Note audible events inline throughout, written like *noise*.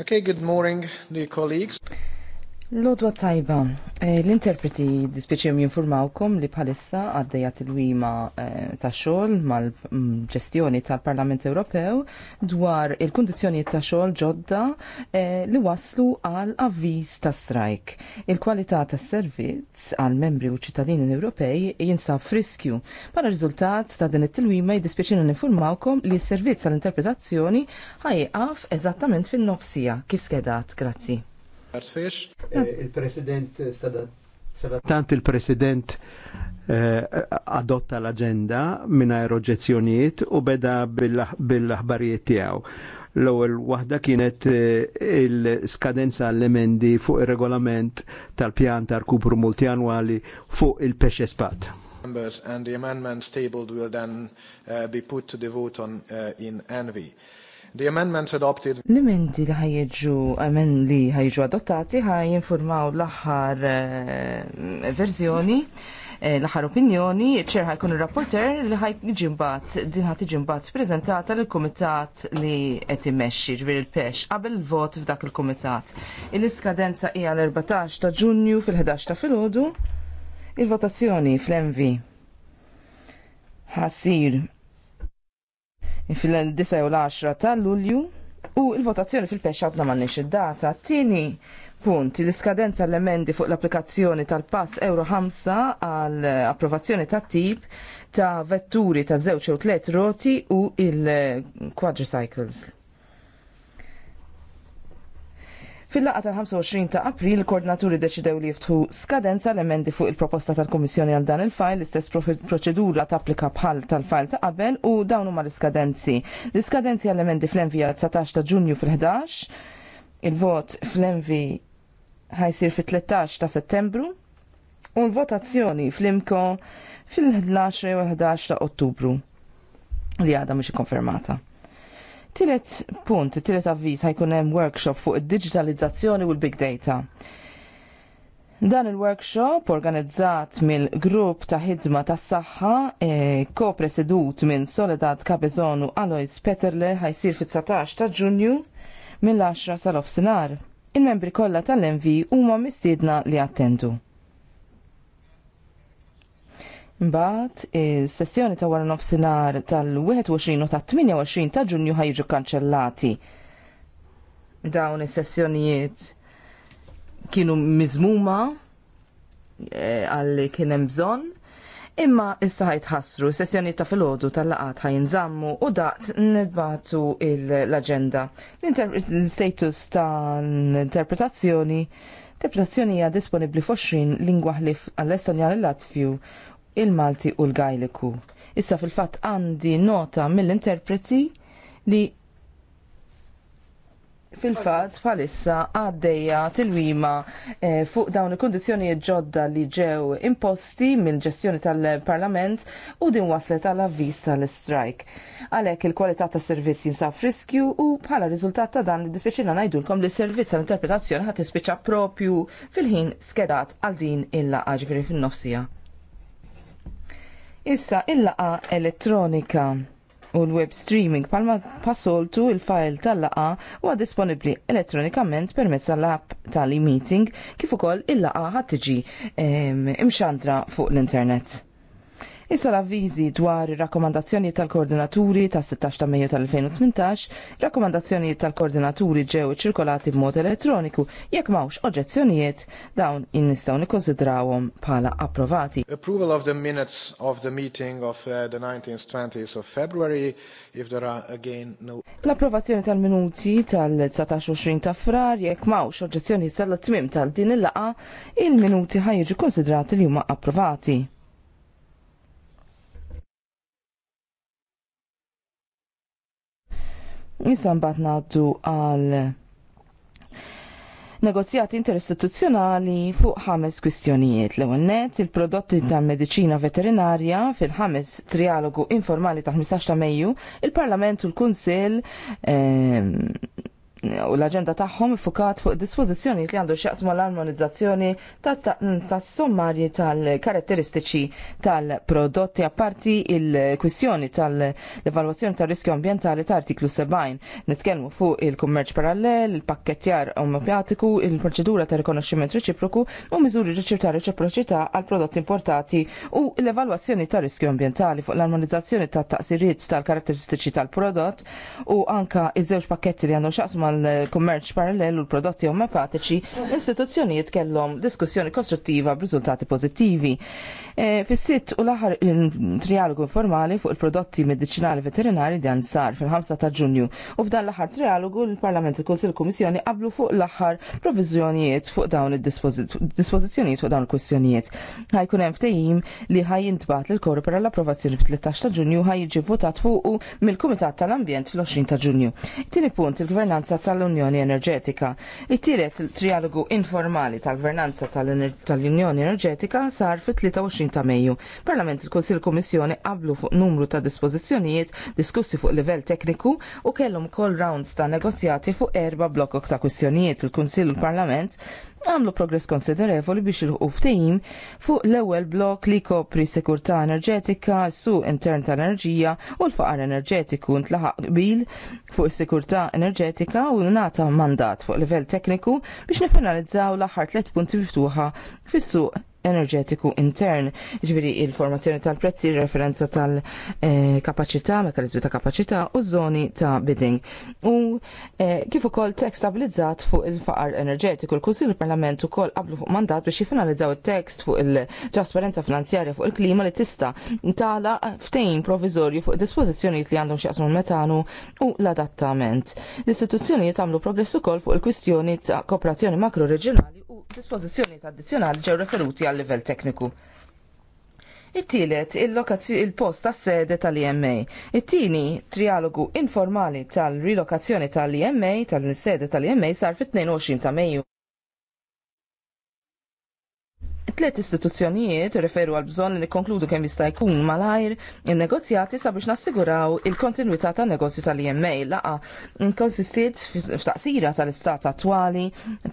Okay, good morning, dear colleagues. Lodwa tajba, Eh, l-interpreti dispieċim jinformawkom li bħalissa għaddejat il-wima eh, ta' xogħol mal-ġestjoni mm, tal-Parlament Ewropew dwar il-kondizjoni ta' xogħol ġodda eh, li waslu għal avviz ta' strajk. Il-kwalità tas servizz għal membri u ċittadini Ewropej jinsab friskju. Para riżultat ta' din it-tilwima jiddispieċina jinformawkom li s-servizz tal-interpretazzjoni ħajqaf eżattament fin-nofsija kif skedat. Grazzi. Eh, Il-President Tant il-President eh, adotta l-agenda minna oġezzjonijiet u beda bil ħbarijiet tiegħu. L-ewwel waħda kienet eh, il-skadenza l-emendi fuq ir-regolament tal-pjan tal-kupru multjanwali fuq il-pexespat. Members and the amendments tabled will then uh, be put to the vote on uh, in envy. The amendments adopted. L-emendi li ħajġu, amen li ħajġu adottati ħaj informaw l aħħar eh, verżjoni eh, l aħħar opinjoni, ċer ħajkun il-rapporter li ħaj ġimbat, din ħat ġimbat prezentata l-komitat li qed immexxi ġvir il-pex qabel il-vot f'dak il-komitat. Il-iskadenza hija l-14 ta' Ġunju fil-11 ta' filgħodu il-votazzjoni fl-MV ħasir fil-9 u l-10 ta' Lulju u il-votazzjoni fil-pesċa għadna m'għandniex id-data. Tieni punt l-iskadenza l-emendi fuq l-applikazzjoni tal-pass Euro 5 għal approvazzjoni ta' tip ta' vetturi ta' żewġ u tliet roti u il-quadricycles. Fil-laqa tal-25 ta' april, koordinaturi deċidew li jiftħu skadenza l-emendi fuq il-proposta tal-Komissjoni għal dan il-fajl, l-istess proċedura tapplika bħal tal-fajl ta' qabel u dawn huma l-iskadenzi. L-iskadenzi għal-emendi fl-envija 19 ta' ġunju fil-11, il-vot fl-envi ħajsir fil 13 ta' settembru, u l-votazzjoni fl-imko fil-11 u 11 ta' ottubru li għada mhux konfermata. Tiret punt, tiret avviz ħajkun hemm workshop fuq id-digitalizzazzjoni u l-big data. Dan il-workshop organizzat mill-grupp ta' ħidma tas saħħa e, ko-presedut minn Soledad Cabezonu Alois Peterle ħajsir fit-19 ta' Ġunju mill-10 sal-ofsinar. Il-membri kollha tal-MV huma mistiedna li attendu. Mbagħad is-sessjoni ta' wara nofsinhar tal-21 u tat-28 ta' Ġunju ħajġu kanċellati. Dawn is-sessjonijiet kienu miżmuma e, għal kien hemm bżonn. Imma issa ħajtħassru sessjoni ta' filgħodu tal-laqat ħajnżammu u daqt nibatu l-aġenda. L-status ta' interpretazzjoni Interpretazzjoni hija disponibbli f'20 lingwa ħlif għall-Estonja l-Latvju il-Malti u l-Gajliku. Issa fil-fatt għandi nota mill-interpreti li fil-fatt bħalissa għaddejja tilwima eh, fuq dawn il-kondizjonijiet ġodda li ġew imposti mill-ġestjoni tal-Parlament u din waslet għal avviż tal-strike. Għalhekk il-kwalità tas servizz jinsab friskju u bħala riżultat ta' dan dispieċina ngħidulkom li servizz tal-interpretazzjoni ħad tispiċċa propju fil-ħin skedat għal din il-laqgħa fil fin-nofsija. Issa il-laqa elettronika u l-web streaming palma pasoltu il-file tal-laqa huwa disponibbli elettronikament permezz tal-app tal-e-meeting kif ukoll il-laqa ħad tiġi imxandra fuq l-internet. Issa l-avviżi dwar ir-rakkomandazzjoni tal-koordinaturi ta' 16 ta' Mejju tal-2018, rakkomandazzjoni tal-koordinaturi ġew ċirkolati b'mod elettroniku jekk mawx oġġezzjonijiet dawn innistgħu nikkonsidrawhom bħala approvati. Approval of the minutes of the meeting of uh, the 19th 20th of February if there are again no L-approvazzjoni tal-minuti tal-19 ta' frar jekk mawx oġġezzjonijiet sal tmim tal-din il-laqa, il-minuti ħajġu konsidrati li huma approvati. Nisan mbagħad ngħaddu għal negozjati interistituzzjonali fuq ħames kwistjonijiet. L-ewwel net il-prodotti tal medicina veterinarja fil-ħames trialogu informali ta' 15 ta' Mejju, il-Parlament u l-Kunsill ehm, u l-agenda tagħhom fukat fuq dispożizzjoni li għandu x'jaqsmu l-armonizzazzjoni tas-sommarji tal-karatteristiċi tal-prodotti apparti il kwissjoni tal-evalwazzjoni tar-riskju ambjentali ta' artiklu 70. Nitkellmu fuq il-kummerċ parallel, il-pakketjar omopjatiku, il-proċedura ta' rikonoxximent reċiproku u miżuri ta' reċiproċità għal prodotti importati u l-evalwazzjoni tar-riskju ambjentali fuq l-armonizzazzjoni tat-taqsiriet tal-karatteristiċi tal-prodott u anka iż-żewġ pakketti li għandu x'jaqsmu mal-kummerċ parallel u l-prodotti omepatiċi, l-istituzzjonijiet kellhom diskussjoni kostruttiva b'riżultati pożittivi. E, Fis-sitt u l-aħħar trialogu informali fuq il-prodotti medicinali veterinari dan sar fil-5 ta' Ġunju. U f'dan l-aħħar trialogu l-Parlament u l-Kunsil Kummissjoni qablu fuq l-aħħar proviżjonijiet fuq dawn id-dispożizzjonijiet fuq dawn il-kwistjonijiet. Ħajkun hemm ftehim li ħaj jintbat lil korru per l-approvazzjoni fit-13 ta' Ġunju ħaj jiġi votat fuq mill-Kumitat tal-Ambjent fl-20 ta' Ġunju. Tieni punt il-gvernanza tal-Unjoni Enerġetika. It-tielet trialogu informali tal-gvernanza tal-Unjoni Enerġetika sar fit-23 ta' Mejju. Parlament il-Konsil Kommissjoni qablu fuq numru ta' dispożizzjonijiet diskussi fuq livell tekniku u kellhom ukoll rounds ta' negozjati fuq erba' blokok ta' kwistjonijiet il-Kunsill u l-Parlament għamlu progress konsiderevoli biex il ftehim fuq l-ewwel blok li kopri sekurta enerġetika, su intern tal-enerġija u l-faqar enerġetiku ntlaħaq bil fuq is enerġetika u nata mandat fuq livell tekniku biex nifinalizzaw l-aħħar tliet punti miftuħa fis-suq enerġetiku intern, ġviri il-formazzjoni tal-prezzi, referenza tal-kapacità, mekanizmi ta' kapacità u zoni ta' bidding. U eh, kif ukoll tekst stabilizzat fuq il-faqar enerġetiku, il-Kunsil il-Parlament ukoll qablu fuq mandat biex jifinalizzaw il-tekst fuq il-trasparenza finanzjarja fuq il-klima li tista tala ftejn provizorju fuq dispożizzjonijiet li għandhom xjaqsmu metanu u l-adattament. L-istituzzjonijiet għamlu progress ukoll fuq il-kwistjoni ta' kooperazzjoni makro-reġjonali u dispożizzjoni addizzjonali ġew referuti għal livell tekniku. It-tielet il-post tas sede tal-IMA. It-tieni trialogu informali tal-rilokazzjoni tal-IMA tal-sede tal-IMA sar fit-22 ta' Mejju. Tliet istituzzjonijiet referu għal bżonn li nikkonkludu kemm jista' jkun malajr in-negozjati sabiex nassiguraw il-kontinwità tan-negozju tal-EMA laqa inkonsistiet f'taqsira tal-istat attwali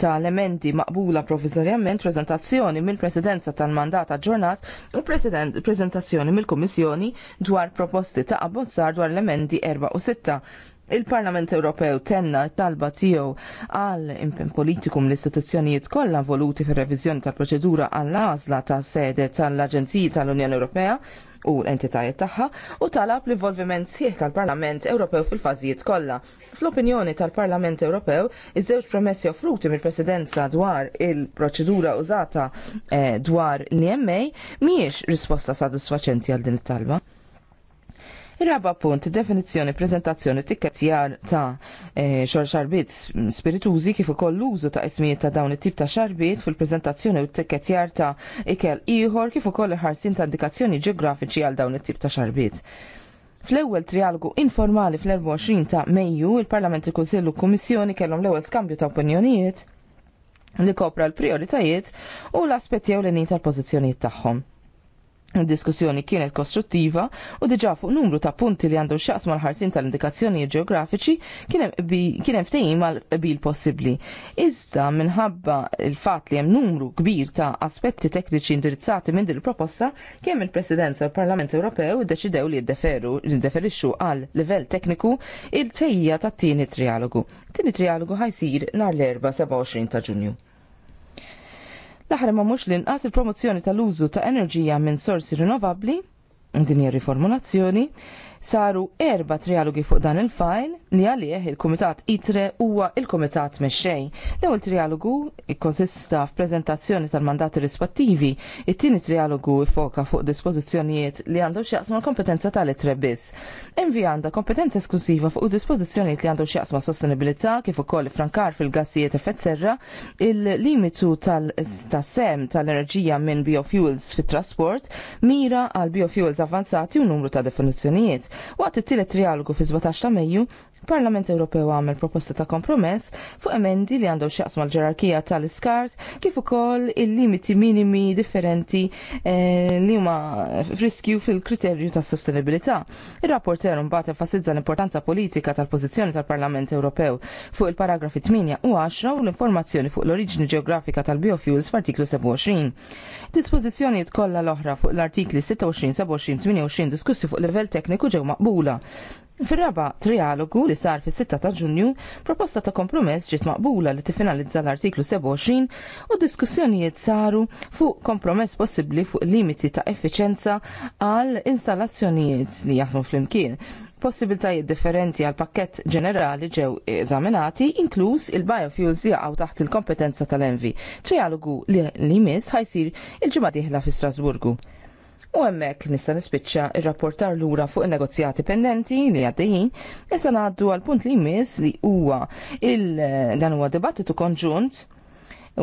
ta' elementi maqbula provviżorjament preżentazzjoni mill-Presidenza tal-mandat ġurnat u preżentazzjoni mill-Kummissjoni dwar proposti ta' abbozzar dwar elementi 4 u 6 il-Parlament Ewropew tenna talba tiegħu għal impen politiku l istituzzjonijiet kollha voluti fir-reviżjoni tal-proċedura għall għażla ta' sede tal-Aġenziji tal-Unjoni Ewropea u l-entitajiet tagħha u talab l-involviment sħiħ tal-Parlament Ewropew fil-fażijiet kollha. Fl-opinjoni tal-Parlament Ewropew, iż-żewġ premessi offruti mill-Presidenza dwar il-proċedura użata eh, dwar l-EMA mhijiex risposta sadisfaċenti għal din it-talba il raba punt, definizzjoni, prezentazzjoni, tikkazzjar ta' e, xor xarbit spiritużi kif ukoll l-użu ta' ismijiet ta' dawn it-tip ta' xarbit fil-prezentazzjoni u tikkazzjar ta' ikel ieħor kif ukoll ħarsin ta' indikazzjoni ġeografiċi għal dawn it-tip ta' xarbit. Fl-ewwel trialogu informali fl-24 ta' Mejju, il-Parlament, il-Kunsill u Kummissjoni kellhom l-ewwel skambju ta' opinjonijiet li kopra l-prioritajiet u l-aspetti ewlenin tal-pożizzjonijiet tagħhom. Diskussjoni kienet kostruttiva u diġa fuq numru ta' punti li għandu xaqs mal-ħarsin tal-indikazzjoni ġeografiċi kien hemm ftehim għal qbil possibbli. Iżda minħabba il-fatt li hemm numru kbir ta' aspetti tekniċi indirizzati minn din il-proposta, kemm il-Presidenza u l-Parlament Ewropew iddeċidew li jiddeferu jiddeferixxu għal livell tekniku il-tejja tat-tieni trialogu. Tieni trialogu ħajsir nhar l erba 27 ta' Ġunju. L-aħħar ma mhux l-inqas il-promozzjoni tal-użu ta' enerġija minn sorsi rinnovabbli, din hija riformulazzjoni, saru erba trialogi fuq dan il-fajl li għalih il-Kumitat ITRE huwa il-Kumitat Mexxej. L-ewwel trialogu ikkonsista f'preżentazzjoni tal-mandati rispettivi, it-tieni trialogu ifoka fuq dispożizzjonijiet li għandhom x'jaqsma kompetenza tal-ITRE biss. Envi għandha kompetenza esklusiva fuq dispożizzjonijiet li għandhom x'jaqsma sostenibilità kif ukoll frankar fil-gassijiet effett serra, il-limitu tal-sem tal-enerġija minn biofuels fit-trasport mira għal biofuels avanzati u numru ta' definizzjonijiet. Waqt it-tielet trialogu fi 17 ta' Mejju, Parlament Ewropew għamel proposta ta' kompromess fuq emendi li għandhom xaqsma mal ġerarkija tal iskars kif ukoll il-limiti minimi differenti eh, li huma friskju fil-kriterju ta' sostenibilità. Ir-rapport er mbagħad enfasizza l-importanza politika tal-pożizzjoni tal-Parlament Ewropew fuq il-paragrafi 8 u 10 u l-informazzjoni fuq l-oriġini ġeografika tal-biofuels f'artiklu 27. Dispożizzjonijiet kollha l-oħra fuq l-artikli 26, 27, 28 diskussi fuq livell tekniku ġew maqbula. Fir-raba trialogu li sar fis-6 ta' Ġunju, proposta ta' kompromess ġiet maqbula li tifinalizza l-artiklu 27 u diskussjonijiet saru fuq kompromess possibbli fuq limiti ta' effiċenza għal installazzjonijiet li jaħdmu flimkien. Possibiltajiet differenti għal pakket ġenerali ġew eżaminati, inkluż il-biofuels li għaw taħt il-kompetenza tal-envi. Trialogu li, li mis ħajsir il-ġimgħa diħla fi Strasburgu. U hemmhekk nista' nispiċċa ir-rapportar lura fuq in-negozjati pendenti li għaddejjin, issa ngħaddu għal punt li jmiss li huwa dan huwa dibattitu konġunt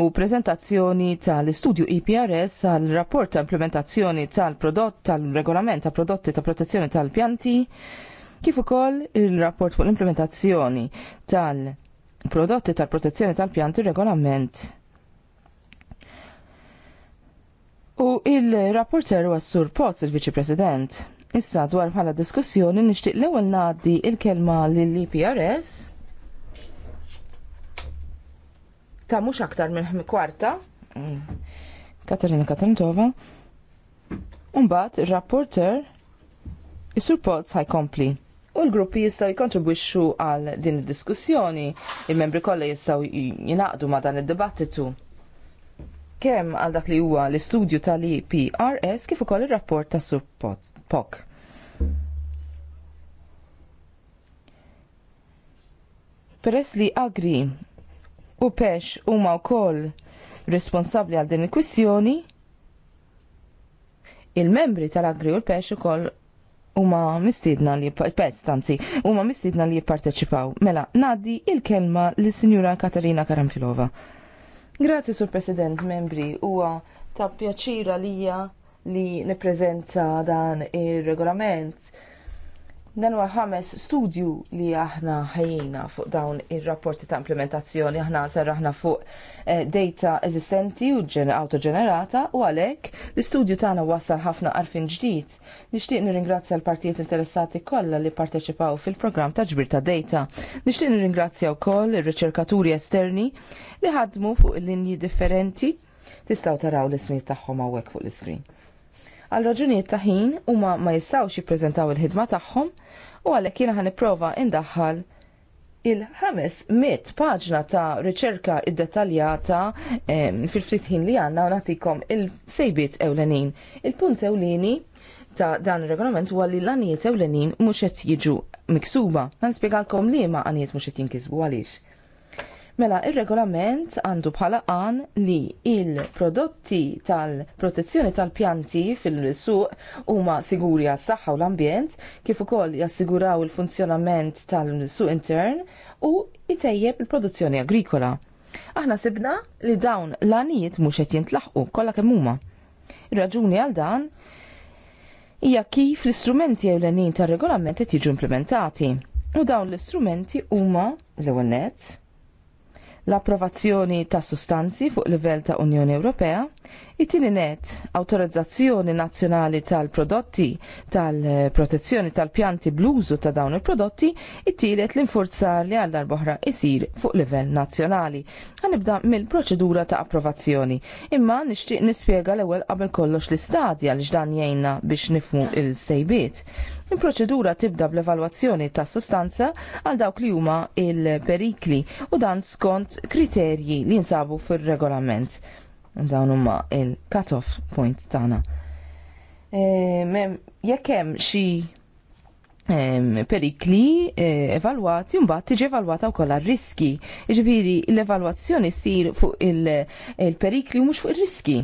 u prezentazzjoni tal-istudju IPRS e għal rapport ta' implementazzjoni tal-prodott tal-regolament ta' prodotti ta' protezzjoni tal-pjanti kif ukoll il-rapport fuq l-implementazzjoni tal-prodotti tal-protezzjoni tal-pjanti regolament U il-rapporter huwa Sur Poz il-Viċi President. Issa dwar bħala diskussjoni nixtieq l ewel naddi il-kelma lill-IPRS ta' mhux aktar minn kwarta. Mm. Katarina Katantova. Umbat il-rapporter is-Sur Poz ħajkompli. U l-gruppi jistaw jikontribwixxu għal din id-diskussjoni, il-membri kollha jistaw jinaqdu ma' dan id-dibattitu kemm għal dak li huwa l-istudju tal-IPRS kif ukoll ir-rapport ta' Suppok. Peress li agri u pex huma wkoll responsabbli għal din il-kwissjoni, il-membri tal-agri u l-pex ukoll huma mistiedna li tanzi, huma mistiedna li jipparteċipaw. Mela, nadi il-kelma lis sinjura Katarina Karamfilova. Grazzi, Sur President, membri. Huwa ta' pjaċira lija li neprezenza dan ir regolament Dan huwa ħames studju li aħna ħajjina fuq dawn ir-rapporti ta' implementazzjoni aħna serraħna fuq eh, data eżistenti u autoġenerata u għalhekk l-istudju tagħna wassal ħafna arfin ġdid. Nixtieq nirringrazzja l-partijiet interessati kollha li parteċipaw fil-programm ta' ġbir ta' data. Nixtieq nirringrazzja wkoll ir-riċerkaturi esterni li ħadmu fuq il-linji differenti. Tistgħu taraw l-ismijiet tagħhom hawnhekk fuq l-iskrin għal raġunijiet ta' ħin huma ma jistgħux jippreżentaw il-ħidma tagħhom u għalhekk jiena ħanipprova indaħħal il-ħames paġna ta' riċerka id-detaljata fil-ftit ħin li għanna u natikom il-sejbit ewlenin. Il-punt ewleni ta' dan il-regolament huwa li l għanijiet ewlenin mhux qed jiġu miksuba. Għan spiegalkom li ma' għanijiet mhux qed jinkisbu għaliex. Mela, il-regolament għandu bħala għan li il-prodotti tal-protezzjoni tal-pjanti fil-suq huma siguri għas saħħa u l-ambjent, kif ukoll jassiguraw il-funzjonament tal-suq intern u jitejjeb il-produzzjoni agrikola. Aħna sibna li dawn l-għanijiet mhux qed jintlaħqu kollha kemm huma. Ir-raġuni għal dan hija kif l-istrumenti ewlenin tar-regolament qed jiġu implementati. U dawn l-istrumenti huma l-ewwel nett l-approvazzjoni ta' sustanzi fuq livell ta' Unjoni Ewropea, it-tieni net awtorizzazzjoni nazzjonali tal-prodotti tal-protezzjoni tal-pjanti bl-użu ta' dawn il-prodotti, it-tielet l-infurzar li għal darboħra isir fuq livell nazzjonali. Għanibda mill-proċedura ta' approvazzjoni, imma nixtieq nispjega l-ewwel qabel kollox l-istadja li ġdan jgħinna biex nifmu il-sejbiet. Il-proċedura tibda bl-evalwazzjoni ta' sustanza għal dawk li huma il-perikli u dan skont kriterji li nsabu fil-regolament. Dawn huma il-cut-off point tagħna. E, jekk hemm xi perikli e, evalwati mbagħad tiġi evalwata wkoll għar-riski. Jiġifieri l-evalwazzjoni ssir fuq il-perikli u mhux fuq ir-riski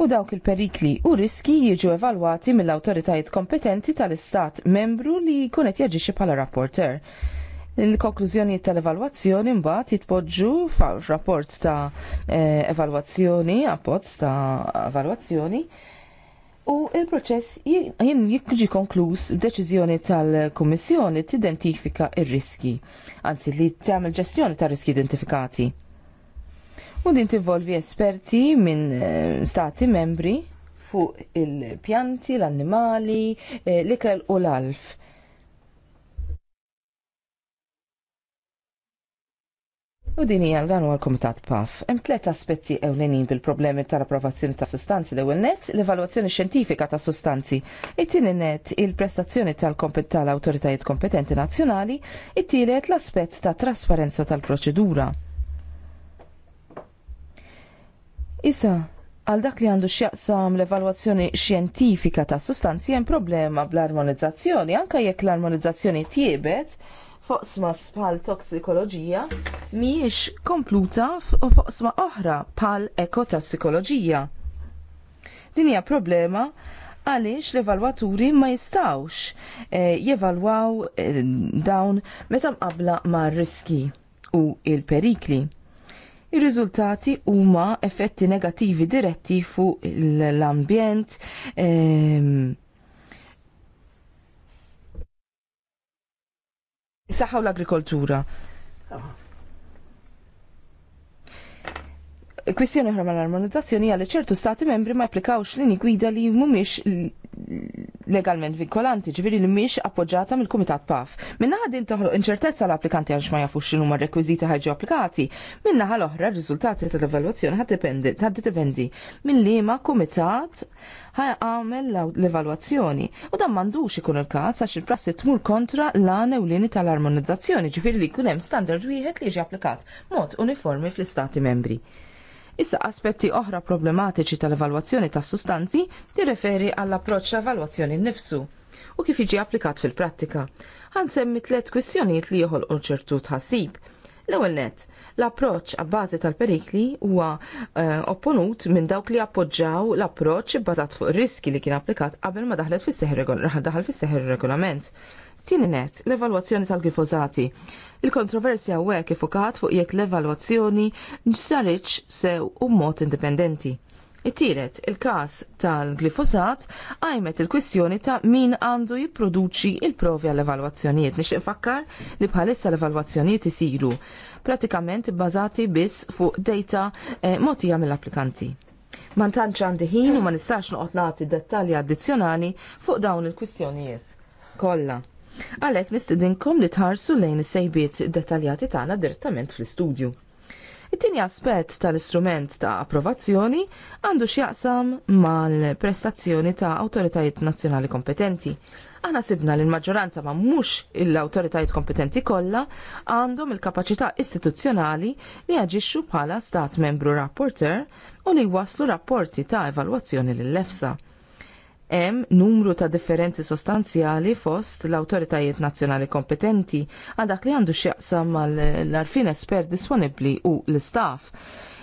u dawk il-perikli u riski jiġu evalwati mill-awtoritajiet kompetenti tal-istat membru li kunet jaġixi bħala rapporter. Il-konklużjoni tal-evalwazzjoni mbagħad jitpoġġu f'rapport ta' eh, evalwazzjoni, appozz ta' evalwazzjoni, u il-proċess jien jiġi konkluż b'deċiżjoni tal-Kummissjoni tidentifika ir-riski, anzi li tagħmel ġestjoni tar-riski identifikati u din tivolvi esperti minn eh, stati membri fuq il-pjanti, l-annimali, eh, l-ikel u l-alf. U din hija dan huwa l-Kumitat PAF. Hemm tliet aspetti ewlenin bil-problemi tal-approvazzjoni ta' sustanzi l-ewwel net, l-evalwazzjoni xjentifika ta' sustanzi, it-tieni net il-prestazzjoni tal-awtoritajiet kompetenti nazzjonali, it-tielet l-aspett ta' trasparenza tal-proċedura. Issa, għal dak li għandu x'jaqsam l-evalwazzjoni xjentifika ta' sustanzi hemm problema bl-armonizzazzjoni, anke jekk l-armonizzazzjoni tiebet foqsma spal toksikoloġija mhijiex kompluta sma oħra pal ekotossikoloġija. Din hija problema għaliex l-evalwaturi ma jistawx e, jevalwaw e, dawn meta mqabla ma' riski u il-perikli. Ir-riżultati huma effetti negattivi diretti fuq l-ambjent, ehm, Saħaw Saħħa u l-agrikoltura. Kwistjoni oħra mal-armonizzazzjoni għal ċertu stati membri ma applikawx lini gwida li mhumiex legalment vinkolanti, ġviri li miex appoġġata mill-Kumitat PAF. Minna ħadin toħloq inċertezza l-applikanti għax ma jafux xinu ma rekwiziti ħagġu applikati. Minna ħal oħra r-riżultati tal-evaluazzjoni ħad dipendi minn li ma kumitat għamel l-evaluazzjoni. U dan mandux ikun il-kas għax il-prassi tmur kontra l-għana u lini tal-armonizzazzjoni, ġviri li kunem standard wieħed li ġi applikat mod uniformi fl-istati membri. Issa aspetti oħra problematiċi tal-evalwazzjoni tas sustanzi tirreferi għall-approċċ ta' evalwazzjoni nnifsu u kif jiġi applikat fil-prattika. Għansemmi tlet kwistjonijiet li joħol ċertu tħassib. L-ewwel nett, l-approċċ għabbażi tal-perikli huwa uh, opponut minn dawk li appoġġaw l-approċċ bbażat fuq riski li kien applikat qabel ma daħlet fis-seħħ daħal fis regolament. Tieni net, l-evalwazzjoni tal-glifosati. Il-kontroversja għek ifukat fuq jekk l-evalwazzjoni nsarriċ sew u mod indipendenti. It-tielet, il-każ tal-glifosat għajmet il-kwistjoni ta' min għandu jipproduċi il-provi għall-evalwazzjonijiet. Nix fakkar li bħalissa l-evalwazzjonijiet isiru pratikament bazati biss fuq data eh, motija mill-applikanti. Man tantx għandi ħin u ma nistax noqgħod nagħti dettalji addizzjonali fuq dawn il-kwistjonijiet. Kolla. Għalhekk nistidinkom li tħarsu lejn is-sejbiet dettaljati tagħna direttament fl-istudju. It-tieni aspett tal-istrument ta' approvazzjoni għandu x'jaqsam mal-prestazzjoni ta' awtoritajiet nazzjonali kompetenti. Aħna sibna li l-maġġoranza ma' mhux l-awtoritajiet kompetenti kollha għandhom il-kapaċità istituzzjonali li jaġixxu bħala stat membru rapporter u li jwasslu rapporti ta' evalwazzjoni lill-EFSA hemm numru ta' differenzi sostanzjali fost l-awtoritajiet nazzjonali kompetenti għal dak li għandu x'jaqsam mal-arfin espert disponibbli u l-istaff.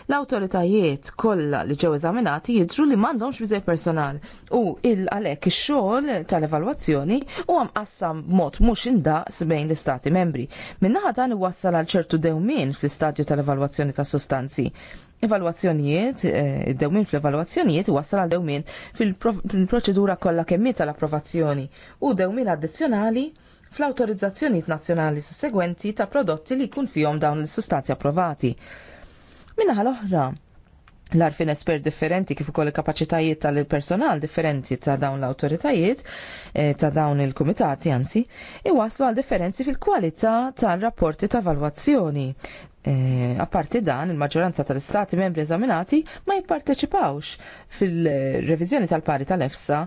L-awtoritajiet kollha li ġew eżaminati jidhru li m'għandhomx biżej personal u il għalhekk ix-xogħol tal-evalwazzjoni huwa mqassam b'mod mhux indaqs bejn l-istati membri. Min-naħa dan iwassal għal ċertu dewmien fl-istadju tal-evalwazzjoni tas sostanzi evalwazzjonijiet, eh, id-dewmin fl-evalwazzjonijiet wassal għal dewmin fil-proċedura kollha kemmi tal-approvazzjoni u dewmin addizzjonali fl-autorizzazzjonijiet nazzjonali sussegwenti ta' prodotti li jkun fihom dawn l-sustanzi approvati. Minna l-oħra, l-arfin esper differenti kif ukoll il-kapaċitajiet tal-personal differenti ta' dawn l-awtoritajiet eh, ta' dawn il-kumitati anzi, iwaslu għal differenzi fil-kwalità tal-rapporti ta' evalwazzjoni. E, apparti dan, il-maġġoranza tal-istati membri eżaminati ma jipparteċipawx fil-reviżjoni tal-pari tal-EFSA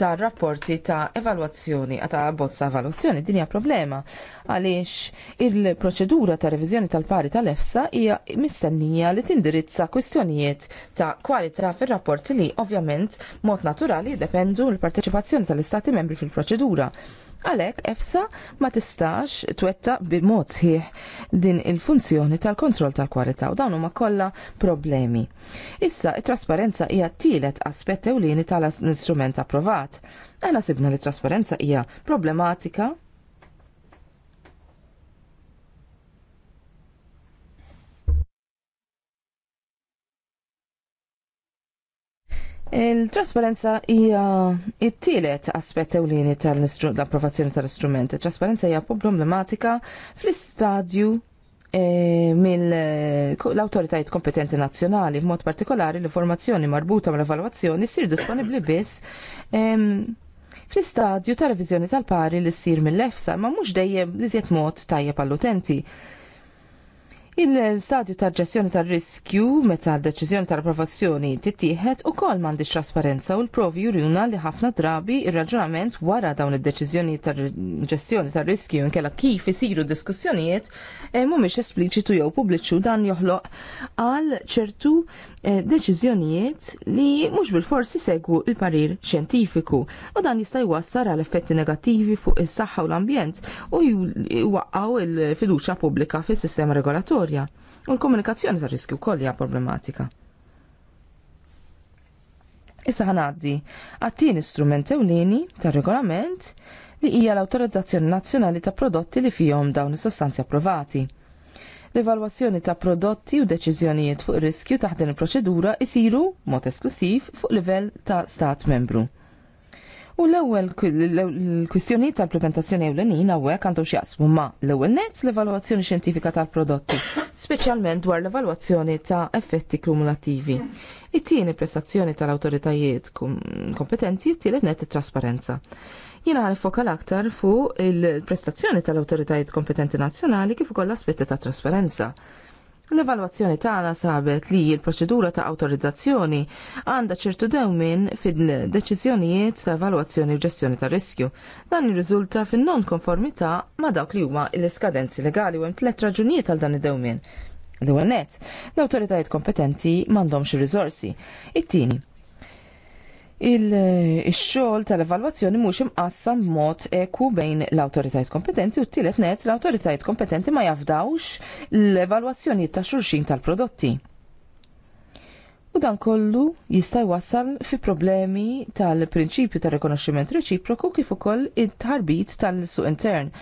ta' rapporti ta' evalwazzjoni, ta' bozza evalwazzjoni, din hija problema. Għaliex il-proċedura ta' reviżjoni tal-pari tal-EFSA hija mistennija li tindirizza kwistjonijiet ta' kwalità fir-rapporti li ovvjament mod naturali jiddependu l-parteċipazzjoni tal-istati membri fil-proċedura. Għalhekk EFSA ma tistax twettaq b'mod sħiħ din il-funzjoni tal-kontroll tal-kwalità u dawn huma kollha problemi. Issa it-trasparenza hija tielet aspett ewlieni tal-istrument approvat. Aħna sibna li trasparenza hija problematika Il-trasparenza hija it-tielet aspett ewlieni tal-approvazzjoni tal-istrument. Il-trasparenza hija problematika fl-istadju E, eh, mill-autoritajiet kompetenti nazzjonali b'mod partikolari l-informazzjoni marbuta mal evalwazzjoni sir disponibbli biss fl-istadju tal reviżjoni tal-pari li ssir mill-EFSA ma mhux dejjem li mod tajjeb għall-utenti. Il-stadju ta' ġestjoni ta' riskju meta l-deċiżjoni tal professjoni tittieħed ukoll mandi trasparenza u l-provi juruna li ħafna drabi il raġunament wara dawn id-deċiżjoni ta' ġestjoni ta' riskju nkella kif isiru diskussjonijiet eh, mhumiex espliċitu jew pubbliċu dan joħloq għal ċertu eh, deċiżjonijiet li mhux bil-forsi segwu il-parir xjentifiku u dan jista' jwassar għal effetti negattivi fuq is-saħħa u l-ambjent u jwaqqgħu il-fiduċja pubblika fis-sistema regolatorju regolatorja u l-komunikazzjoni tar riskju kollha problematika. Issa ħanaddi għattin istrument ewlieni tar regolament li hija l-autorizzazzjoni nazzjonali ta' prodotti li fihom dawn is-sostanzi approvati. L-evalwazzjoni ta' prodotti u deċiżjonijiet fuq ir riskju taħt din il-proċedura isiru mod esklusiv fuq livell ta' stat membru. U l-ewwel l-kwistjonijiet tal-implementazzjoni ewlenin hawnhekk għandhom x'jaqsmu ma' l-ewwel nett l-evalwazzjoni xjentifika tal-prodotti, speċjalment dwar l-evalwazzjoni ta' effetti kumulattivi. It-tieni prestazzjoni tal-awtoritajiet kompetenti, it-tielet net it-trasparenza jina għanifokal aktar fu il-prestazzjoni tal-autoritajiet kompetenti nazzjonali kif ukoll l-aspetti ta' trasparenza. L-evalwazzjoni tagħna sabet li l-proċedura ta' awtorizzazzjoni għandha ċertu dewmin fil-deċiżjonijiet ta' evalwazzjoni u ġestjoni ta' riskju. Dan ir-riżulta fin-non konformità ma' dawk li huma l-iskadenzi legali u hemm tliet raġunijiet għal dan id-dewmin. L-ewwel nett, l-awtoritajiet kompetenti m'għandhomx ir-riżorsi. It-tieni, il-xol tal-evalwazzjoni mhux imqassam mod eku bejn l-awtoritajiet kompetenti u t-tielet net l-awtoritajiet kompetenti ma jafdawx l-evalwazzjoni ta' xulxin tal-prodotti. U dan kollu jista' jwassal fi problemi tal-prinċipju tal rikonoxximent reċiproku kif ukoll it tarbit tal-suq intern.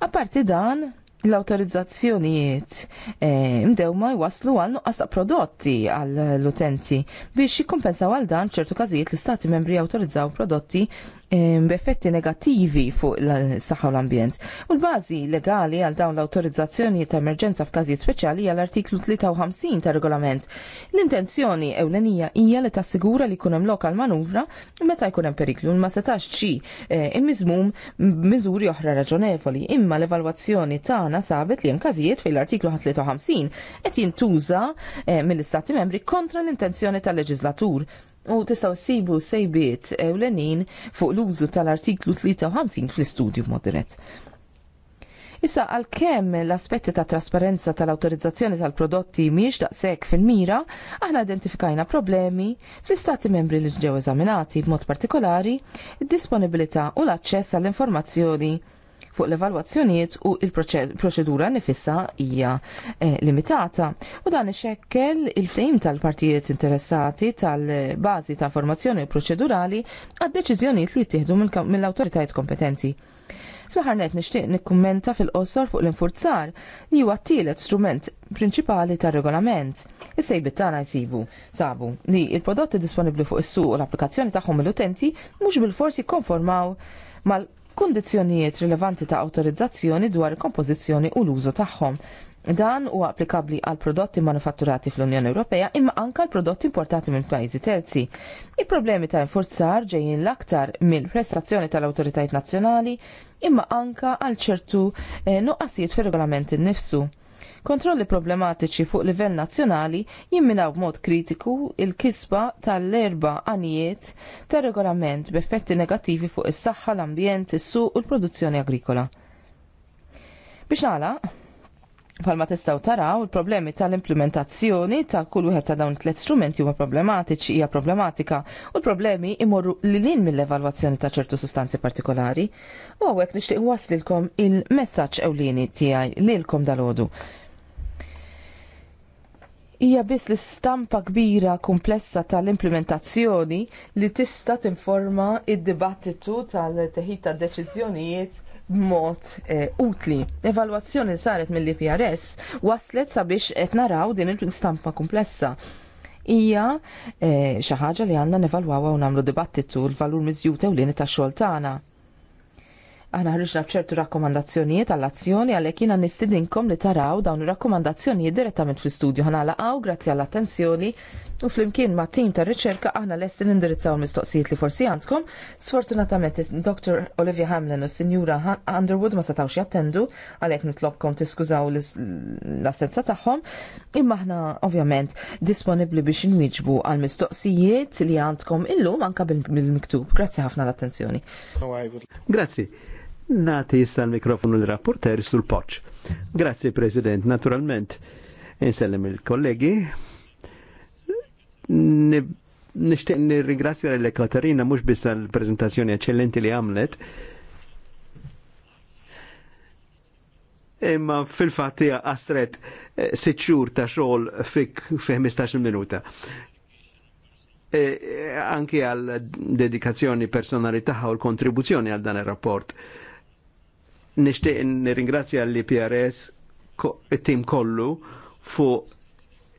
Apparti dan, l-autorizzazzjonijiet eh, mdewma jwaslu għal nuqqas ta' prodotti għall utenti biex jikkompensaw għal dan ċertu każijiet l-istati membri autorizzaw prodotti b'effetti negattivi fuq l-saħħa u l-ambjent. U l-bażi legali għal dawn l-autorizzazzjoni ta' emerġenza f'każijiet speċjali għall artiklu 53 ta' regolament. L-intenzjoni ewlenija hija li tassigura li jkun hemm lokal manuvra meta jkun hemm periklu ma setax xi eh, immiżmum miżuri oħra raġonevoli. Imma l-evalwazzjoni tagħna sabet li hemm każijiet fejn l-artiklu 53 qed jintuża eh, mill-Istati membri kontra l-intenzjoni tal-leġislatur u tistaw sibu sejbiet ewlenin fuq l-użu tal-artiklu 53 fl-istudju moderat. Issa għal-kem l-aspetti ta' trasparenza tal-autorizzazzjoni tal-prodotti miex sek fil-mira, aħna identifikajna problemi fl-istati membri li ġew eżaminati b'mod partikolari, id-disponibilità u l-aċċess għall-informazzjoni fuq l-evalwazzjonijiet u il-proċedura nifissa hija eh, limitata. U dan ixekkel il-fejm tal-partijiet interessati tal-bażi ta' formazzjoni proċedurali għad-deċiżjonijiet li jittieħdu mill-awtoritajiet kompetenti. Fl-aħħar net nixtieq nikkummenta fil-qosor fuq l-infurzar li huwa t-tielet strument prinċipali tar-regolament. Is-sejbit tagħna jsibu sabu li l-prodotti disponibbli fuq is-suq u l-applikazzjoni tagħhom mill-utenti mhux bil-forsi konformaw mal kundizzjonijiet rilevanti ta' awtorizzazzjoni dwar il-kompożizzjoni u l-użu tagħhom. Dan huwa applikabbli għal prodotti manufatturati fl-Unjoni Ewropea imma anke għal prodotti importati minn pajjiżi terzi. Il-problemi ta' infurzar ġejjin l-aktar mill-prestazzjoni tal-awtoritajiet nazzjonali imma anke għal ċertu eh, nuqqasijiet fir regolamenti nnifsu. nifsu Kontrolli problematiċi fuq livell nazzjonali jimminaw b'mod kritiku il-kisba tal-erba għanijiet tar regolament b'effetti negattivi fuq is-saħħa, l-ambjent, is-suq u l-produzzjoni agrikola. Biex nagħlaq, Palma testaw taraw il-problemi tal-implementazzjoni ta' kull wieħed ta' dawn tliet strumenti huma problematiċi hija problematika u l-problemi imorru lilin mill-evalwazzjoni ta' ċertu sustanzi partikolari. U hawnhekk nixtieq waslilkom il-messaġġ ewlieni tiegħi lilkom dalodu hija biss l-istampa kbira komplessa tal-implementazzjoni li tista' tinforma id-dibattitu tal-teħid tad deċiżjonijiet b'mod eh, utli. Evalwazzjoni saret mill-IPRS waslet sabiex qed naraw din l-istampa komplessa. Hija eh, xi ħaġa li għandna nevalwaw u nagħmlu dibattitu l-valur miżjud ewlieni tax-xogħol tagħna. Aħna ħriġna bċertu rakkomandazzjonijiet għall-azzjoni għalhekk jiena nistidinkom li taraw dawn ir-rakkomandazzjonijiet direttament fl-istudju ħana laqgħu grazzi għall-attenzjoni U flimkien ma' tim ta' riċerka aħna lest nindirizzaw mistoqsijiet li forsi għandkom. Sfortunatament Dr. Olivia Hamlin u Sinjura Underwood ma setawx jattendu għalhekk nitlobkom tiskużaw l-assenza tagħhom. Imma aħna ovvjament disponibbli biex inwiġbu għal mistoqsijiet li għandkom illum anka bil-miktub. Grazzi ħafna l-attenzjoni. Grazzi. Nati issa l-mikrofonu l-rapporter sul-poċ. Grazzi, President. Naturalment, insellem il-kollegi nishtiq nirringrazzja l Katarina mhux biss għall-preżentazzjoni eċċellenti li għamlet. Imma fil-fatt hija qasret eh, sitt xhur ta' xogħol fik fi 15 minuta. E, anki għal dedikazzjoni personali tagħha u l-kontribuzzjoni għal dan ir-rapport. Nixtieq nirringrazzja l-IPRS it-tim kollu fuq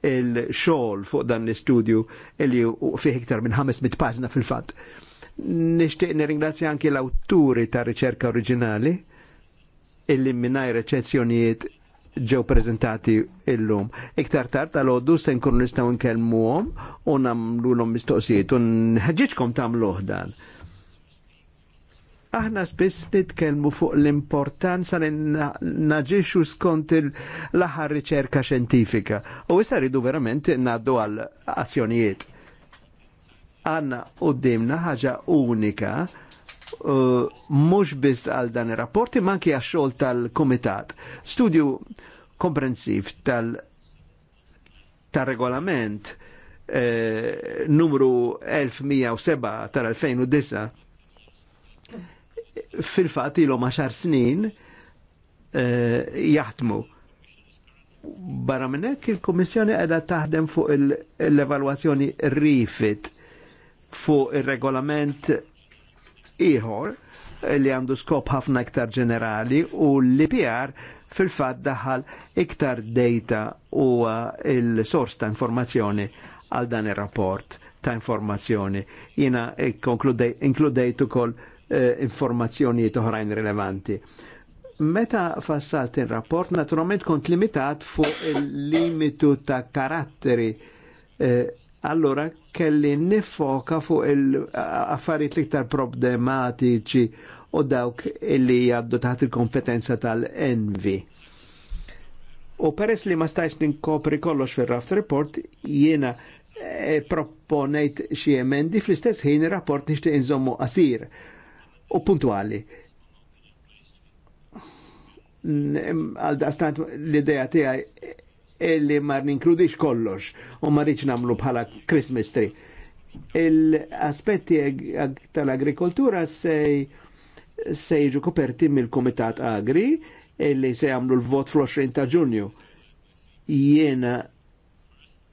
il-xogħol fuq dan l-istudju li fih iktar minn 500 paġna fil-fatt. Nixtieq nirringrazzja anki l-awturi ta' riċerka oriġinali illi mingħajr eċezzjonijiet ġew prezentati illum. Iktar tard tal oddu se nkunu nistgħu nkellmuhom u nagħmluhom mistoqsijiet u nħeġġitkom tagħmluh dan aħna spiss nitkellmu fuq l-importanza li naġixxu skont l-aħħar riċerka xjentifika. U issa rridu verament ngħaddu għal azzjonijiet. Għanna qudiemna ħaġa unika mhux biss għal dan ir-rapporti ma anke għax-xogħol tal-kumitat. Studju komprensiv tal- tal-regolament eh, numru 1107 tal-2009 fil-fat ilhom għaxar snin eh, jaħdmu. Barra minnek il-Kummissjoni qiegħda taħdem fuq l-evalwazzjoni rifit fuq ir-regolament ieħor li għandu skop ħafna iktar ġenerali u l-IPR fil-fat daħal iktar data u il-sors ta' informazzjoni għal dan ir-rapport ta' informazzjoni. Jina inkludejtu kol Eh, informazzjonijiet oħrajn rilevanti. Meta fassalt il-rapport, naturalment kont limitat fuq il-limitu ta' karatteri. Eh, allora kelli nifoka fuq il-affarijiet l-iktar problematiċi u dawk illi jaddu taħt il-kompetenza tal-envi. U peress li ma stajx ninkopri kollox fil-raft report, jiena eh, proponejt xie emendi fl-istess ħin il-rapport nixtieq inżommu asir u puntuali. Għal dastant l-ideja tijaj illi e mar ninkludix kollox u mar rridx namlu bħala Christmas tree. Il-aspetti tal-agrikoltura se jiġu koperti mill-Komitat Agri illi se jagħmlu l-vot fl-20 ta' Ġunju. Jiena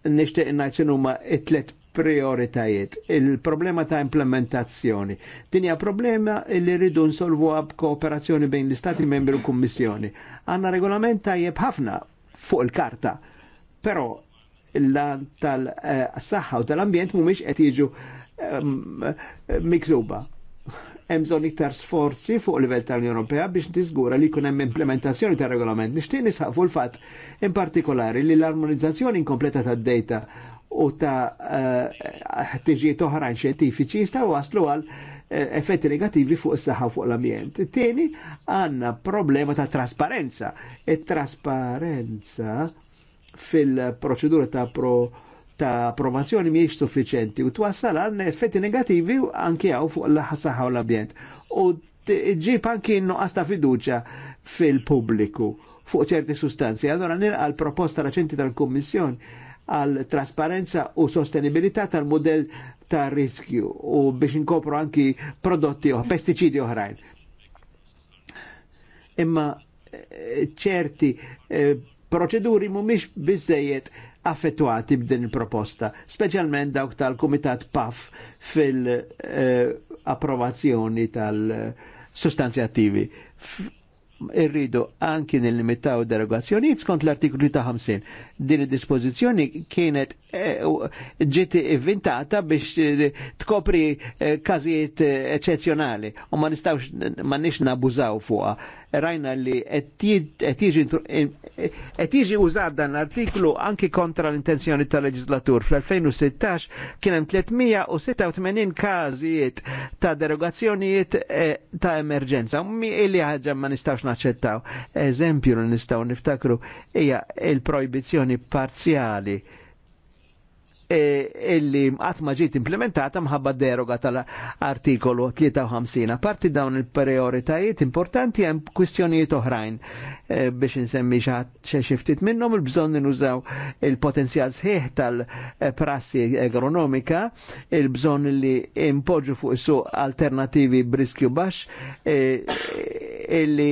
nishtiq najt huma it tlet prioritajiet, il-problema ta' implementazzjoni. Dinja problema li rridu nsolvu għab kooperazzjoni bejn l-Istati membri u Kummissjoni. Għanna regolament tajjeb ħafna fuq il-karta, pero tal-saħħa u tal-ambjent mhumiex qed jiġu ehm, miksuba. Hemm bżonn iktar sforzi fuq livell tal-Unjoni Ewropea biex tiżgura li jkun hemm implementazzjoni tar-regolament. Nixtieq nisaq fuq il-fatt in partikolari li l-armonizzazzjoni inkompleta tad-data u ta' eh, ħtiġi oħrajn xjentifiċi jistaw waslu għal eh, effetti negativi fuq s saħħa fuq l-ambjent. Tieni għandna problema ta' trasparenza. It-trasparenza fil-proċedura ta' pro ta' approvazzjoni miex suffiċenti u twassal għal effetti negativi anke għaw fuq l ħasaħa u l-ambjent. U ġib anki nuqqas ta' fiduċa fil-pubbliku fuq ċerti sustanzi. Allora nilqa l-proposta raċenti tal-Kommissjoni għal trasparenza u sostenibilità tal-modell ta' riskju u biex inkopru anki prodotti u pesticidi oħrajn. Imma eh, ċerti eh, proċeduri mumiex bizzejiet affettuati b'din il-proposta, specialment dawk tal-Kumitat PAF fil-approvazzjoni eh, tal-sostanzi attivi irridu anki nil-limitaw derogazzjoniet skont l-artiklu ta' 50. Din id dispozizjoni kienet eh, ġiet inventata biex eh, tkopri eh, każijiet eccezjonali u ma nistawx ma nix nabużaw fuqha rajna li eh, qed jiġi użat dan l artiklu anki kontra l-intenzjoni tal-leġislatur. Fl-2016 kien hemm 386 każijiet ta' derogazzjonijiet eh, ta' emerġenza. Mi illi ħaġa ma nistax naċċettaw. Eżempju li nistgħu niftakru hija il-projbizzjoni parzjali E, illi għatma ġiet implementata mħabba deroga tal-artikolu 53. Parti dawn il-prioritajiet importanti hemm kwistjonijiet oħrajn e, biex nsemmi xi xeċiftit minnhom il-bżonn nużaw il-potenzjal sħiħ tal-prassi agronomika, il-bżonn li impoġu fuq su alternativi briskju bax, e, illi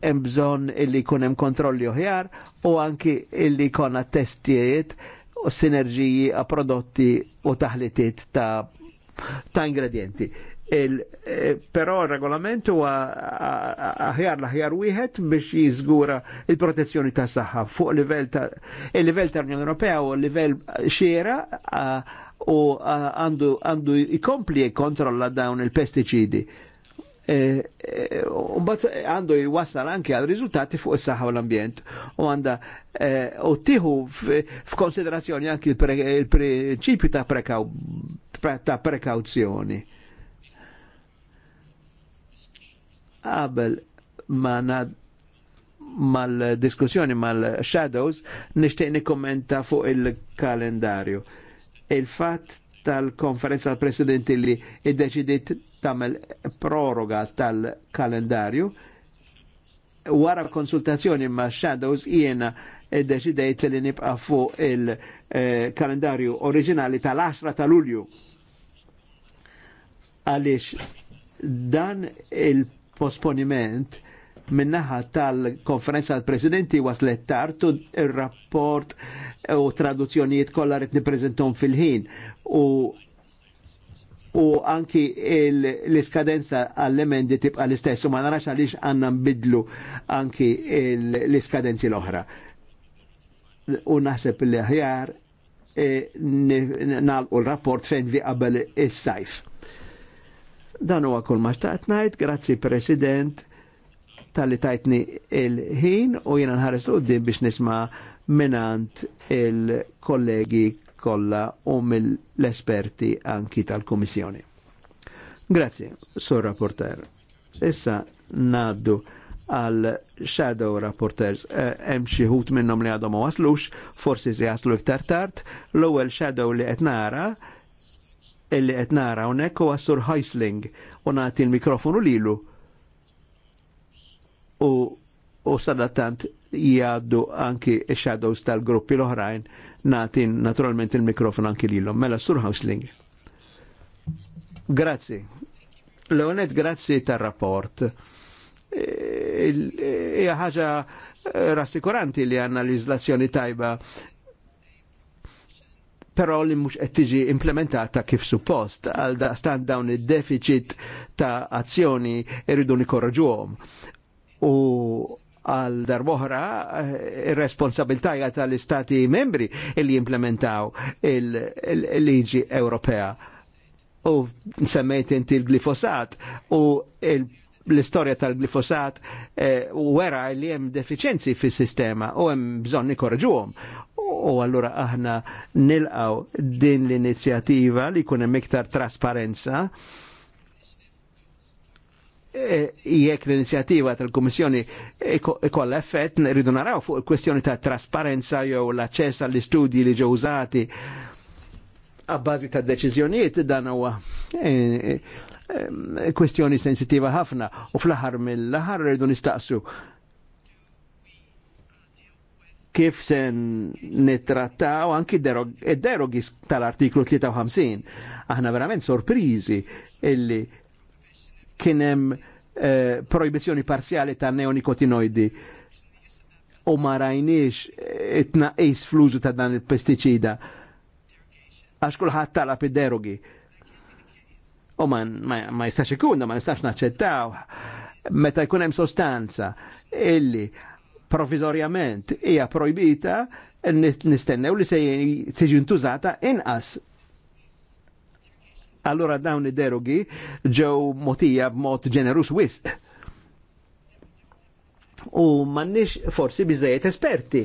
hemm bżonn illi jkun hemm kontrolli oħjar u anki illi jkollna testijiet sinerġiji a prodotti u taħlitiet ta', ta ingredienti. Il, eh, però il regolamento ha ħjar l ħjar wieħed biex jiżgura il-protezzjoni ta' saħħa fuq livell ta' il-livell tal-Unjoni Ewropea u l-livell xiera u għandu jkompli kontrolla dawn il-pestiċidi Eh, eh, u bat għandu jwassal anki għal riżultati fuq is-saħħa u l-ambjent u għanda eh, u tiħu f'konsiderazzjoni anki il-prinċipju ta' ta' prekawzjoni. Qabel ma nad mal-diskussjoni mal-shadows nishtiq nikkommenta fuq il-kalendarju. Il-fatt tal-konferenza tal-presidenti li id-deċidit tamel proroga tal-kalendarju. Wara konsultazzjoni ma' Shadows jiena id-deċidejt li nibqa fuq il-kalendarju oriġinali tal-10 tal-Ulju. Għaliex dan il-posponiment minnaħa tal-konferenza tal-presidenti waslet tartu il-rapport u traduzzjonijiet kollha qed nippreżentom fil-ħin u u anki l-iskadenza għall-emendi tibqa l-istess u ma narax għaliex għanna nbidlu anki l-iskadenzi l-oħra. U naħseb li ħjar e, nalqu l-rapport fejn vi qabel is-sajf. Dan huwa kull ma xtaqt ngħid, grazzi President tal-li tajtni il-ħin u jiena nħares l biex nisma' minant il-kollegi kollha u mill-esperti anki tal-Kummissjoni. Grazzi, sur rapporter. Issa naddu għal shadow rapporters eh, hemm xi ħut minnhom li għadhom ma waslux, forsi se jaslu iktar tard, l-ewwel shadow li qed nara illi qed nara hawnhekk huwa Sur Heisling u nagħti l-mikrofonu lilu u u sadattant jgħaddu anki shadows tal-gruppi l-oħrajn natin naturalment il-mikrofon anki lilhom. Mela Sur Hausling. Grazie. Leonet, grazie tar-rapport. E, e, Ija ħaġa e, rassikuranti li għanna l-izlazzjoni tajba però li mux qed tiġi implementata kif suppost għal da stand dawn il deficit ta' azzjoni irridu nikorraġuhom. U għal darboħra eh, ir-responsabilitajja tal-istati membri li jimplementaw il-liġi Ewropea. U semmejt inti il glifosat u l-istoria tal-glifosat eh, u wera li jem deficienzi fis-sistema u hemm bżonn nikorġuhom. U allura aħna nilqaw din l inizjativa li kunem hemm iktar trasparenza Eh, jekk l-inizjattiva tal-Kummissjoni ikolla effett, rridu naraw fuq il-kwestjoni ta' trasparenza jew l-aċċess għall-istudji li ġew użati għabbażi ta' deċiżjonijiet dan huwa eh, eh, kwestjoni sensitiva ħafna u fl-aħħar mill-aħħar rridu nistaqsu kif se nittrattaw anki derogi tal-artiklu 53. Aħna verament sorprizi illi kienem eh, proibizjoni parzjali ta' neonicotinoidi u ma rajniex eh, it-naqis fl-użu ta' dan il-pesticida għax kulħadd talab id-derogi. U ma, ma, jistax ikun, ma jistax naċċettaw. Meta jkun hemm sostanza illi provizorjament hija proibita nistennew li se tiġi intużata inqas allora dawn id-derogi ġew motija b'mod ġenerus wisq. U m'għandniex forsi biżejjed esperti.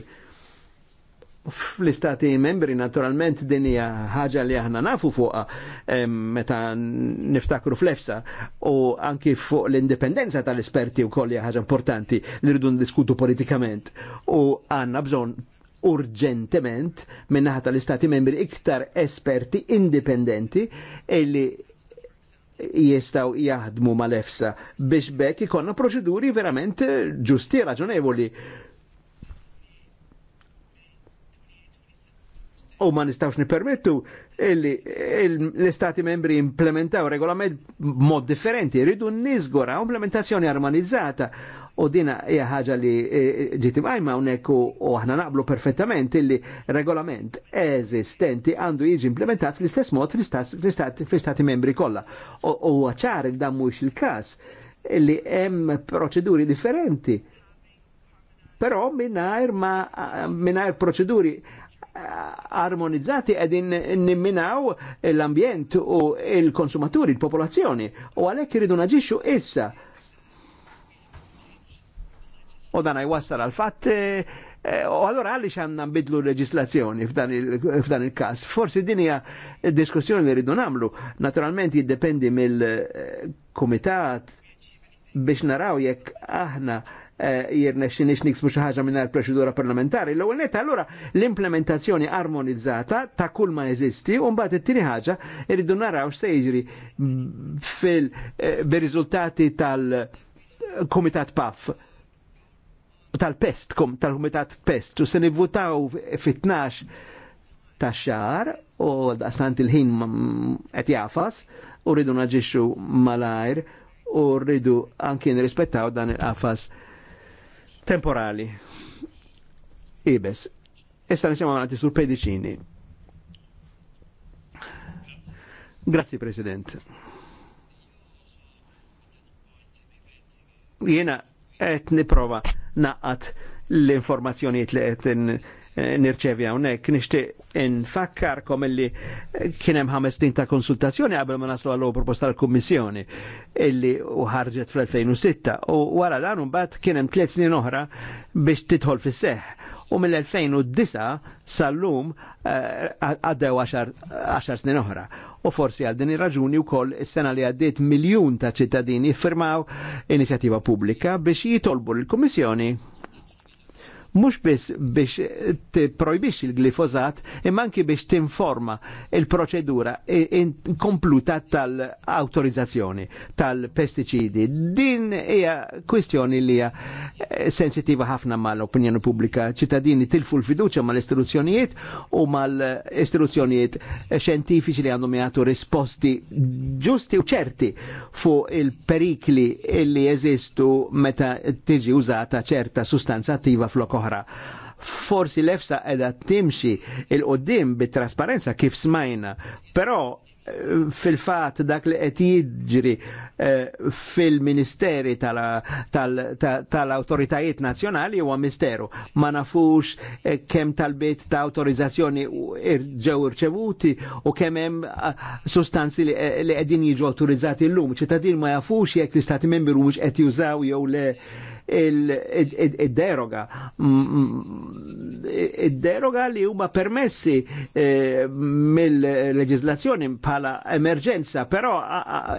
Fl-istati membri naturalment din hija ħaġa li aħna nafu fuqha meta niftakru flefsa u anki fuq l-indipendenza tal-esperti wkoll hija ħaġa importanti li rridu ndiskutu politikament. U għandna bżonn urġentement minnaħa tal-istati membri iktar esperti indipendenti illi jistaw jaħdmu mal-efsa biex bekk ikonna proċeduri verament eh, ġusti e raġonevoli. U ma nistawx nipermettu l-istati membri implementaw regolament mod differenti, rridu nizgora implementazzjoni armonizzata u dina hija ħaġa li e, e, ġiet imqajma hawnhekk u aħna naqblu perfettament illi regolament eżistenti għandu jiġi implementat fl-istess mod fl-istati membri kollha. U ċar li dan mhux il-każ illi hemm proċeduri differenti. Però mingħajr ma mingħajr proċeduri armonizzati edin nimminaw l-ambjent u il-konsumaturi, il-popolazzjoni, u għalek iridu naġiċu issa U dan għajwassar għal-fatt e, e, U għallora għalli xanna nbidlu reġislazzjoni f'dan il-kas. Forsi din hija diskussjoni li rridu namlu. Naturalment jiddependi mill-komitat e, biex naraw jekk aħna jirna xinix niksbu xaħġa minna l-proċedura parlamentari. L-ewwel netta allora l-implementazzjoni armonizzata ta' kull ma jeżisti u mbagħad it tini ħaġa irridu naraw se fil-riżultati tal-Kumitat PAF tal-pest, tal-Kumitat Pest, u sen nivvutaw fit-12 ta' xar, u daqstant il-ħin qed jafas, u rridu naġiċu malajr, u rridu anki nirrispettaw dan il-qafas temporali. Ibes, issa nisimaw għanati sul pedicini. Grazie, President. Jena qed niprova naqat l-informazzjonijiet li qed nirċevi hawnhekk nixtieq infakkarkom illi kien hemm ħames snin ta' konsultazzjoni qabel ma naslu għallu proposta l kummissjoni illi uħarġet fl-2006 u wara dan mbagħad kien hemm tliet snin oħra biex tidħol fis-seħħ u mill-2009 sal-lum eh, għaddew 10 snin oħra. U forsi għal din ir-raġuni wkoll is-sena li għaddiet miljun ta' ċittadini firmaw inizjattiva pubblika biex jitolbu l-Kummissjoni mhux biex biex tipprojbix il-glifosat imma anki biex tinforma il-proċedura kompluta tal-autorizzazzjoni tal pesticidi Din hija kwistjoni li hija eh, sensitiva ħafna mal-opinjoni pubblika ċittadini tilfu l-fiduċa mal-istituzzjonijiet u mal-istituzzjonijiet xjentifiċi li għandhom jagħtu risposti ġusti u ċerti fuq il-perikli li jeżistu meta tiġi użata ċerta sustanza attiva fl oħra. Forsi l-efsa edha timxi il-qoddim bit-trasparenza kif smajna, però eh, fil-fat dak li qed jiġri eh, fil-ministeri tal-autoritajiet nazzjonali huwa misteru. Ma nafux eh, kemm kemm bit ta' autorizzazzjoni ġew irċevuti u kemm hemm sustanzi li qegħdin jiġu autorizzati llum. ċittadin ma jafux jekk l-istati membri mhux qed jużaw jew le il-deroga. Il-deroga li huma permessi eh, mill-leġizlazzjoni bħala emerġenza, però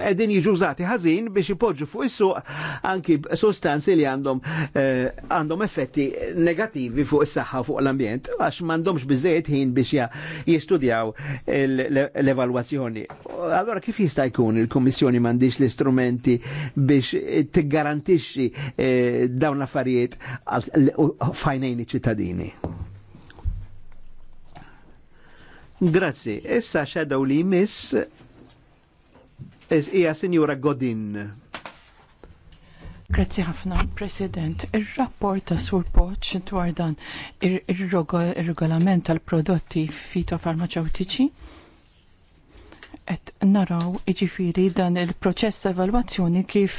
edin jiġużati ħazin biex ipoġġu fuq issu anki sostanzi li għandhom eh, għandhom effetti negativi fuq is-saħħa fuq l-ambjent għax m'għandhomx biżejjed ħin biex jistudjaw l-evalwazzjoni. Allora kif jista' jkun il-Kummissjoni m'għandix l-istrumenti biex tiggarantixxi eh, dawn l-affarijiet fajnejn iċ-ċittadini. Grazzi, issa xedaw li miss ija Sinjura Godin. Grazzi ħafna, President. Il-rapport ta' Sur Poċ dwar dan ir-regolament tal-prodotti fitofarmaceutiċi qed naraw iġifiri dan il-proċess ta' evalwazzjoni kif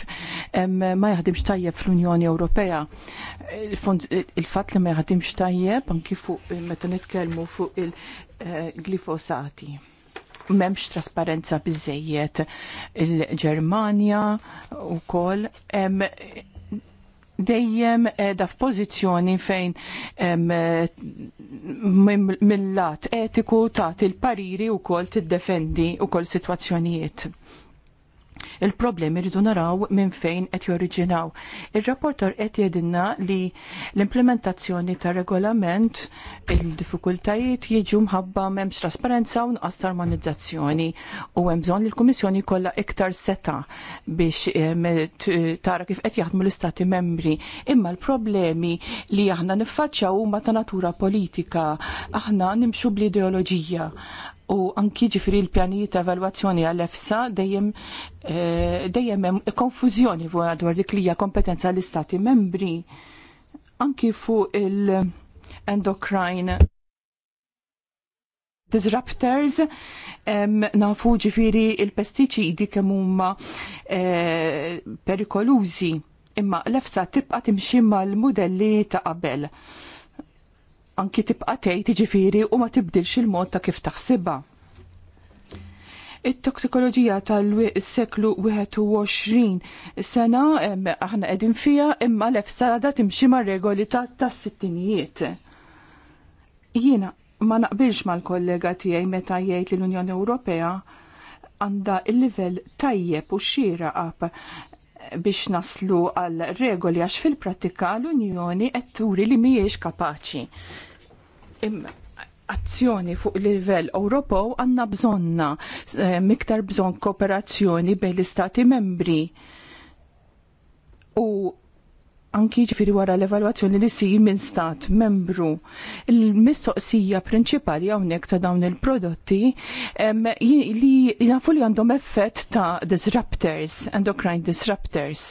ma jaħdimx tajjeb fl-Unjoni Ewropea. Il-fatt li ma jaħdimx tajjeb anki fuq meta nitkellmu fuq il-glifosati. Eh, M'hemmx trasparenza biżejjed il-Ġermanja wkoll hemm dejjem edha eh, f'pożizzjoni fejn eh, mill-lat etiku ta' il-pariri u kol tiddefendi u kol situazzjonijiet il-problemi rridu naraw minn fejn qed joriġinaw. Ir-rapporter qed jedinna li l-implementazzjoni ta' regolament il-diffikultajiet jiġu mħabba m'hemmx trasparenza u nqas armonizzazzjoni u hemm bżonn li l-Kummissjoni kollha iktar seta biex tara kif qed jaħdmu l-Istati membri. Imma l-problemi li aħna niffaċċjaw huma ta' natura politika, aħna nimxu bl-ideoloġija u anki ġifiri l-pjanijiet ta' evalwazzjoni għal-EFSA dejjem eh, dejjem hemm konfużjoni dwar dik li hija kompetenza l-istati membri anki fuq il-endocrine disruptors em, nafu ġifiri il-pestiċidi kemm huma eh, perikolużi imma l-EFSA tibqa' timxi mal-modelli ta' qabel anki tibqa' tgħid jiġifieri u ma tibdilx il-mod ta' kif taħsibha. It-toksikoloġija tal-seklu 21 sena aħna qegħdin fija imma l-efsada timxi mar regoli tas-sittinijiet. Jiena ma naqbilx mal-kollega tiegħi meta jgħid li l-Unjoni Ewropea għandha il-livell tajjeb u xieraqab biex naslu għal regoli għax fil-pratika l-Unjoni qed turi li mhijiex kapaċi. azzjoni fuq livell Ewropew għandna bżonna eh, miktar bżonn kooperazzjoni bejn l-istati membri. U anki ġifiri wara l-evaluazzjoni li si minn stat membru. Il-mistoqsija prinċipali hawnhekk ta' dawn il-prodotti li jafu li għandhom effett ta' disruptors, endocrine disruptors.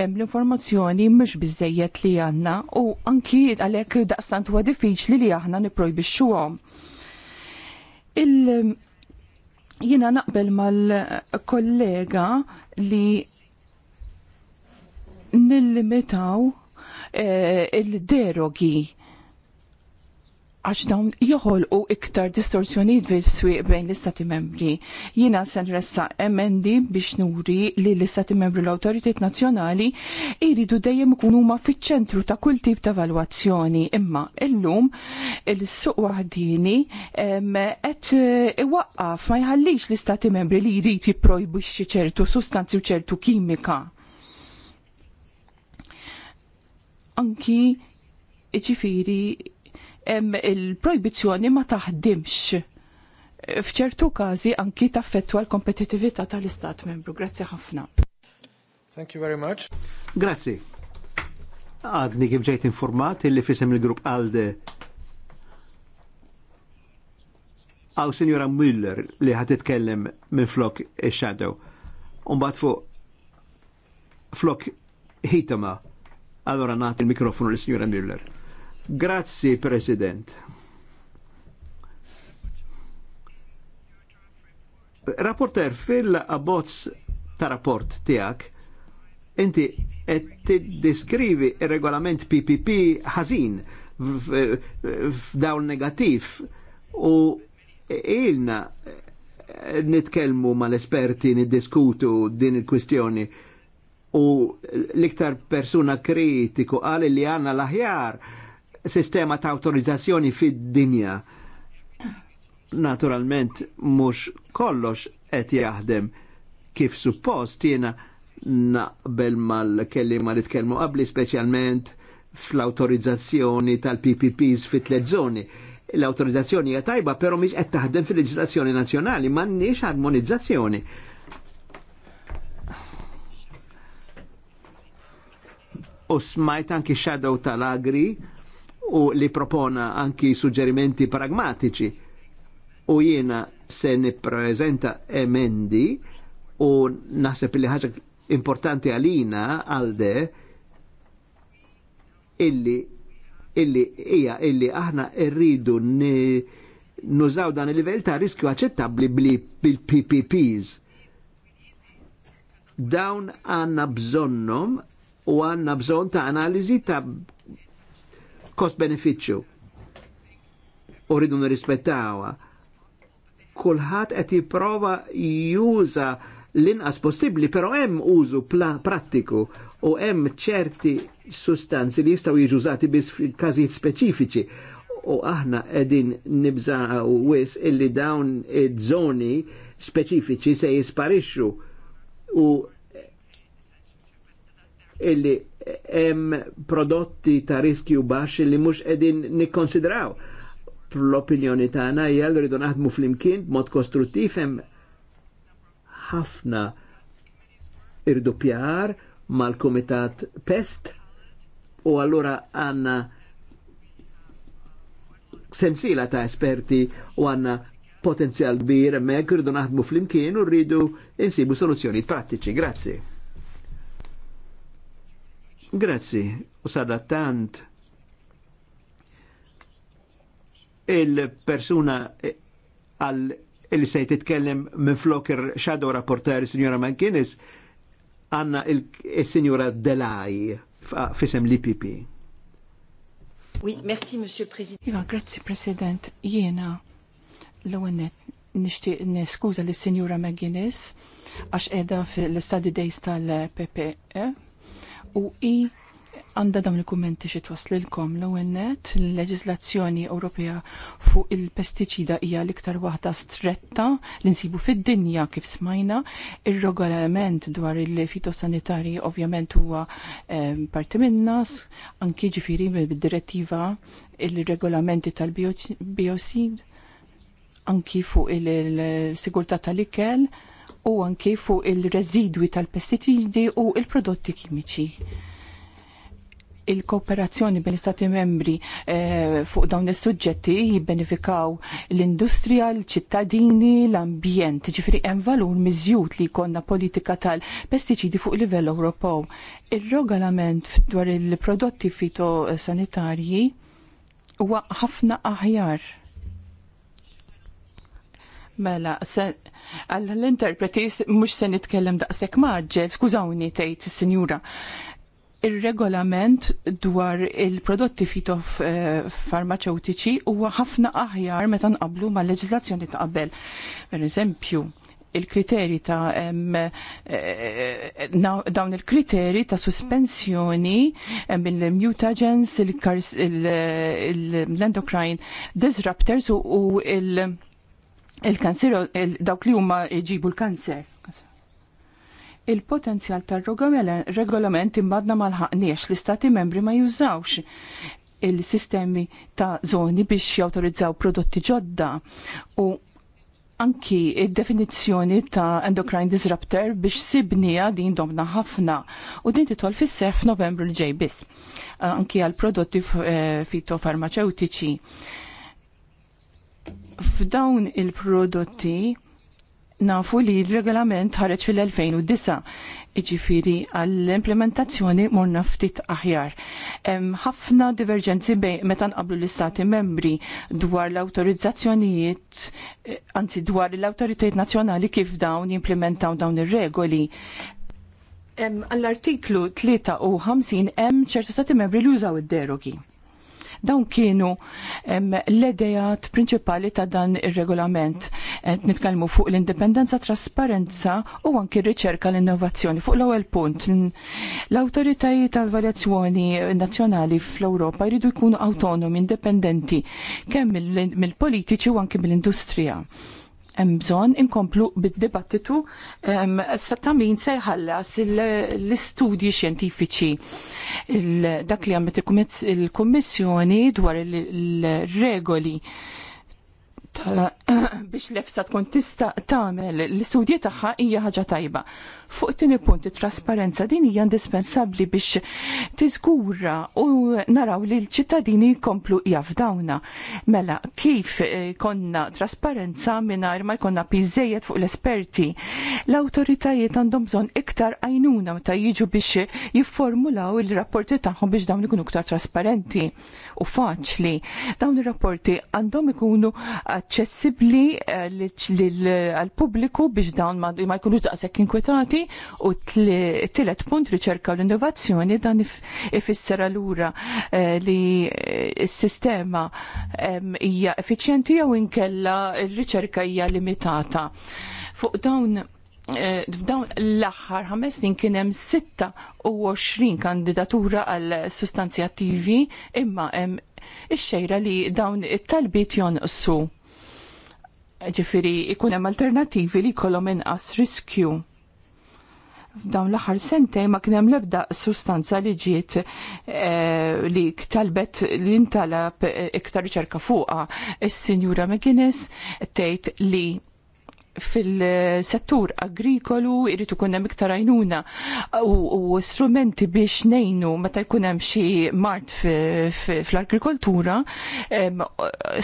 L-informazzjoni mux bizzejiet li għandna u anki għalhekk daqstant huwa diffiċli li aħna għom. Il- jina naqbel mal-kollega li nillimitaw eh, il-derogi għax dawn joħolqu iktar distorsjonijiet fis-swieq bejn l-istati membri. Jiena se nressaq emendi biex nuri li l-istati membri l-awtoritet nazzjonali jridu dejjem ikunu huma fiċ-ċentru ta' kull tip ta' valwazzjoni. Imma illum il-suq waħdini qed eh, iwaqqaf ma jħallix l-istati membri li jrid jipprojbixxi ċertu sustanzi u ċertu kimika anki ċifiri il-projbizjoni ma taħdimx. Fċertu każi anki taffettwa l-kompetitività tal-Istat membru. Grazzi ħafna. Thank you very much. Grazzi. Għadni kif ġejt informat li fisem il-grupp Alde għaw Signora Müller li ħat titkellem minn flok e shadow bat fuq flok hitama Allora nagħti il-mikrofonu lis signora Müller. Grazie, President. Rapporter, fil-abbozz ta' rapport tiegħek, inti qed tiddiskrivi il regolament PPP ħażin f'dawl negattiv u ilna eh, nitkelmu mal-esperti niddiskutu din il-kwistjoni u l-iktar persuna kritiku għal li għanna l-aħjar sistema ta' autorizzazzjoni fid-dinja. Naturalment, mux kollox qed jaħdem kif suppost jiena naqbel mal-kellima li tkellmu qabli, specialment fl-autorizzazzjoni tal-PPPs fit tliet zoni. L-autorizzazzjoni hija tajba, però mhix qed taħdem fil-leġislazzjoni nazzjonali, m'għandniex armonizzazzjoni. u smajt anki shadow tal-agri u li propona anki suġġerimenti pragmatiċi u jiena se nippreżenta emendi u naħseb li ħaġa importanti għalina għalde illi illi ija illi aħna rridu nużaw dan il-livell ta' riskju aċċettabbli bil-PPPs. Dawn għanna bżonnom u għanna bżon ta' analizi ta' kost beneficju u rridu nirrispettawa. Kulħadd qed jipprova juża l-inqas possibbli, però hemm użu prattiku u hemm ċerti sustanzi li jistgħu jiġu użati biss każijiet speċifiċi. U aħna qegħdin nibżaw wis illi dawn iż-żoni speċifiċi se jisparixxu u illi hemm prodotti ta' riskju baxx li mhux qegħdin nikkonsidraw. L-opinjoni tagħna hija li rridu naħdmu flimkien b'mod kostruttiv hemm ħafna pjar mal-Kumitat Pest u allura għanna sensila ta' esperti u għanna potenzjal kbir mek rridu naħdmu fl-imkien u rridu insibu soluzzjoni prattiċi. Grazie. Grazzi, u sada tant il-persuna eh, għal il sej titkellem minn floker shadow rapporter signora Mankinis għanna il-signora eh, Delaj fisem l-IPP. Oui, merci, Monsieur le Président. Iva, grazie, President. Jena, l-għonet, nishtiq neskuza l-Signora Mankinis, għax edha fil-Study Days tal-PPE, u i għanda dawn il-kummenti xi twaslilkom l net l-leġislazzjoni Ewropea fuq il-pestiċida hija l-iktar waħda stretta li nsibu fid-dinja kif smajna. Ir-regolament dwar il-fitosanitarji ovvjament huwa ehm, parti minnas, anki ġifiri bid-direttiva il-regolamenti tal-biosid, anki fuq il-sigurtà tal-ikel. il sigurtà tal ikel u anki fuq il-residwi tal-pestiċidi u il-prodotti kimiċi il-kooperazzjoni bil istati membri eh, fuq dawn is-suġġetti jibbenefikaw l-industrija, l-ċittadini, l-ambjent, ġifri hemm valur miżjud li jkollna politika tal-pestiċidi fuq livell Ewropew. Ir-regolament dwar il-prodotti fitosanitarji huwa ħafna aħjar Mela, għall interpretis mux se nitkellem daqsek maġġel, skużawni tejt, sinjura. Il-regolament dwar il-prodotti fitof farmaceutiċi huwa ħafna aħjar meta nqablu ma' leġislazzjoni ta' qabel. Per eżempju, il-kriteri ta' eh, eh, dawn il-kriteri ta' suspensjoni mill-mutagens, il-endocrine disruptors u il- il-kanser, dawk li huma jġibu l-kanser. Il-potenzjal tar-regolament imbadna mal-ħaqniex l-istati membri ma jużawx il-sistemi ta' zoni biex jawtorizzaw prodotti ġodda u anki il definizzjoni ta' endocrine disruptor biex sibnija din domna ħafna u din titol fis sef f'Novembru l-ġej biss. Eh, anki għal prodotti eh, fitofarmaceutiċi f'dawn il-prodotti nafu li il-regolament ħareġ fil-2009 iġifiri għall-implementazzjoni morna ftit aħjar. ħafna diverġenzi bej meta nqablu l-istati membri dwar l-autorizzazzjonijiet, eh, anzi dwar l-autoritajiet nazzjonali kif dawn jimplementaw dawn ir-regoli. Għall-artiklu 53 hemm ċertu stati membri li jużaw id-derogi Dawn kienu l-edejat prinċipali ta' dan ir-regolament. Eh, nitkellmu fuq l-indipendenza, trasparenza u anki r-riċerka l-innovazzjoni. Fuq l-ewwel punt, l-awtoritajiet ta' valjazzjoni nazzjonali fl-Ewropa jridu jkunu autonomi, indipendenti, kemm mill-politiċi u anki mill-industrija hemm bżonn inkomplu bid-dibattitu ta' min se jħallas l-istudji xjentifiċi. Dak li għammet il-Kummissjoni dwar il-regoli *clears throat* biex l-efsa tkun tista' tagħmel l-istudji tagħha hija ħaġa tajba. Fuq tini punt, trasparenza din hija indispensabbli biex tiżgura u naraw li l-ċittadini jkomplu jafdawna. Mela, kif eh, konna trasparenza mingħajr ma jkonna piżejjed fuq l-esperti. L-awtoritajiet għandhom bżonn iktar għajnuna meta jiġu biex jifformulaw il-rapporti tagħhom biex dawn ikunu iktar trasparenti u faċli. Dawn ir-rapporti għandhom ikunu aċċessibbli eh, għall pubbliku biex dawn ma jkunux daqshekk inkwetati u t punt riċerka u l-innovazzjoni dan ifisser allura eh, li eh, s-sistema hija effiċjenti jew inkella r-riċerka hija limitata. Fuq dawn f'dawn eh, l-aħħar ħames snin kien hemm 26 kandidatura għal sustanzi attivi imma hemm ix-xejra li dawn it-talbiet jonqsu. Ġifieri ikun hemm alternattivi li jkollhom inqas riskju f'dawn l-aħħar sentej ma kien hemm l-ebda sustanza li ġiet eh, li talbet li ntalab eh, iktar riċerka fuqha. Is-Sinjura McGuinness tgħid li fil-settur agrikolu irritu hemm iktar għajnuna u strumenti biex nejnu meta jkun hemm xi mart fl-agrikoltura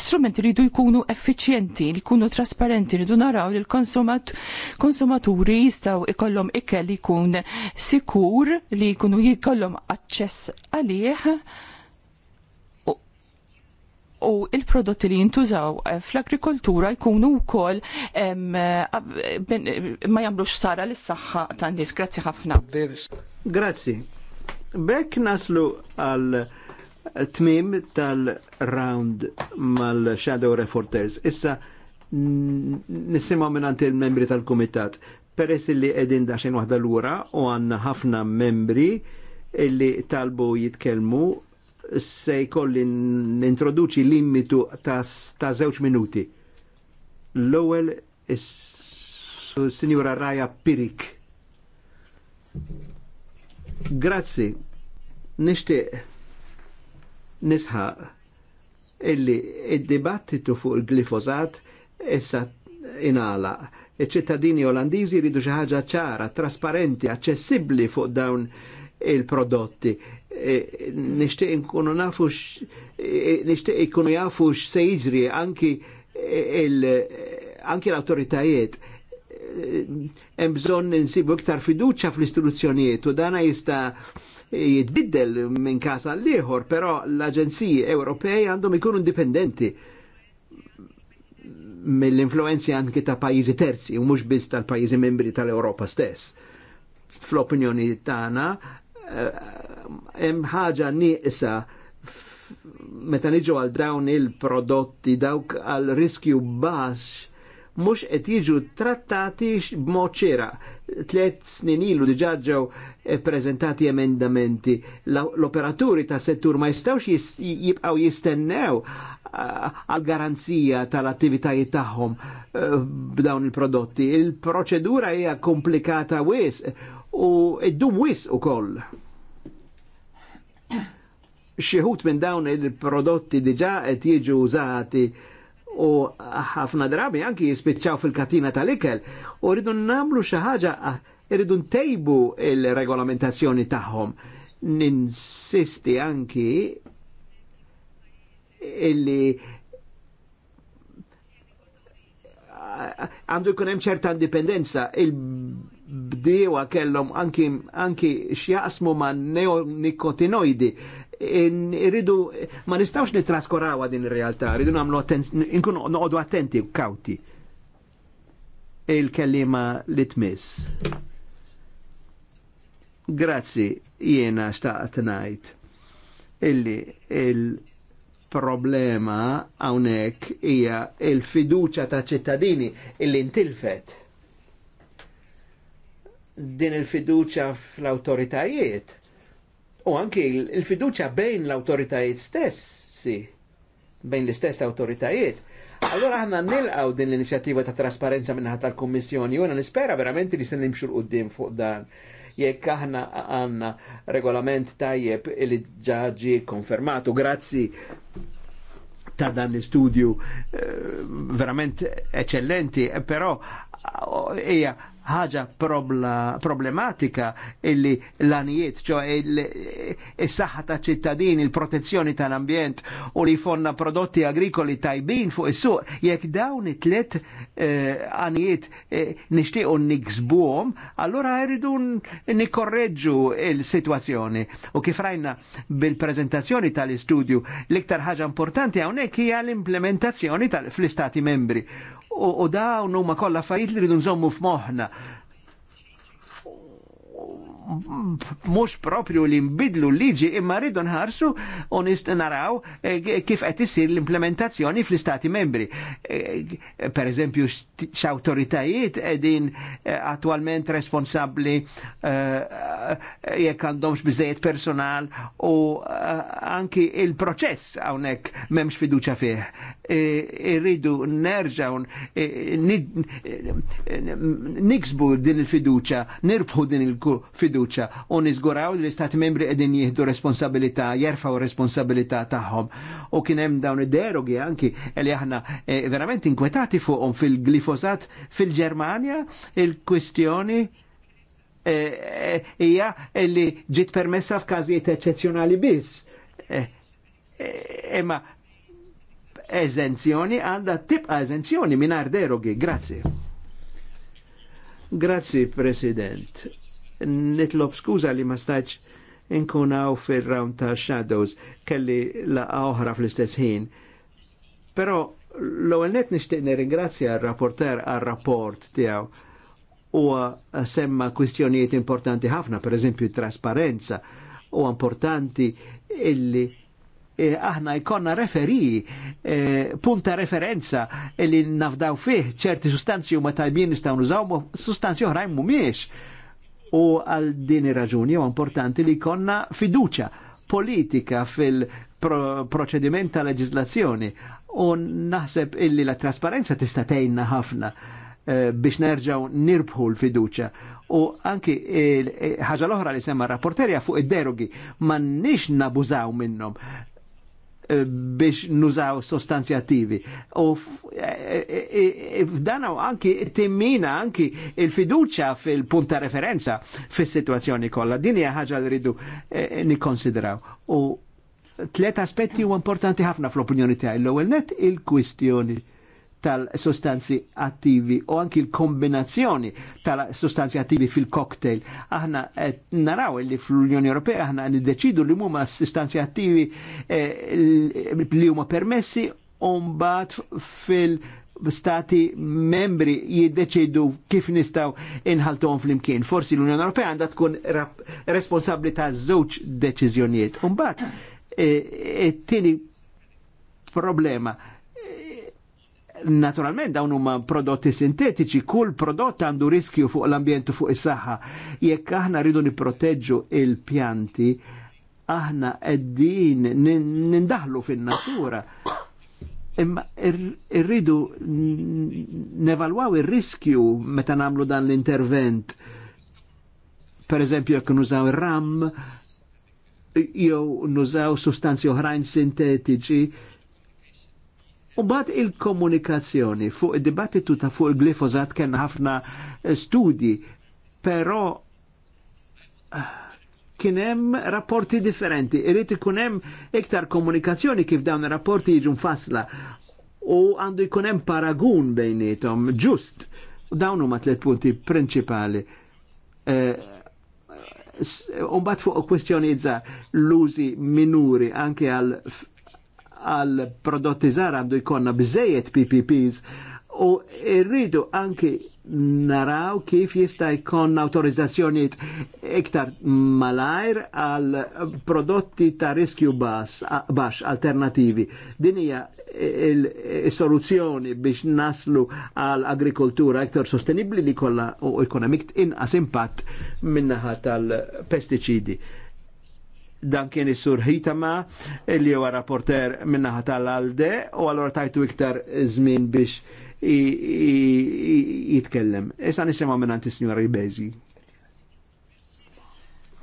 strumenti rridu jkunu effiċjenti, li jkunu trasparenti, rridu naraw li l-konsumaturi jistgħu jkollhom ikel li jkun sikur li jkunu jkollhom aċċess għalih u il-prodotti li jintużaw eh, fl-agrikoltura jkunu wkoll eh, eh, ma jagħmlux sara lis saħħa ta' nies. Grazzi ħafna. Grazzi. Bekk naslu għal tmim tal-round mal-Shadow Reporters. Issa nisimgħu minn il-membri tal-Kumitat. Peress li daċin wahda waħda lura u għandna ħafna membri illi talbu jitkellmu se jkolli nintroduċi limitu ta' żewġ minuti. l ewel s sinjura Raja Pirik. Grazzi. nishti nisħa illi id-dibattitu fuq il-glifosat issa inala. Iċ-ċittadini Olandiżi ridu xi ħaġa ċara, trasparenti, aċċessibbli fuq dawn il-prodotti E, nishtiq nkunu nafu e, e, nishtiq ikunu jafu se jiġri anki il anki l-autoritajiet hemm bżonn insibu iktar fiduċja fl-istituzzjonijiet u dana jista' jitbiddel minn każ għal ieħor, però l-Aġenziji Ewropej għandhom ikunu indipendenti mill-influenzi anki ta' pajjiżi terzi u mhux biss tal-pajjiżi membri tal-Ewropa stess. Fl-opinjoni tagħna eh, hemm ħaġa nieqsa meta niġu għal dawn il-prodotti dawk għal riskju baxx mhux qed jiġu trattati b'mod ċira. Tliet snin ilu diġà ġew prezentati emendamenti. L-operaturi ta' settur ma jistgħux jibqgħu jistennew eh, għal garanzija tal-attivitajiet tagħhom eh, b'dawn il-prodotti. Il-proċedura hija komplikata wis u id-dum wis ukoll xieħut minn dawn il-prodotti diġa qed jiġu użati u ħafna drabi anki jispiċċaw fil-katina tal-ikel u rridu namlu xi ħaġa rridu ntejbu il-regolamentazzjoni tagħhom. Ninsisti anki illi għandu jkun hemm ċerta indipendenza il-bdiewa kellhom anki, anki x'jaqsmu ma' neonicotinoidi irridu ma nistawx nitraskorawa din ir-realtà, irridu nagħmlu inkunu noqogħdu attenti u kawti. Il-kellima li tmiss. Grazzi, jiena xtaqt ngħid illi il-problema hawnhekk hija il-fiduċa ta' ċittadini illi ntilfet. Din il-fiduċa fl-awtoritajiet u anki il-fiduċa bejn l-autoritajiet stessi, bejn l-istess autoritajiet. Allora ħanna nilqaw din l-inizjattiva ta' trasparenza minnaħat tal-Kommissjoni, u nispera verament li se nimxu l-qoddim fuq dan jekk aħna għanna regolament tajjeb li ġaġi konfermatu. Grazzi ta' dan l-istudju eh, verament eccellenti, però hija eh, ħaġa problematika illi l-anijiet, ċo il-saħħa ta' ċittadini, il-protezzjoni tal-ambjent u li fonna prodotti agrikoli tajbin fuq is-suq, jekk dawn it-tlet eh, anijiet eh, nixtiequ niksbuhom, allura jridu nikorreġġu il-sitwazzjoni. U kif rajna bil-prezentazzjoni tal-istudju, l-iktar ħaġa importanti hawnhekk hija l-implementazzjoni fl-istati membri. U, dawn huma kollha affarijiet li rridu nżommu f'moħħna mux propju li nbidlu liġi imma rridu nħarsu u naraw eh, kif qed isir l-implementazzjoni fl-istati membri. Eh, per eżempju, x'awtoritajiet qegħdin eh, attwalment responsabbli jekk għandhomx biżejjed personal u anki il-proċess hawnhekk m'hemmx fiduċa fih. Irridu nerġaw niksbu din il-fiduċa, nirbħu din il-fiduċa fiduċa u nizguraw li l-istati membri edin jihdu responsabilità, jerfaw responsabilità taħħom. U kienem dawn id-derogi anki li aħna e, verament inkwetati fuqhom fil-glifosat fil-Ġermanja il-kwistjoni eh, eh, hija e, e, li ġiet permessa f'każijiet eċċezzjonali biss. Imma eżenzjoni għanda tibqa' eżenzjoni mingħajr derogi. Grazie. Grazie, President nitlob skuża li ma staċ inkunaw fil-round ta' Shadows kelli laqa oħra fl-istess ħin. Pero l-ewwel net nixtieq nirringrazzja r-rapporter għar-rapport tiegħu u semma kwistjonijiet importanti ħafna, per eżempju trasparenza u importanti illi eh, aħna jkonna referi, eh, punta referenza illi nafdaw fih ċerti sustanzi u ma tajbin nistaw nużaw, sustanzi oħrajn mumiex. U għal din raġuni u importanti li konna fiduċa politika fil-proċediment ta' leġislazzjoni u naħseb illi la trasparenza tista' tgħinna ħafna eh, biex nerġaw nirbħu l-fiduċa. U anki eh, ħaġa l-oħra li semma rapporterja fuq id-derogi, ma nix nabużaw minnom. Eh, biex nużaw sostanzi attivi. U eh, eh, f'dan anki timmina anki il-fiduċa fil-punta referenza fis-situazzjoni kollha. Din hija ħaġa li rridu nikkonsidraw. U tlet aspetti u importanti ħafna fl-opinjoni tiegħi. L-ewwel net il-kwistjoni il kwistjoni tal-sostanzi attivi u anki l-kombinazzjoni tal-sostanzi attivi fil-cocktail. Aħna naraw li fl-Unjoni Ewropea aħna niddeċidu li huma sostanzi attivi eh, li huma permessi u mbagħad fil- stati membri jiddeċidu kif nistaw inħaltuhom fl-imkien. Forsi l-Unjoni Ewropea għandha tkun responsabbli ta' żewġ deċiżjonijiet. mbagħad eh, it-tieni problema Naturalment dawn huma prodotti sintetiċi, kull prodott għandu riskju fuq l-ambjent fuq is-saħħa. Jekk aħna rridu nipproteġġu il-pjanti, aħna qegħdin nindaħlu fin-natura. Imma rridu nevalwaw ir-riskju meta nagħmlu dan l-intervent. Per eżempju, jekk nużaw ir-ram, jew nużaw sustanzi oħrajn sintetiċi U bat il-komunikazzjoni fuq il-dibattitu ta' fuq il-glifosat kena ħafna eh, studi, pero eh, kienem rapporti differenti. Irrit ikunem iktar komunikazzjoni kif dawn rapporti jiġu fasla u għandu hemm paragun bejnietom, ġust. Dawn huma tliet punti prinċipali. Eh, Umbat fuq kwestjoni iżgħar l-użi minuri anke għal għal prodotti żgħar għandu jkollna biżejjed PPPs u rridu anki naraw kif jista' jkun autorizzazzjonijiet iktar malajr għal prodotti ta' riskju baxx alternativi. Din hija il-soluzzjoni biex naslu għal agrikoltura iktar sostenibbli li kollha u ekonomik inqas impatt minnaħa tal-pestiċidi dan kien is-sur Hitama li huwa rapporter minnaħa tal-Alde u allora tajtu iktar żmien biex jitkellem. Issa nisimgħu minn anti Sinjora Ribezi.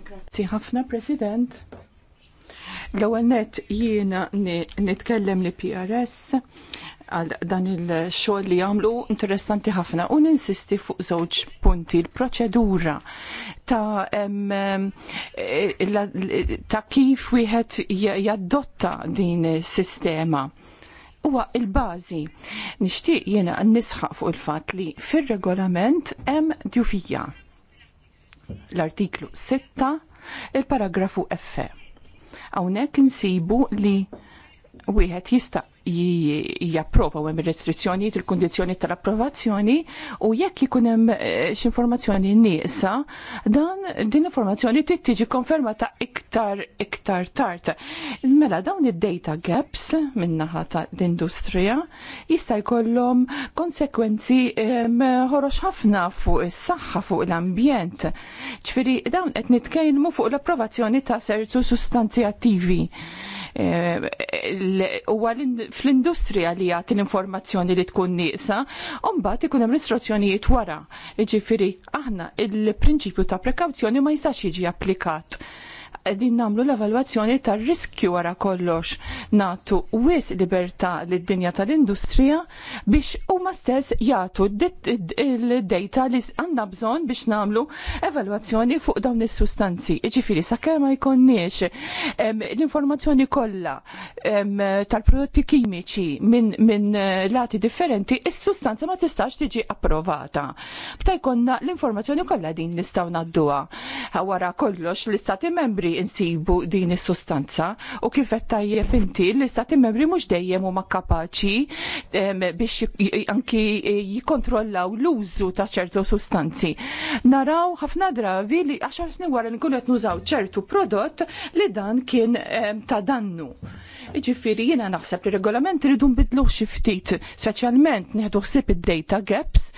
Grazzi ħafna President. L-ewwel net jiena nitkellem li PRS għal dan il-xogħol li jagħmlu interessanti ħafna u ninsisti fuq żewġ punti l-proċedura ta' eh, ta' kif wieħed jaddotta din is-sistema huwa il-bażi. Nixtieq jiena nisħaq fuq il-fatt li fir-regolament hemm djufija. L-artiklu 6 il-paragrafu F. Hawnhekk insibu li wieħed jista' jipprova u hemm ir restrizzjoni il-kundizzjoni tal-approvazzjoni u jekk ikun hemm eh, x'informazzjoni nieqsa, dan din informazzjoni trid tiġi konfermata iktar iktar tard. Mela dawn id-data gaps min-naħa tal-industrija jista' jkollhom konsekwenzi ħorox ħafna fuq is-saħħa fuq l-ambjent. Ġifieri dawn qed nitkellmu fuq l-approvazzjoni ta' serzu sustanzi attivi. Eh, huwa fl-industrija li jagħti l-informazzjoni li tkun nieqsa, u mbagħad ikun hemm istruzzjonijiet wara. Jiġifieri aħna il-prinċipju ta' prekawzjoni ma jistax jiġi applikat qegħdin nagħmlu l-evalwazzjoni tar-riskju wara kollox. Natu wis libertà lid-dinja tal-industrija biex huma stess jagħtu l data li għandna bżonn biex nagħmlu evalwazzjoni fuq dawn is-sustanzi. Jiġifieri sakemm ma jkollniex l-informazzjoni kollha tal-prodotti kimiċi minn min eh, lati differenti, is-sustanza ma tistax tiġi approvata. Bta jkollna l-informazzjoni kollha din nistgħu ngħadduha. Wara kollox l-istati membri insibu din is-sustanza u kif qed tajjeb inti l-istati membri mhux dejjem huma kapaċi biex anki jikkontrollaw l-użu ta' ċertu sustanzi. Naraw ħafna dravi li għaxar snin wara li nkunu qed nużaw ċertu prodott li dan kien ta' dannu. Ġifiri jiena naħseb li regolament rridu nbidlu xi ftit, speċjalment nieħdu ħsieb id-data gaps,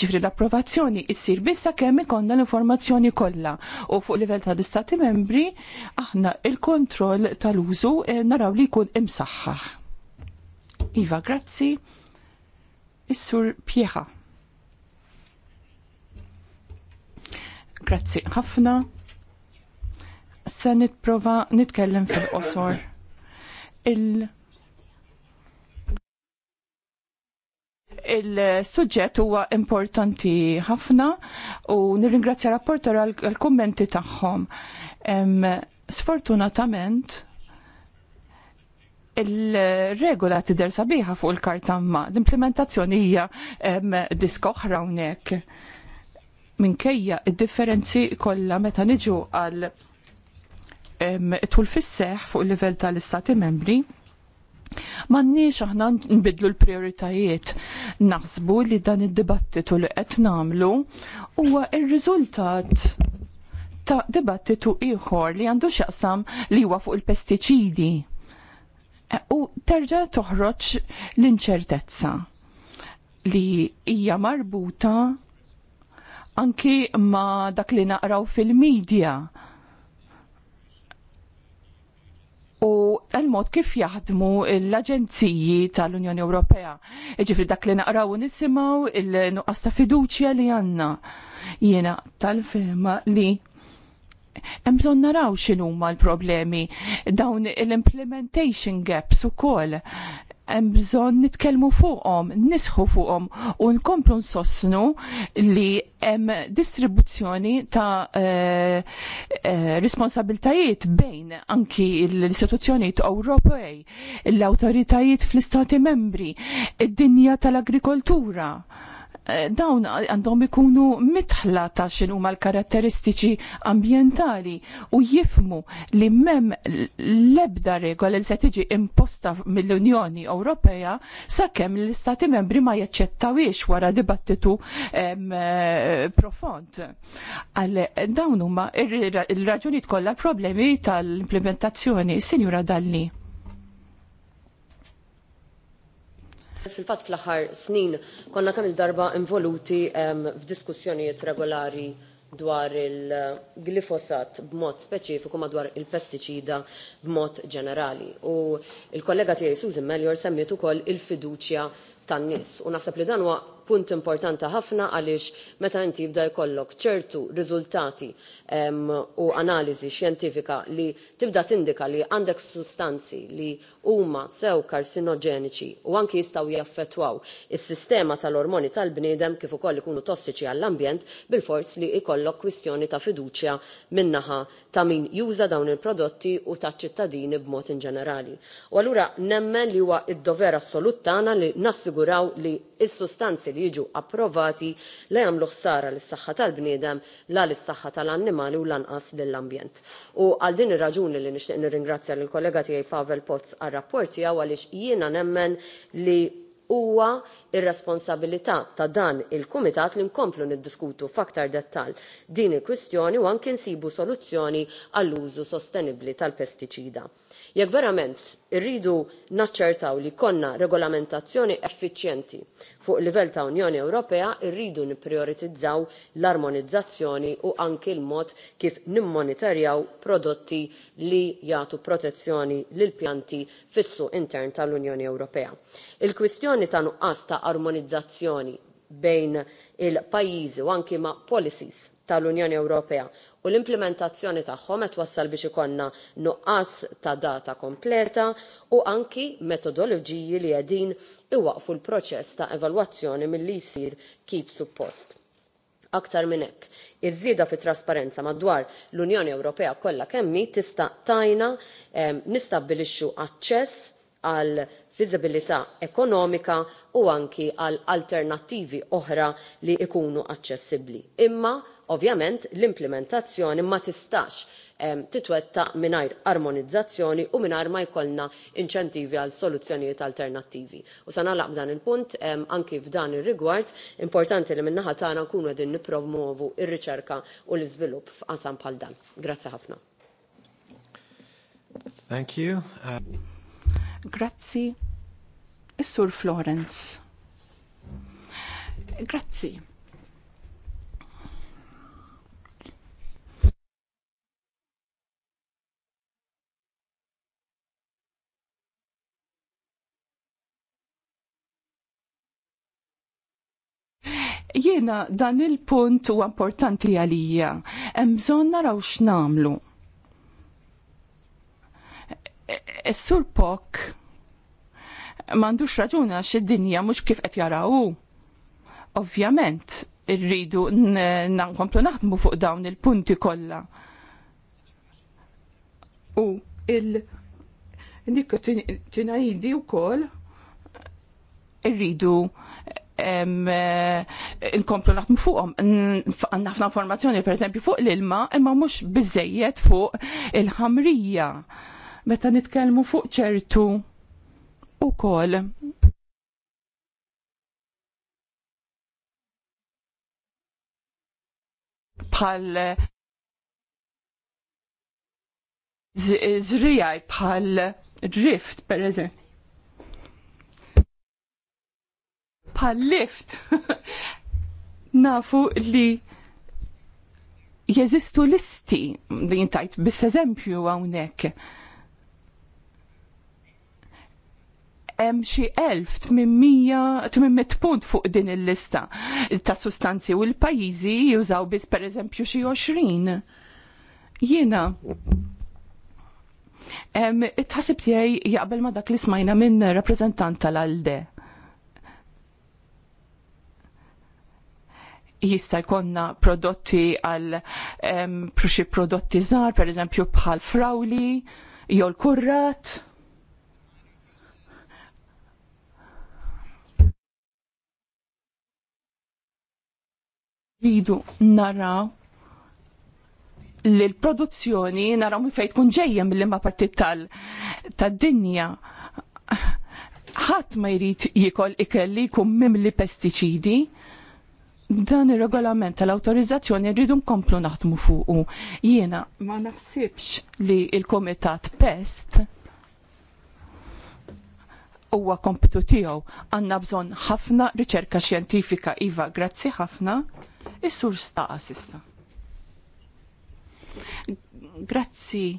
ġifiri l-approvazzjoni issir bissa kemm ikollna l-informazzjoni kollha u fuq livell ta' istati membri aħna il-kontroll tal-użu eh, naraw li jkun imsaħħaħ. Iva, grazzi. Is-sur Pieħa. Grazzi ħafna. Se nitprova nitkellem fil-qosor. Il- Il-suġġett huwa importanti ħafna u nirringrazzja rapporter għal-kommenti tagħhom. Sfortunatament, il-regola tidher sabiħa fuq il-karta ma l-implementazzjoni hija disko oħra hawnhekk. Minkejja id-differenzi kollha meta niġu għal tul fis-seħ fuq il-livell tal-istati membri, Mannix aħna nbidlu l-prioritajiet. Naħsbu li dan id-dibattitu li qed nagħmlu huwa r-riżultat ta' dibattitu ieħor li għandu x'jaqsam li huwa fuq il-pestiċidi. E, u terġa' toħroġ l-inċertezza li hija marbuta anki ma dak li naqraw fil-medja u għal-mod kif jaħdmu l-Aġenziji tal-Unjoni Ewropea. Ġifri dak li naqraw u nisimaw il-nuqqas ta' fiduċja li għanna. Jiena tal-firma li Mżon naraw x'inhuma l-problemi dawn l-implementation gaps ukoll hemm bżonn nitkellmu fuqhom, nisħu fuqhom u nkomplu nsostnu li hemm distribuzzjoni ta' eh, eh, responsabiltajiet bejn anki l-istituzzjonijiet Ewropej, l-awtoritajiet fl-istati membri, id-dinja tal-agrikoltura Eh, dawn għandhom ikunu mitħla ta' xinu ma' l-karatteristiċi ambientali u jifmu li mem lebda regola li se tiġi imposta mill-Unjoni Ewropea sakemm l-Istati membri ma jaċċettawiex wara dibattitu eh, profond. Għal dawn huma il raġunijiet kollha problemi tal-implementazzjoni, Sinjura Dalli. Fil-fat fl-aħħar snin konna kemm il-darba involuti ehm, f'diskussjonijiet regolari dwar il-glifosat b'mod speċifiku madwar il-pesticida b'mod ġenerali. U il-kollega tiegħi Susan Melior semmiet ukoll il-fiduċja tan-nies. U naħseb li dan huwa punt importanti ħafna għaliex meta inti jibda jkollok ċertu riżultati u analiżi xjentifika li tibda tindika li għandek sustanzi li huma sew karsinoġeniċi u anki jistgħu jaffettwaw is-sistema tal-ormoni tal-bniedem kif ukoll ikunu tossiċi għall-ambjent bilfors li jkollok kwistjoni ta' fiduċja min-naħa ta' min juża dawn il-prodotti u taċ ċittadini b'mod inġenerali. U allura nemmen li huwa id-dover assolut tagħna li nassiguraw li s-sustanzi li jiġu approvati la jagħmlu ħsara lis saħħa tal-bniedem la lis saħħa tal-annimali u lanqas lill-ambjent. U għal din ir-raġuni li nixtieq nirringrazzja lill kollega tiegħi Pavel Potts għar-rapport tiegħu għaliex jiena nemmen li huwa ir-responsabilità ta' dan il-kumitat li nkomplu niddiskutu f'aktar dettall din il-kwistjoni u anke nsibu soluzzjoni għall-użu sostenibbli tal-pestiċida. Jekk verament irridu naċċertaw li konna regolamentazzjoni effiċjenti fuq livell ta' Unjoni Ewropea, irridu nipprioritizzaw l-armonizzazzjoni u anki l-mod kif nimmonitorjaw prodotti li jagħtu protezzjoni lil pjanti fis-suq intern tal-Unjoni Ewropea. Il-kwistjoni ta' nuqqas ta' armonizzazzjoni bejn il-pajjiżi u anki ma' policies tal-Unjoni Ewropea u l-implementazzjoni tagħhom qed wassal biex ikollna nuqqas ta' data kompleta u anki metodoloġiji li qegħdin iwaqfu l-proċess ta' evalwazzjoni milli jsir kif suppost. Aktar minn hekk, iż-żieda fit-trasparenza madwar l-Unjoni Ewropea kollha kemm tista' tajna ehm, nistabbilixxu aċċess għal Fizibilità ekonomika u anki għal alternattivi oħra li jkunu aċċessibbli. Imma ovvjament l-implementazzjoni ma tistax titwettaq mingħajr armonizzazzjoni u mingħajr ma jkollna inċentivi għal soluzzjonijiet alternattivi. U sa nagħlaq dan il-punt anki f'dan ir-rigward importanti li minnaħa naħa tagħna nkunu qegħdin il r-riċerka u l-iżvilupp f'qasam bħal dan. Grazzi ħafna. Thank you. Uh, Grazzi. Is-Sur Florence. Grazzi. Jiena dan il-punt u importanti għalija. Hemm bżonn naraw x'namlu Is-sur Pok m'għandux raġuna x'id-dinja mhux kif qed jaraw. Ovvjament irridu nkomplu naħdmu fuq dawn il-punti kollha. U il u wkoll irridu inkomplu naħdmu fuqhom. Għandna ħafna informazzjoni pereżempju fuq l-ilma, imma mhux biżejjed fuq il-ħamrija. il ħamrija meta nitkellmu fuq ċertu ukoll bħal zrijaj bħal drift per eżempju. Bħal lift. *laughs* Nafu li jeżistu listi li jintajt bis eżempju għawnek hemm xi 1800 punt fuq din il-lista ta' sustanzi u l-pajjiżi jużaw biss pereżempju xi 20. Jiena Tħasib tiegħi jaqbel ma dak li smajna minn rappreżentant tal-ALDE. jista' jkollna prodotti għal xi prodotti żgħar, pereżempju bħal frawli, jew l-kurrat Ridu naraw li l-produzzjoni naraw mi fejn kun ġejja mill-imma partit tad-dinja. Ħadd ma jrid jikol ikelli kum jkun mimli pestiċidi, dan ir-regolament tal-autorizzazzjoni rridu nkomplu naħdmu fuqu. Jiena ma naħsibx li il-Komitat Pest huwa kompitu tiegħu għandna bżonn ħafna riċerka xjentifika iva, grazzi ħafna. Is-sur staqa sissa. Grazzi.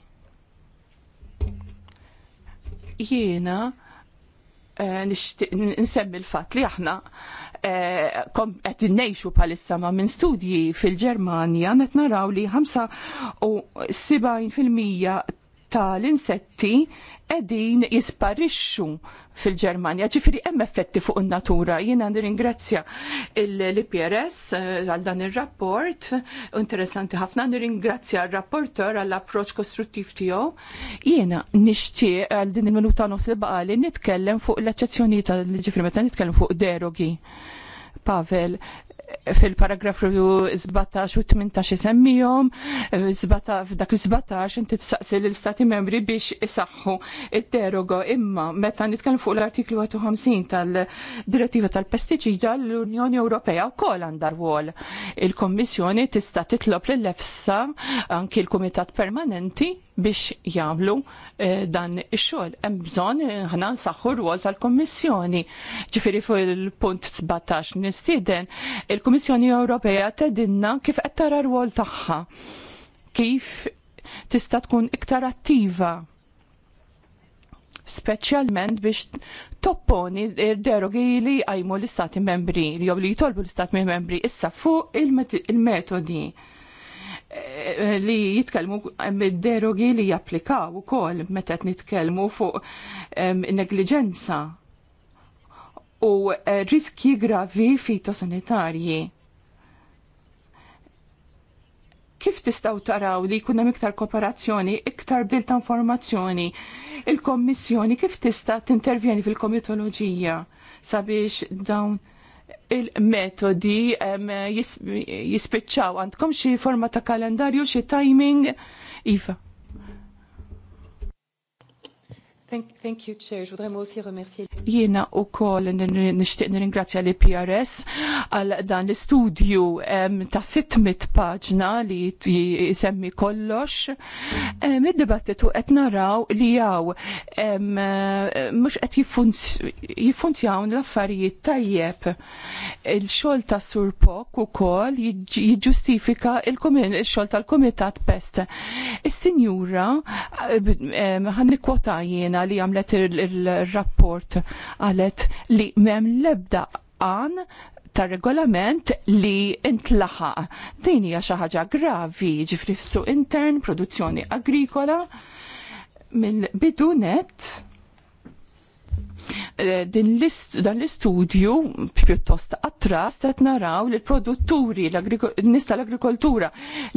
Jiena eh, nsemmi l-fat li aħna eh, qed innejxu palissa ma' minn studji fil-Ġermanja qed naraw li 75% tal-insetti edin jisparixxu fil-Ġermanja, ġifiri hemm effetti fuq in-natura. Jiena nirringrazzja l-IPRS eh, għal dan ir-rapport, interessanti ħafna, nirringrazzja r-rapporter għall approċ kostruttiv tiegħu. Jiena nixtieq għal din il-minuta nofs li baqali nitkellem fuq l eċċezzjonijiet tal-ġifiri meta nitkellem fuq derogi. Pavel, fil-paragrafu 17 u 18 semmijom, 17 f'dak 17 inti tsaqsi l-istati membri biex isaħħu id-derogo imma meta nitkellem fuq l-artiklu 51 tal-direttiva tal-pestiċida l-Unjoni Ewropea wkoll għandha wol Il-Kommissjoni tista' titlob lill-EFSA anki l-Kumitat Permanenti biex jagħmlu eh, dan ix-xogħol. Hemm bżonn ħana nsaħħu rwol tal-Kummissjoni. Ġifieri fil-punt 17 nistieden il-Kummissjoni Ewropea tedinna kif qed tara rwol tagħha. Kif tista' tkun iktar attiva speċjalment biex topponi derogi li għajmu l-istati membri, jew li jitolbu l-istati membri issa fuq il-metodi. il metodi li jitkellmu mid-derogi li japplikaw ukoll meta nitkellmu fuq negliġenza u eh, riski gravi fitosanitarji. kif tistaw taraw li jkun hemm iktar kooperazzjoni, iktar bdil ta' informazzjoni, il-Kommissjoni kif tista' tintervjeni fil-komitoloġija sabiex dawn il-metodi jispiċċaw għandkom xi forma ta' kalendarju, xi timing. Iva. Thank, you, Chair. Je voudrais moi aussi remercier. Jiena u koll nishtiq nirringrazzja li PRS għal dan l-istudju ta' 600 paġna li jisemmi kollox. Mid-dibattitu qed naraw li jaw eh, mhux qed jiffunzjaw l-affarijiet tajjeb. Il-xogħol ta' Surpok ukoll jiġġustifika il-xogħol tal-Kumitat Pest. Is-Sinjura eh, ħannikwota jiena li għamlet il-rapport għalet li mem lebda għan ta' regolament li intlaħaq. Din hija xi ħaġa gravi, ġifri f'suq intern, produzzjoni agrikola, mill-bidu net Eh, dan l-istudju pjuttost attras qed naraw li produtturi nies tal-agrikoltura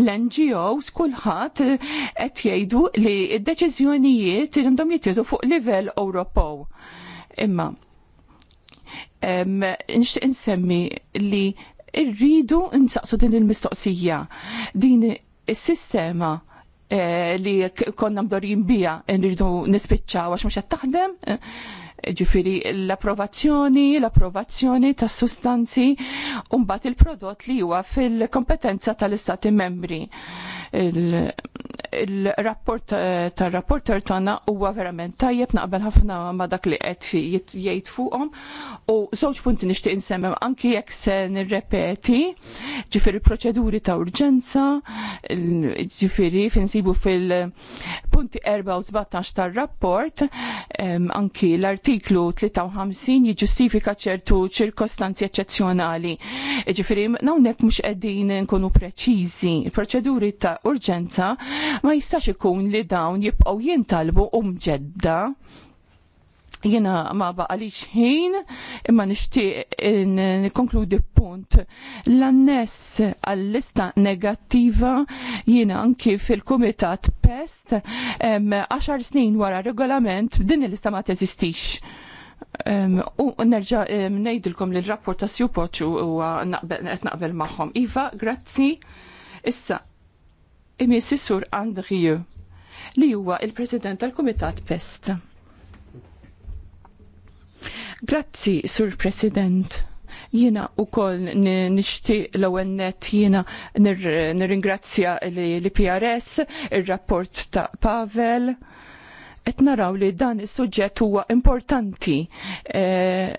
l-NGOs kulħadd eh, qed jgħidu li d-deċiżjonijiet irindhom jittieħdu fuq livell Ewropew. Imma nixtieq insemmi li rridu nsaqsu din il-mistoqsija. Din is-sistema eh, li konna mdorin bija nridu nispiċċaw għax mhux qed taħdem ġifiri l-approvazzjoni, l-approvazzjoni ta' sustanzi, un il-prodott li huwa fil-kompetenza tal-istati membri il-rapport eh, tar rapporter tagħna huwa verament tajjeb naqbel ħafna ma dak li qed jgħid fuqhom u żewġ punti nixtieq insemmem anki jekk se nirrepeti ġifieri proċeduri ta' urġenza, ġifieri finsibu fil-punti 4 u 17 tar-rapport anki l-artiklu 53 jiġġustifika ċertu ċirkostanzi eċċezzjonali. Ġifieri hawnhekk mhux qegħdin nkunu preċiżi. Il-proċeduri ta' urġenza ma jistax ikun li dawn jibqgħu jintalbu u um mġedda jena ma baqalix ħin imma nishtiq nikonkludi punt l-anness għall-lista negattiva jena anki fil-komitat pest 10 snin wara regolament din il-lista ma teżistix. U nerġa nejdilkom li l-rapport ta' Sjupoċu u naqbel maħom. Iva, grazzi. Issa, imis Sur li huwa il-President tal-Kumitat Pest. Grazzi, Sur President. Jiena u koll nishti l net jiena nirringrazzja l-PRS, il-rapport ta' Pavel. Et naraw li dan is suġġett huwa importanti. E,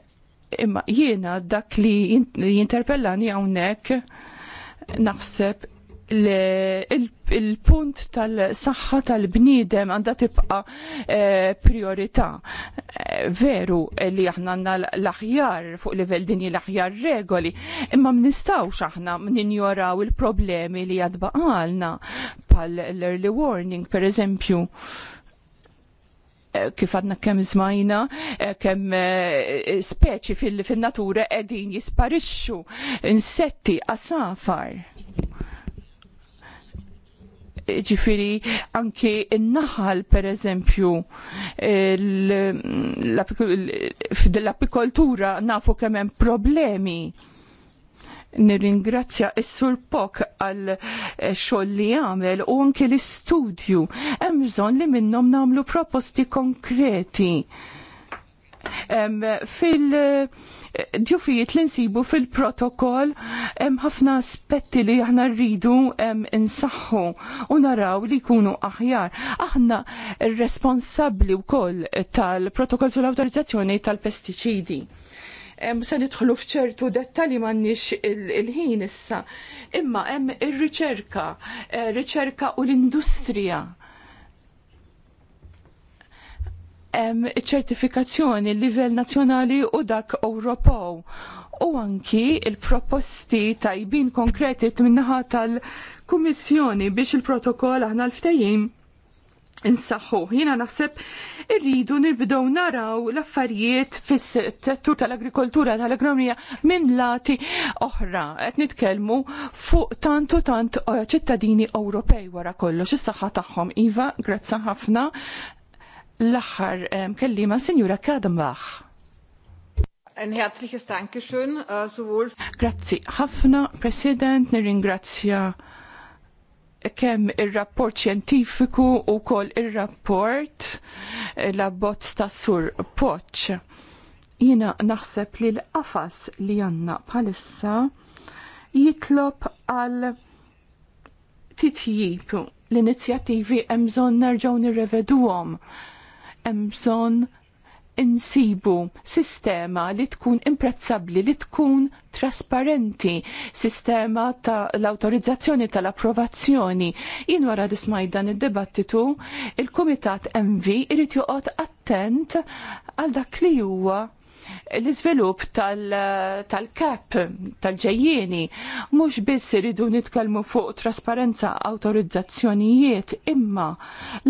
imma jiena dak li jinterpellani hawnhekk naħseb il-punt tal-saħħa tal-bniedem għandha tibqa eh, priorità. Eh, veru li aħna għanna l-aħjar fuq livell dinji l-aħjar regoli, imma m'nistgħux aħna ninjoraw il-problemi li jadbaqalna pal l-early warning, per eżempju eh, kif għadna kemm żmajna, kemm speċi fil-natura qegħdin jisparixxu insetti, għasafar ġifiri anki n-naħal per eżempju l apikoltura nafu kemmen problemi nirringrazzja is sur Pok għal eh, xogħol li għamel u anke l-istudju. Hemm bżonn li minnhom nagħmlu proposti konkreti. Fil- djufijiet li nsibu fil-protokoll hemm ħafna aspetti li aħna rridu insaħħu u naraw li jkunu aħjar. Aħna responsabbli wkoll tal-protokoll sull-awtorizzazzjoni tal-pestiċidi. Se nidħlu fċertu dettali m'għandniex il-ħin issa. Imma hemm ir-riċerka, eh, riċerka u l-industrija hemm ċertifikazzjoni livell nazzjonali u dak Ewropew u anki il-proposti tajbin konkreti minnaħa tal-Kummissjoni biex il-protokoll aħna l-ftejjim Insaħħu, jina naħseb irridu nibdow naraw l-affarijiet fis-settur tal-agrikoltura tal-agronomija minn lati oħra. Qed nitkellmu fuq tantu tant eh, ċittadini Ewropej wara kollox is-saħħa tagħhom. Iva, grazzi ħafna l-axar kellima Sinjura Kadenbach. Ein herzliches Dankeschön, äh, sowohl... Grazzi ħafna, President, nirringrazzja kemm ir-rapport xjentifiku u kol ir-rapport eh, la bot ta' sur poċ. Jina naħseb li l-qafas li janna bħalissa jitlob għal titjib l-inizjattivi emżon nerġaw nirreveduhom hemm bżonn insibu sistema li tkun imprezzabli, li tkun trasparenti, sistema ta' l-autorizzazzjoni tal-approvazzjoni. Jien wara dismaj dan id debattitu il komitat kumitat MV irrit joqgħod attent għal dak li huwa l-iżvilupp tal-kap, tal-ġejjieni, mhux biss iridu nitkellmu fuq trasparenza awtorizzazzjonijiet imma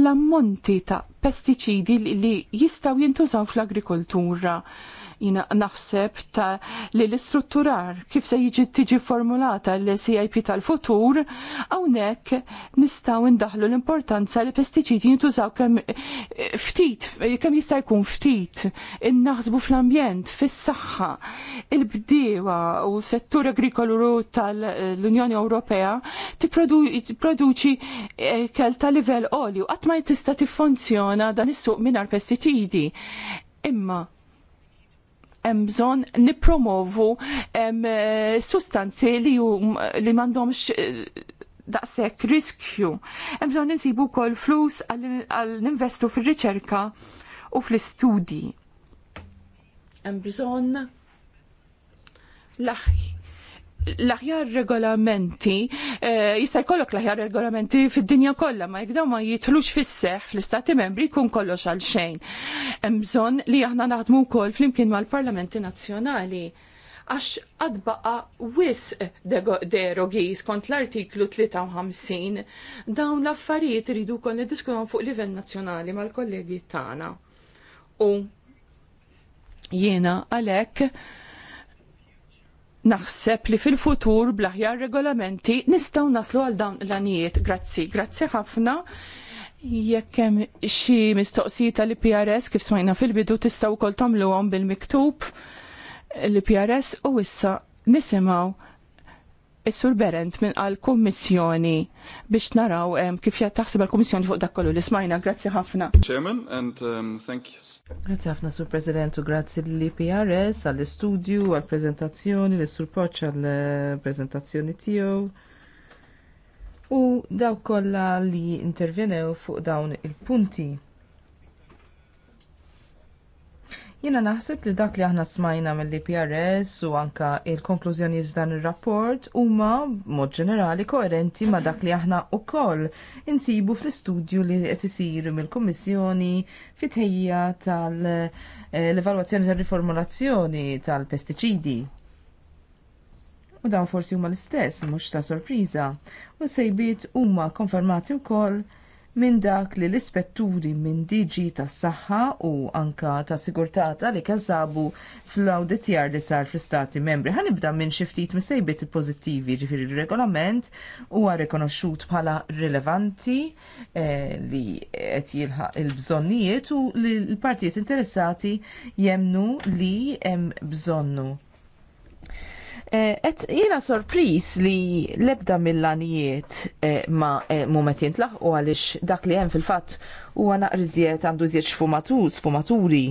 l-ammonti ta' pestiċidi li jistgħu jintużaw fl-agrikoltura Jina naħseb ta' li l-istrutturar kif se jiġi tiġi formulata l-CIP tal-futur, għawnek nistaw indaħlu l-importanza li pestiċidi jintużaw kem eh, ftit, eh, kem jista' jkun ftit, innaħsbu fl-ambjent, fis-saħħa, il-bdiewa u settur agrikolu tal-Unjoni Ewropea tipproduċi eh, kel ta' livell olju, għatma tista' tiffunzjona dan is-suq minar pesticidi. Imma hemm bżonn nippromovu eh, sustanzi li hum li m'għandhomx eh, daqshekk riskju. Hemm bżonn insibu wkoll flus għall-investu fir-riċerka u fl-istudji. Hemm bżonn l l-aħjar regolamenti, eh, jista' jkollok l-aħjar regolamenti fid-dinja kollha, ma jekk ma jitlux fis-seħ fl-istati membri jkun kollox għal xejn. Hemm bżonn li aħna naħdmu wkoll flimkien mal-Parlamenti Nazzjonali għax għadbaqa wis derogi skont l-artiklu 53 dawn l-affarijiet iridu kon diskutawhom fuq livell nazzjonali mal-kollegi tagħna. U jiena għalhekk naħseb li fil-futur bl-aħjar regolamenti nistgħu naslu għal dawn l-anijiet. Grazzi, grazzi ħafna. Jekk hemm xi mistoqsijiet tal PRS kif smajna fil-bidu tistgħu wkoll tagħmluhom bil-miktub l PRS u issa nisimgħu Is-Sur Berend minn għal-Kummissjoni biex naraw kif taħseb għal-Kummissjoni fuq dak kollu li smajna. Grazzi ħafna. Chairman, and um, thanks. Grazzi ħafna, Sur President, u grazzi l-IPRS, għall-istudju, għall-prezentazzjoni, l-Sur Poċ għall-prezentazzjoni tiegħu. U daw kollha li intervjenew fuq dawn il-punti. Jiena naħseb li dak li aħna smajna mill-IPRS u anka il-konklużjonijiet f'dan ir-rapport huma mod ġenerali koerenti ma' dak li aħna wkoll insibu fl-istudju li qed isir mill-Kummissjoni fit ħejja tal-evalwazzjoni tal-riformulazzjoni tal-pestiċidi. U dawn forsi huma l-istess mhux ta' sorpriża u sejbiet huma konfermati wkoll minn dak li l-ispetturi minn DG tas saħħa u anka ta' sigurtata li kazzabu fl-auditjar li sar fl-istati membri. Ħanibda minn xiftit misejbit pozittivi ġifiri il-regolament u rekonoxxut bħala rilevanti eh, li qed jilħaq il-bżonnijiet u li l-partijiet interessati jemnu li hemm bżonnu Eh, et jina sorpris li lebda mill-lanijiet eh, ma eh, mumet jintlaħ u għalix dak li jem fil-fat u għana rizziet għandu zjiet xfumatus, fumaturi.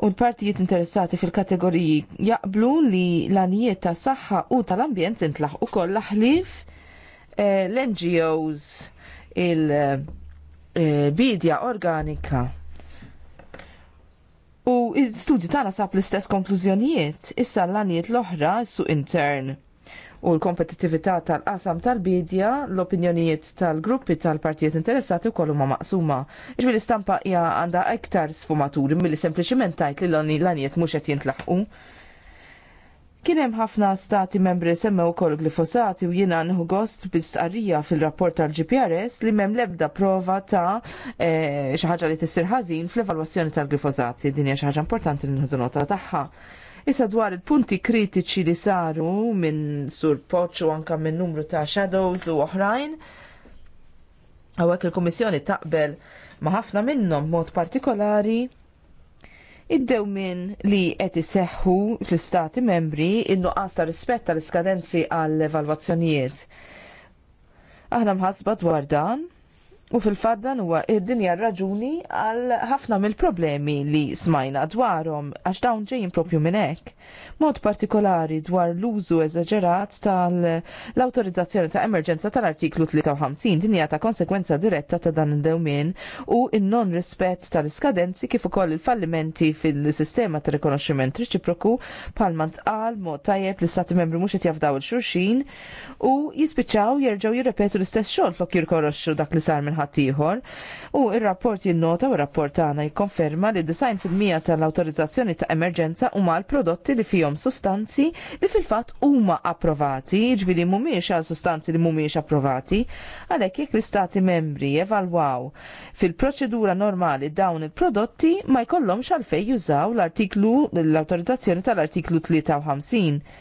u l-partijiet interessati fil-kategoriji jaqblu li lanijiet ta' saħħa u tal-ambjent intlaħ u koll laħlif l-NGOs il-bidja organika U il-studju tagħna sab l-istess konklużjonijiet, issa l-għaniet l-oħra suq intern. U l kompetitività tal-qasam tal-bidja, l-opinjonijiet tal-gruppi tal-partijiet interessati u kollu maqsuma. Iġbi l-istampa hija għandha iktar sfumaturi milli sempliciment tajt li l-għaniet mhux qed jintlaħqu. Kien hemm ħafna stati membri semmew ukoll glifosati u jiena nħu gost bil-stqarrija fil-rapport tal-GPRS li m'hemm l-ebda prova ta' eh, xi ħaġa li tissir ħażin fl-evalwazzjoni tal-glifosati. Din hija xi ħaġa importanti li nħodu nota tagħha. Issa dwar il-punti kritiċi li saru minn Sur Poċ u anka minn numru ta' Shadows u oħrajn, għawek il-Komissjoni taqbel ma' ħafna minnhom mod partikolari id dewmien li qed iseħħu fl-istati membri in-nuqqas ta' rispett tal-iskadenzi għall evalwazzjonijiet Aħna mħasba dwar dan U fil-fatt dan huwa id-dinja raġuni għal ħafna mill-problemi li smajna dwarhom għax dawn ġejjin propju minn hekk. Mod partikolari dwar l-użu eżaġerat tal-awtorizzazzjoni ta' emerġenza tal-artiklu 53 din hija ta' konsekwenza diretta ta' dan id-dewmien u in-non rispett tal-iskadenzi kif ukoll il-fallimenti fil-sistema ta' rikonoxximent reċiproku palma ntqal mod tajjeb li stati membri mhux qed jafdaw il-xulxin u jispiċċaw jerġgħu jirrepetu l-istess xogħol flok jirkoroxxu dak li sar minn ħadd ieħor. U ir-rapport jinnota u r-rapport tagħna jikkonferma li design fil-mija tal-awtorizzazzjoni ta' emerġenza huma l-prodotti li fihom sustanzi li fil-fatt huma approvati, jiġifieri mhumiex għal sustanzi li mhumiex approvati, għalhekk jekk l-istati membri evalwaw fil-proċedura normali dawn il-prodotti ma jkollhomx għalfejn jużaw l-artiklu l-awtorizzazzjoni tal-artiklu 53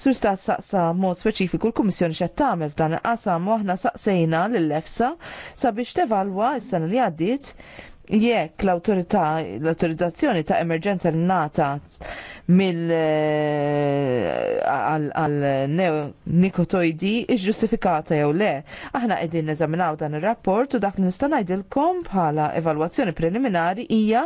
Sur saqsa mod speċifiku l-Kummissjoni xed tagħmel f'dan il-qasam u aħna saqsejna lill-EFSA sabiex tevalwa s-sena li għaddiet jekk l-autorità l-autorizzazzjoni ta' emerġenza l nata mill eh, għal nikotoidi iġġustifikata jew le. Aħna qegħdin neżaminaw dan ir-rapport u dak li nista' ngħidilkom bħala evalwazzjoni preliminari hija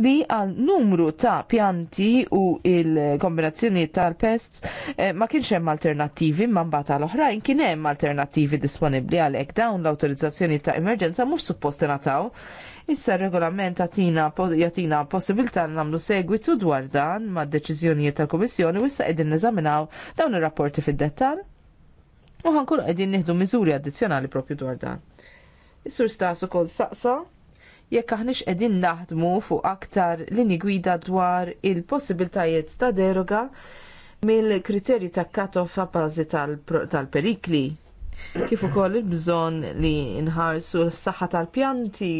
li għal numru ta' pjanti u il-kombinazzjoni tal-pests eh, ma kienx hemm alternattivi ma mbagħad għal oħrajn kien hemm alternattivi disponibbli għalhekk dawn l-awtorizzazzjoni ta' emerġenza mhux suppost ingħataw Issa regolament jatina possibilità namlu segwitu dwar dan ma' deċiżjonijiet tal-Komissjoni u issa qegħdin neżaminaw dawn ir-rapporti fid-dettal. U ħankunu qegħdin nieħdu miżuri addizzjonali propju dwar dan. Is-sur stas ukoll saqsa jekk aħniex qegħdin naħdmu fuq aktar linji gwida dwar il-possibiltajiet ta' deroga mill-kriterji ta' cut-off ta' bażi tal-perikli. Kif ukoll il-bżonn li nħarsu s-saħħa tal-pjanti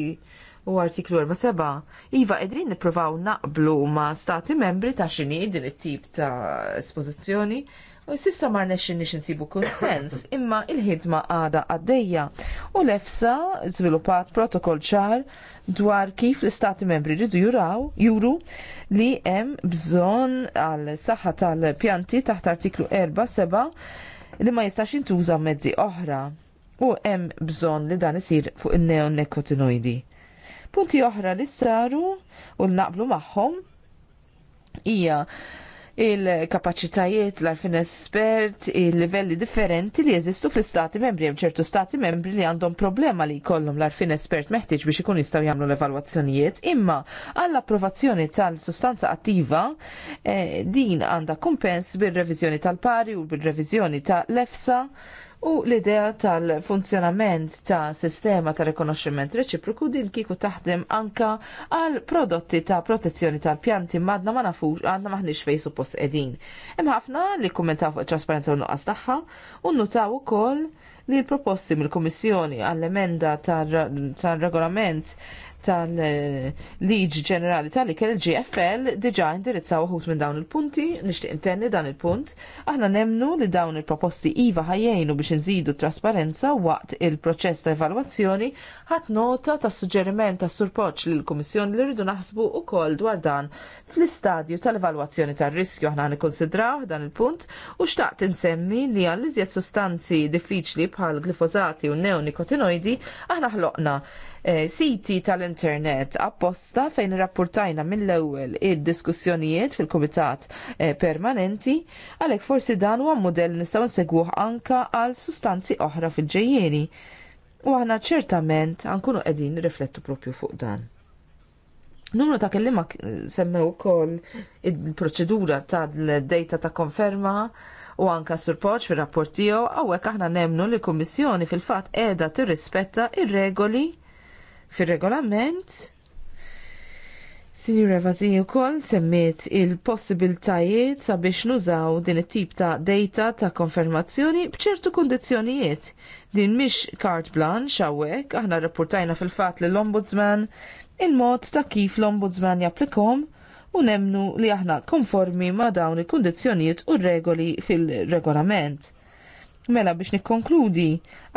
u artiklu 47, iva edrin niprofaw naqblu ma stati membri ta' xini din it-tip ta' espożizzjoni u sissa mar nexin nix nsibu konsens *coughs* imma il-ħidma għada għaddejja u l-EFSA zviluppat protokoll ċar dwar kif l-istati membri ridu juraw, juru li hemm bżon għal saħħa tal-pjanti taħt artiklu 4-7 li ma jistax jintuża mezzi oħra u hemm bżon li dan isir fuq il neonekotinoidi Punti oħra li saru u naqblu magħhom hija il-kapacitajiet, l-arfin espert, il-livelli differenti li jeżistu fl-istati membri. Hemm ċertu stati membri li għandhom problema li jkollhom l-arfin espert meħtieġ biex ikun jistgħu jagħmlu l-evalwazzjonijiet, imma għall-approvazzjoni tal-sustanza attiva eh, din għandha kumpens bil reviżjoni tal-pari u bil reviżjoni tal-EFSA u l-idea tal-funzjonament ta' sistema ta' rekonoxximent reċiproku din kiku taħdem anka għal prodotti ta' protezzjoni tal-pjanti madna ma nafux għadna maħniex fej suppost edin. Hemm ħafna li kummentaw fuq trasparenza u nuqqas tagħha u notaw ukoll li l-proposti mill-Komissjoni għall-emenda tar-regolament tal-Liġi Ġenerali tal-Ikel GFL diġa indirizzaw uħut minn dawn il-punti, nixtieq intenni dan il-punt, aħna nemnu li dawn il-proposti iva ħajjejnu biex nżidu trasparenza waqt il-proċess ta' evalwazzjoni ħadd nota ta' suġġeriment ta' surpoċ l kummissjoni li rridu naħsbu ukoll dwar dan fl-istadju tal-evalwazzjoni tar-riskju aħna nikkonsidraw dan il-punt u xtaqt insemmi li għall iżjed sustanzi diffiċli bħal glifozati u neonicotinoidi aħna ħloqna Eh, siti tal-internet apposta fejn rapportajna mill-ewwel id-diskussjonijiet fil-Kumitat eh, Permanenti, għalhekk forsi dan huwa modell nistgħu nsegwuh anka għal sustanzi oħra fil-ġejjieni. U aħna ċertament nkunu qegħdin riflettu propju fuq dan. Numru ta' kellima semmew ukoll il-proċedura tad-data ta' konferma u anka surpoċ fil-rapport tiegħu hawnhekk aħna nemnu li l-Kummissjoni fil-fatt qiegħda tirrispetta ir-regoli fil-regolament. Sinjura Vazi u koll semmiet il-possibiltajiet sabiex nużaw din it-tip ta' data ta' konfermazzjoni bċertu kondizjonijiet. Din mish kart blan xawek, aħna rapportajna fil-fat l ombudsman il-mod ta' kif l-Ombudsman japplikom u nemnu li aħna konformi ma' dawn il-kondizjonijiet u regoli fil-regolament. Mela biex nikkonkludi,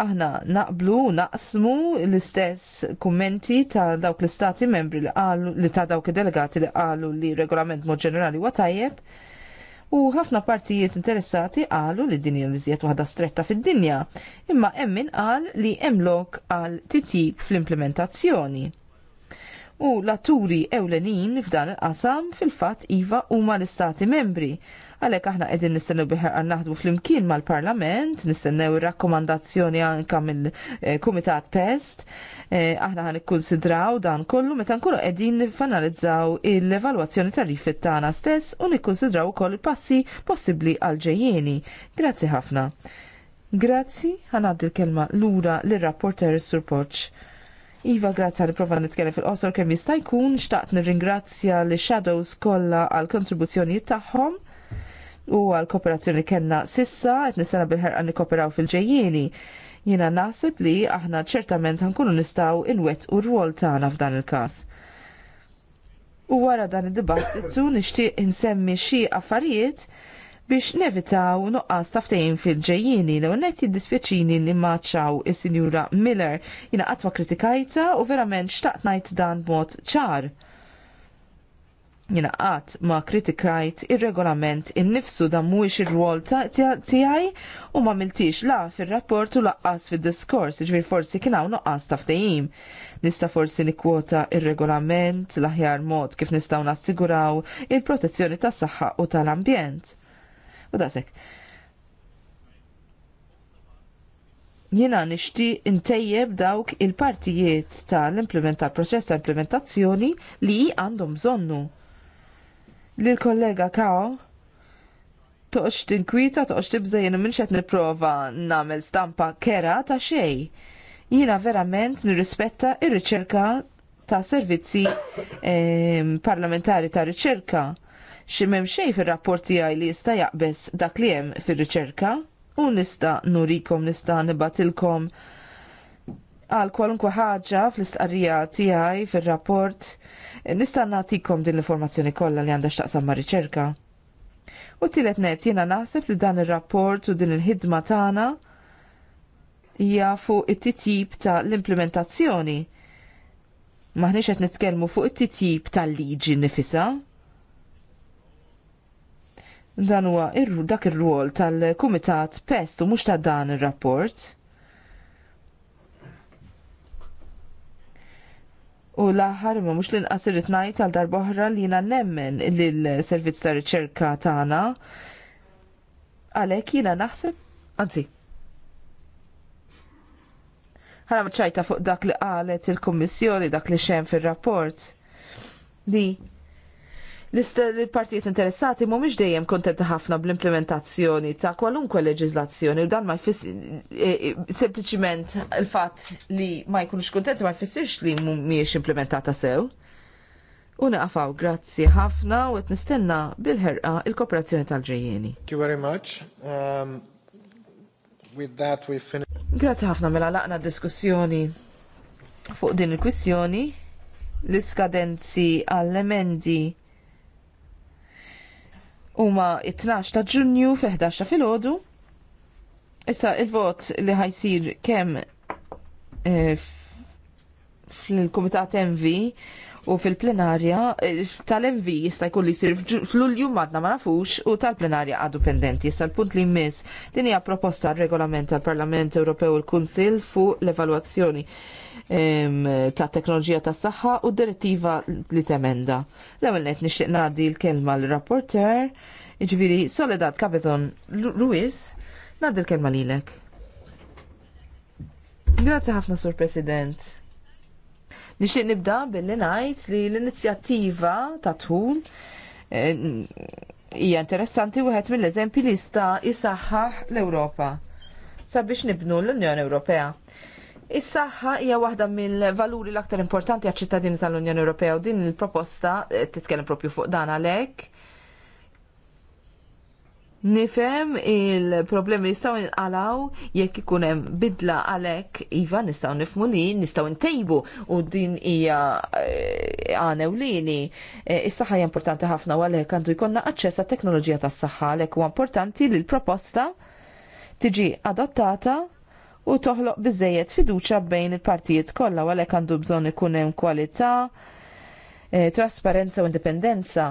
aħna naqblu, naqsmu l-istess kummenti ta' dawk l-istati membri li qalu li ta' dawk id-delegati li qalu li regolament mod ġenerali huwa tajjeb. U ħafna partijiet interessati qalu li din hija iżjed waħda stretta fid-dinja, imma hemm min qal li hemm lok għal titjib fl-implementazzjoni. U l-atturi ewlenin f'dan il-qasam fil-fatt iva huma l-istati membri Għalhekk aħna qegħdin nistennew biħeqa naħdmu flimkien mal-Parlament, nistennew ir-rakkomandazzjoni anke mill-Kumitat eh, Pest. Eh, aħna ħan ikkunsidraw dan kollu meta nkunu qegħdin fanalizzaw l-evalwazzjoni tarifit tagħna stess u nikkunsidraw ukoll passi possibbli għal ġejjieni. Grazzi ħafna. Grazzi, ħanaddi il kelma lura l-rapporter Surpoċ. Iva, grazzi għal prova nitkellem fil-qosor kemm jista' jkun, xtaqt nirringrazzja l shadows kollha għal kontribuzzjonijiet tagħhom u għal-kooperazzjoni li kena sissa, qed nistana bil-ħerqa nikoperaw fil ġejjini Jiena naħseb li aħna ċertament ħankunu nistgħu inwet u rwol tagħna f'dan il-każ. U wara dan id-dibattitu nixtieq insemmi xi affarijiet biex nevitaw nuqqas taftejn fil-ġejjini Lew net jiddispjaċini li maċċaw is-Sinjura Miller jina għatwa kritikajta u verament xtaqt ngħid dan b'mod ċar jinaqat ma kritikajt ir-regolament innifsu da mhuwiex ir-rwol tiegħi u ma miltix la fir-rapport u laqqas fid-diskors, ġifier forsi kien hawn noqqas ta' ftehim. Nista' forsi nikkwota ir-regolament l-aħjar mod kif nistgħu nassiguraw il-protezzjoni tas-saħħa u tal-ambjent. U daqshekk. Jiena nixtieq intejjeb dawk il-partijiet tal-implementa proċess ta' implementazzjoni li għandhom bżonnu Lil-kollega Kao, toqx tinkwita, toqx tibżejjen minn xed niprofa namel stampa kera ta' xej. Jina verament nirrispetta ir-riċerka ta' servizzi eh, parlamentari ta' riċerka. Ximem xej fil-rapporti għaj li jista' jaqbess dak li hemm fil-riċerka u nista' nurikom, nista' nibatilkom għal kwalunkwe ħaġa fl-istqarrija tiegħi fir-rapport nista' nagħtikom din l-informazzjoni kollha li għandha x'taqsam ma' riċerka. U tielet net jiena naħseb li dan ir-rapport u din il-ħidma tagħna hija fuq it-titjib ta' l-implementazzjoni. Maħniex qed nitkellmu fuq it-titjib tal-liġi nifisa, dan huwa dak ir-rwol tal-Kumitat Pest u mhux ta' dan ir-rapport. U laħar ma mhux l-inqas irrid ngħid għal darb'oħra li jiena nemmen lill-servizz ta' riċerka tagħna. Għalhekk jiena naħseb anzi. Ħara ċajta fuq dak li qalet il-Kummissjoni dak li xem fir-rapport li L-partijiet interessati mhumiex dejjem kontenta ħafna bl-implementazzjoni ta' kwalunkwe leġiżlazzjoni u dan ma jfiss e- e- sempliciment il-fatt li ma jkunux kontenti ma jfissirx li mhumiex implementata sew. U naqfaw, grazzi ħafna u qed nistenna bil-ħerqa il-kooperazzjoni tal-ġejjeni. Thank you very much. Um, with that we finish. Grazzi ħafna mela laqna diskussjoni fuq din il-kwistjoni. L-iskadenzi għall-emendi huma it-12 ta' Ġunju fi 11 ta' filgħodu. Issa il-vot li ħajsir kemm eh, fil-Kumitat MV u fil-plenarja eh, tal-MV jista' jkun li jsir f'Lulju madna ma nafux u tal-plenarja għadu pendenti. Issa l-punt li jmiss din hija proposta regolament tal-Parlament Ewropew u l kunsil fuq l-evalwazzjoni ta' teknoloġija tas saħħa u direttiva li temenda. L-ewwel net nixtieq ngħaddi l-kelma l-rapporter, jiġifieri Soledad Capiton Ruiz, ngħaddi l-kelma lilek. Grazzi ħafna Sur President. Nixtieq nibda billi ngħid li l-inizjattiva ta' tul hija interessanti wieħed mill-eżempji li sta jisaħħaħ l-Ewropa sabiex nibnu l-Unjoni Ewropea. Is-saħħa hija waħda mill-valuri l-aktar importanti għaċ-ċittadini tal-Unjoni Ewropea u din il-proposta eh, titkellem propju fuq dan għalhekk. Nifhem il-problemi jistgħu nqalaw jekk ikun hemm bidla għalhekk iva nistgħu nifmu li nistgħu ntejbu u din hija eh, għanew lili. Eh, is-saħħa hija importanti ħafna u għalhekk għandu jkollna aċċess għat-teknoloġija tas-saħħa għalhekk huwa importanti li l-proposta tiġi adottata u toħloq biżejjed fiduċja bejn il-partijiet kollha għalhekk għandu bżonn ikun hemm kwalità, e, trasparenza u indipendenza.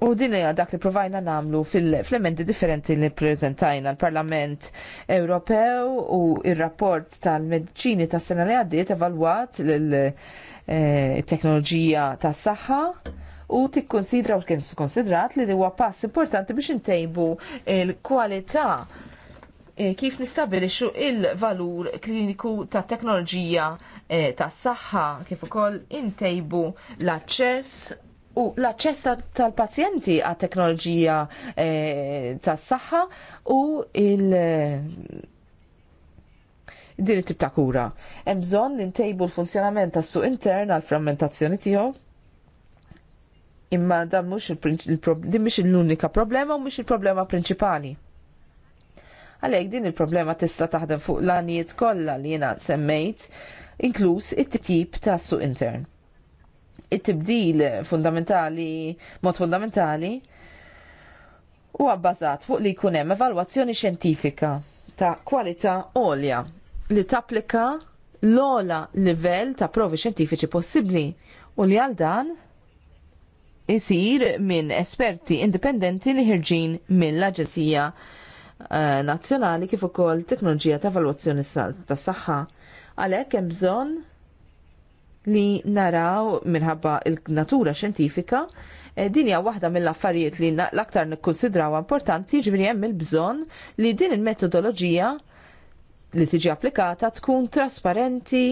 U din hija dak li provajna nagħmlu fil-elementi differenti li ppreżentajna l-Parlament Ewropew u ir-rapport tal-mediċini tas-sena li għaddiet evalwat l-teknoloġija e, tas-saħħa u tikkonsidra u kien konsidrat li huwa pass importanti biex intejbu l-kwalità Eh, kif nistabilixu il-valur kliniku ta' teknoloġija eh, ta' saħħa kif ukoll intejbu l-aċċess u l-aċċess tal-pazjenti għat teknoloġija eh, ta' saħħa u il- din it-tip ta' kura. Hemm bżonn li ntejbu l-funzjonament tas-suq intern għall frammentazzjoni tiegħu imma dan mhux din mhix l-unika problema u mhux il-problema prinċipali. Għalhekk din il-problema tista' taħdem fuq l-għanijiet kollha li jena semmejt, inkluż it-tip ta' suq intern. It-tibdil fundamentali, mod fundamentali, huwa bbażat fuq li jkun hemm evalwazzjoni xjentifika ta' kwalità għolja li tapplika l-ola livell ta' provi xjentifiċi possibbli u li għal dan isir minn esperti indipendenti li ħirġin mill-Aġenzija Eh, nazzjonali kif ukoll teknoloġija ta' evalwazzjoni tas saħħa. Għalhekk hemm bżonn li naraw minħabba il-natura xjentifika eh, din hija waħda mill-affarijiet li l-aktar nikkonsidraw importanti ġifieri hemm il-bżonn li din il-metodoloġija li tiġi applikata tkun trasparenti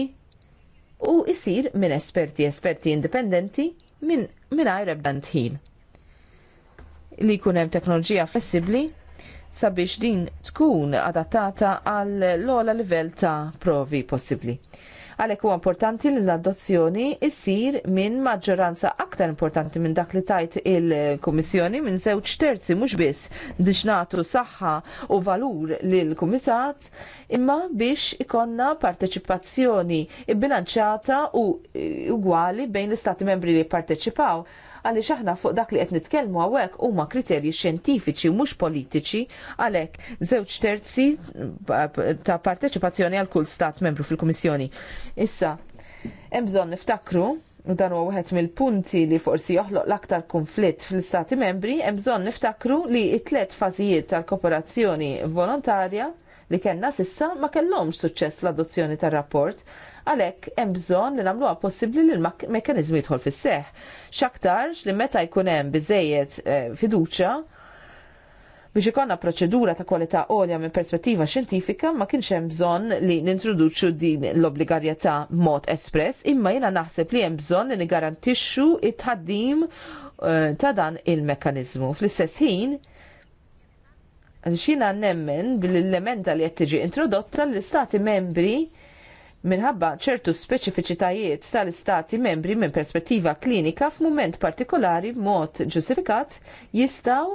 u isir minn esperti esperti indipendenti minn mingħajr ebda ntħin. Li jkun hemm teknoloġija flessibbli sabiex din tkun adattata għal l-ola livell ta' provi possibbli. Għalhekk huwa importanti li l-adozzjoni issir minn maġġoranza aktar importanti minn dak li tajt il-Kummissjoni minn żewġ terzi mhux biss biex nagħtu saħħa u valur l kumitat imma biex ikonna parteċipazzjoni bilanċata u ugwali bejn l-istati membri li parteċipaw għaliex aħna fuq dak li qed nitkellmu hawnhekk huma kriterji xjentifiċi mhux politiċi għalhekk żewġ terzi ta' parteċipazzjoni għal kull stat membru fil-Kummissjoni. Issa, hemm bżonn niftakru u dan huwa wieħed mill-punti li forsi joħloq l-aktar konflitt fl-istati membri, hemm bżonn niftakru li t tlet fażijiet tal-kooperazzjoni volontarja li kellna sissa ma kellhomx suċċess fl-adozzjoni tar-rapport Għalhekk hemm bżonn li nagħmluha possibbli li l-mekkaniżmu jidħol fis-seħ. X'aktarx li meta jkun hemm biżejjed eh, fiduċja biex ikonna proċedura ta' kwalità għolja minn perspettiva xjentifika ma kienx hemm bżonn li nintroduċu din l-obbligarjetà mod espress, imma jiena naħseb li hemm bżonn li nigarantixxu it ħaddim eh, ta' dan il-mekkaniżmu. Fl-istess ħin, xina nemmen bil-elementa li jattiġi introdotta l-istati membri minħabba ċertu speċifiċitajiet tal-istati membri minn perspettiva klinika f'mument partikolari b'mod ġustifikat jistaw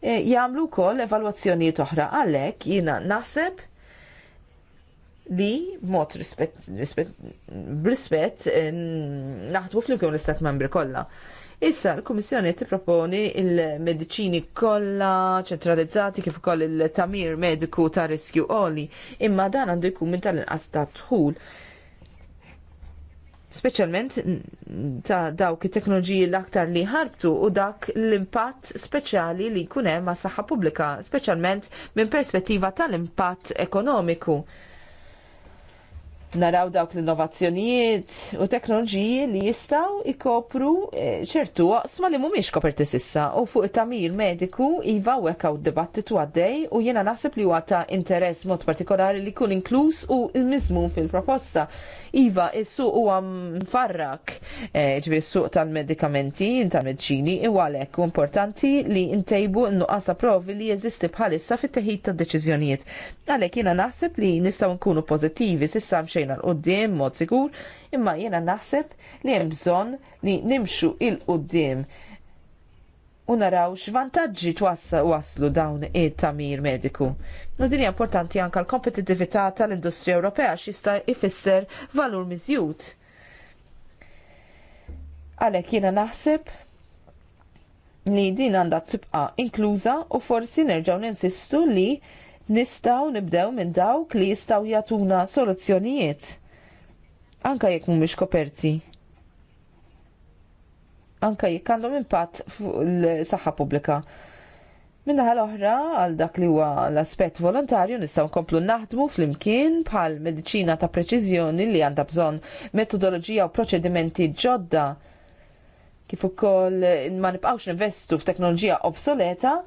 eh, jagħmlu wkoll evalwazzjonijiet oħra għalhekk jiena naħseb li b'mod rispett rispett eh, naħdmu flimkien l-istat membri kollha. Issa l-Kummissjoni tipproponi il-mediċini kollha ċentralizzati kif ukoll il-tamir mediku ta' riskju Oli, imma dan għandu jkun minn tal-inqas ta' dħul. Speċjalment ta' dawk it-teknoloġiji l-aktar li ħarbtu u dak l-impatt speċjali li jkun hemm ma' saħħa pubblika, speċjalment minn perspettiva tal-impatt ekonomiku naraw dawk l-innovazzjonijiet u teknoloġiji li jistaw ikopru eh, ċertu waqsma li mumiex koperti sissa u fuq tamir mediku iva u għekaw dibattitu għaddej u jena naħseb li għata interess mod partikolari li kun inkluż u il-mizmu fil-proposta. Iva, il-suq eh, u għam farrak ġvi suq tal-medikamenti, tal-medċini u għalek u importanti li intejbu n-nuqqas provi li jeżisti bħalissa fit-teħid ta' deċizjonijiet. Għalek jena naħseb li nistaw nkunu pozittivi sissa mxej mxejna l-qoddim mod sigur, imma jiena naħseb li hemm bżonn li nimxu il-qoddim u naraw x'vantaġġi waslu dawn it-tamir mediku. U din hija importanti anke l-kompetittività tal-Industrija Ewropea x'jista' ifisser valur miżjud. Għalhekk jiena naħseb li din għandha tibqa' inkluża u forsi nerġgħu ninsistu li nistaw nibdew minn dawk li jistaw jatuna soluzzjonijiet. Anka jekk mhumiex koperti. Anka jekk għandhom impatt fuq l-saħħa pubblika. Minna l-oħra għal dak li huwa l-aspett volontarju nistgħu nkomplu naħdmu flimkien bħal mediċina ta' preċiżjoni li għandha bżonn metodoloġija u proċedimenti ġodda kif ukoll ma nibqgħux investu f'teknoloġija obsoleta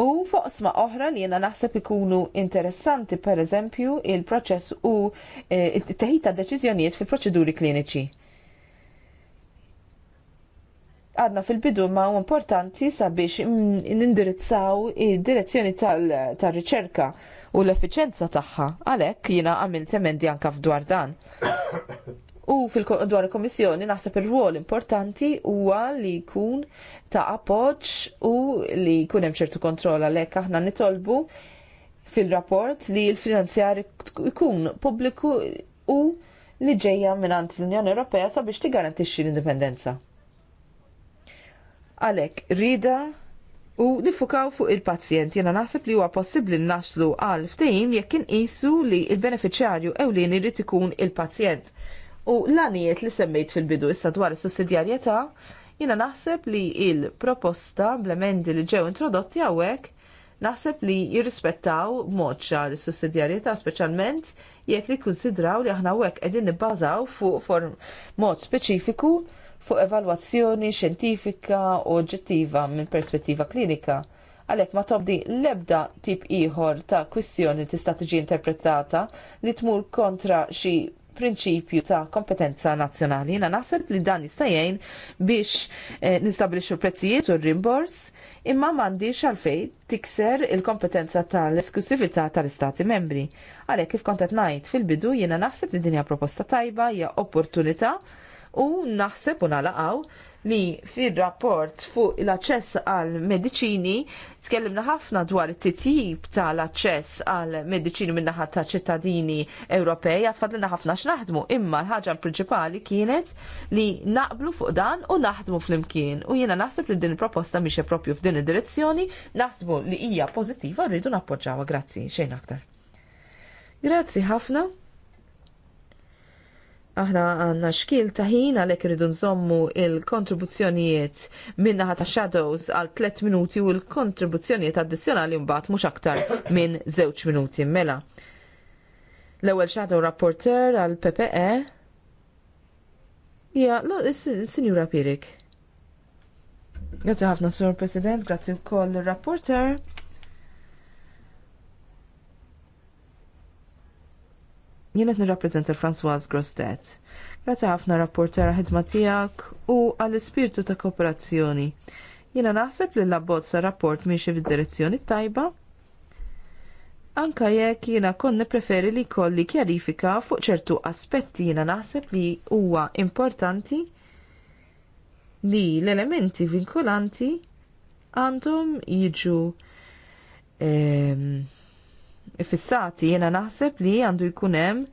U foqsma oħra li jena naħseb ikunu interessanti, per eżempju, il-proċess u eh, teħita deċiżjonijiet fil proċeduri kliniċi. Għadna fil-bidu ma u importanti sabiex nindirizzaw id-direzzjoni tal-riċerka u l efficienza tagħha, għalhekk jiena għamilt emendi anka f'dwar dan. U fil-dwar il-Komissjoni naħseb ir ruol importanti huwa li jkun ta' appoġġ u li jkun hemm ċertu kontroll għalhekk aħna nitolbu fil-rapport li l-finanzjar ikun pubbliku u li ġejja mingħand l-Unjoni Ewropea sabiex tigarantixxi l-indipendenza. Għalhekk rida u nifukaw fuq il-pazjent jena naħseb li huwa possibbli naxlu għal ftehim jekk inqisu li l beneficjarju ewlieni jrid ikun il-pazjent. U l-għanijiet li semmejt fil-bidu issa dwar is-sussidjarjetà, jiena naħseb li il-proposta blemendi li ġew introdotti hawnhekk naħseb li jirrispettaw mod ċar is-sussidjarjetà speċjalment jekk jikkunsidraw li aħna hawnhekk qegħdin nibbazaw fuq form mod speċifiku fuq evalwazzjoni xjentifika u oġġettiva minn perspettiva klinika. Għalhekk ma tobdi l-ebda tip ieħor ta' kwistjoni tista' tiġi interpretata li tmur kontra xi prinċipju ta' kompetenza nazzjonali. Jena naħseb li dan jista' biex eh, prezzijiet u rimbors imma m'għandix għalfej tikser il-kompetenza tal-esklusività tal-Istati membri. Għalhekk kif kont qed ngħid fil-bidu jiena naħseb li dinja proposta tajba hija opportunità u naħseb u nalaqgħu li fir-rapport fuq l-aċċess għal mediċini tkellimna ħafna dwar it-titjib tal-aċċess għal mediċini min-naħa ta' ċittadini Ewropej, għatfadlina ħafna x'naħdmu, imma l-ħaġa prinċipali kienet li naqblu fuq dan u naħdmu flimkien. U jiena naħseb li din il-proposta mhix propju f'din id-direzzjoni, naħsbu li hija pożittiva rridu nappoġġawha. Grazzi, xejn aktar. Grazzi ħafna aħna għanna xkil taħin għalek rridu nżommu il-kontribuzzjonijiet minna ta' shadows għal 3 minuti u il-kontribuzzjonijiet addizjonali mbagħad mhux aktar minn żewġ minuti mela. L-ewwel shadow rapporter għal PPE Ja, lo, sinjura Pirik. Grazie ħafna, Sur President, grazie wkoll ir rapporter Jienet nirrappreżenta Françoise Grostet. Grazzi ħafna rapportera ħidma tiegħek u għall-ispirtu ta' kooperazzjoni. Jiena naħseb li l-abbozza rapport miexi fid-direzzjoni tajba Anka jekk jiena kon preferi li kolli kjarifika fuq ċertu aspetti jiena naħseb li huwa importanti li l-elementi vinkolanti għandhom jiġu eh, fissati jiena naħseb li għandu jkun hemm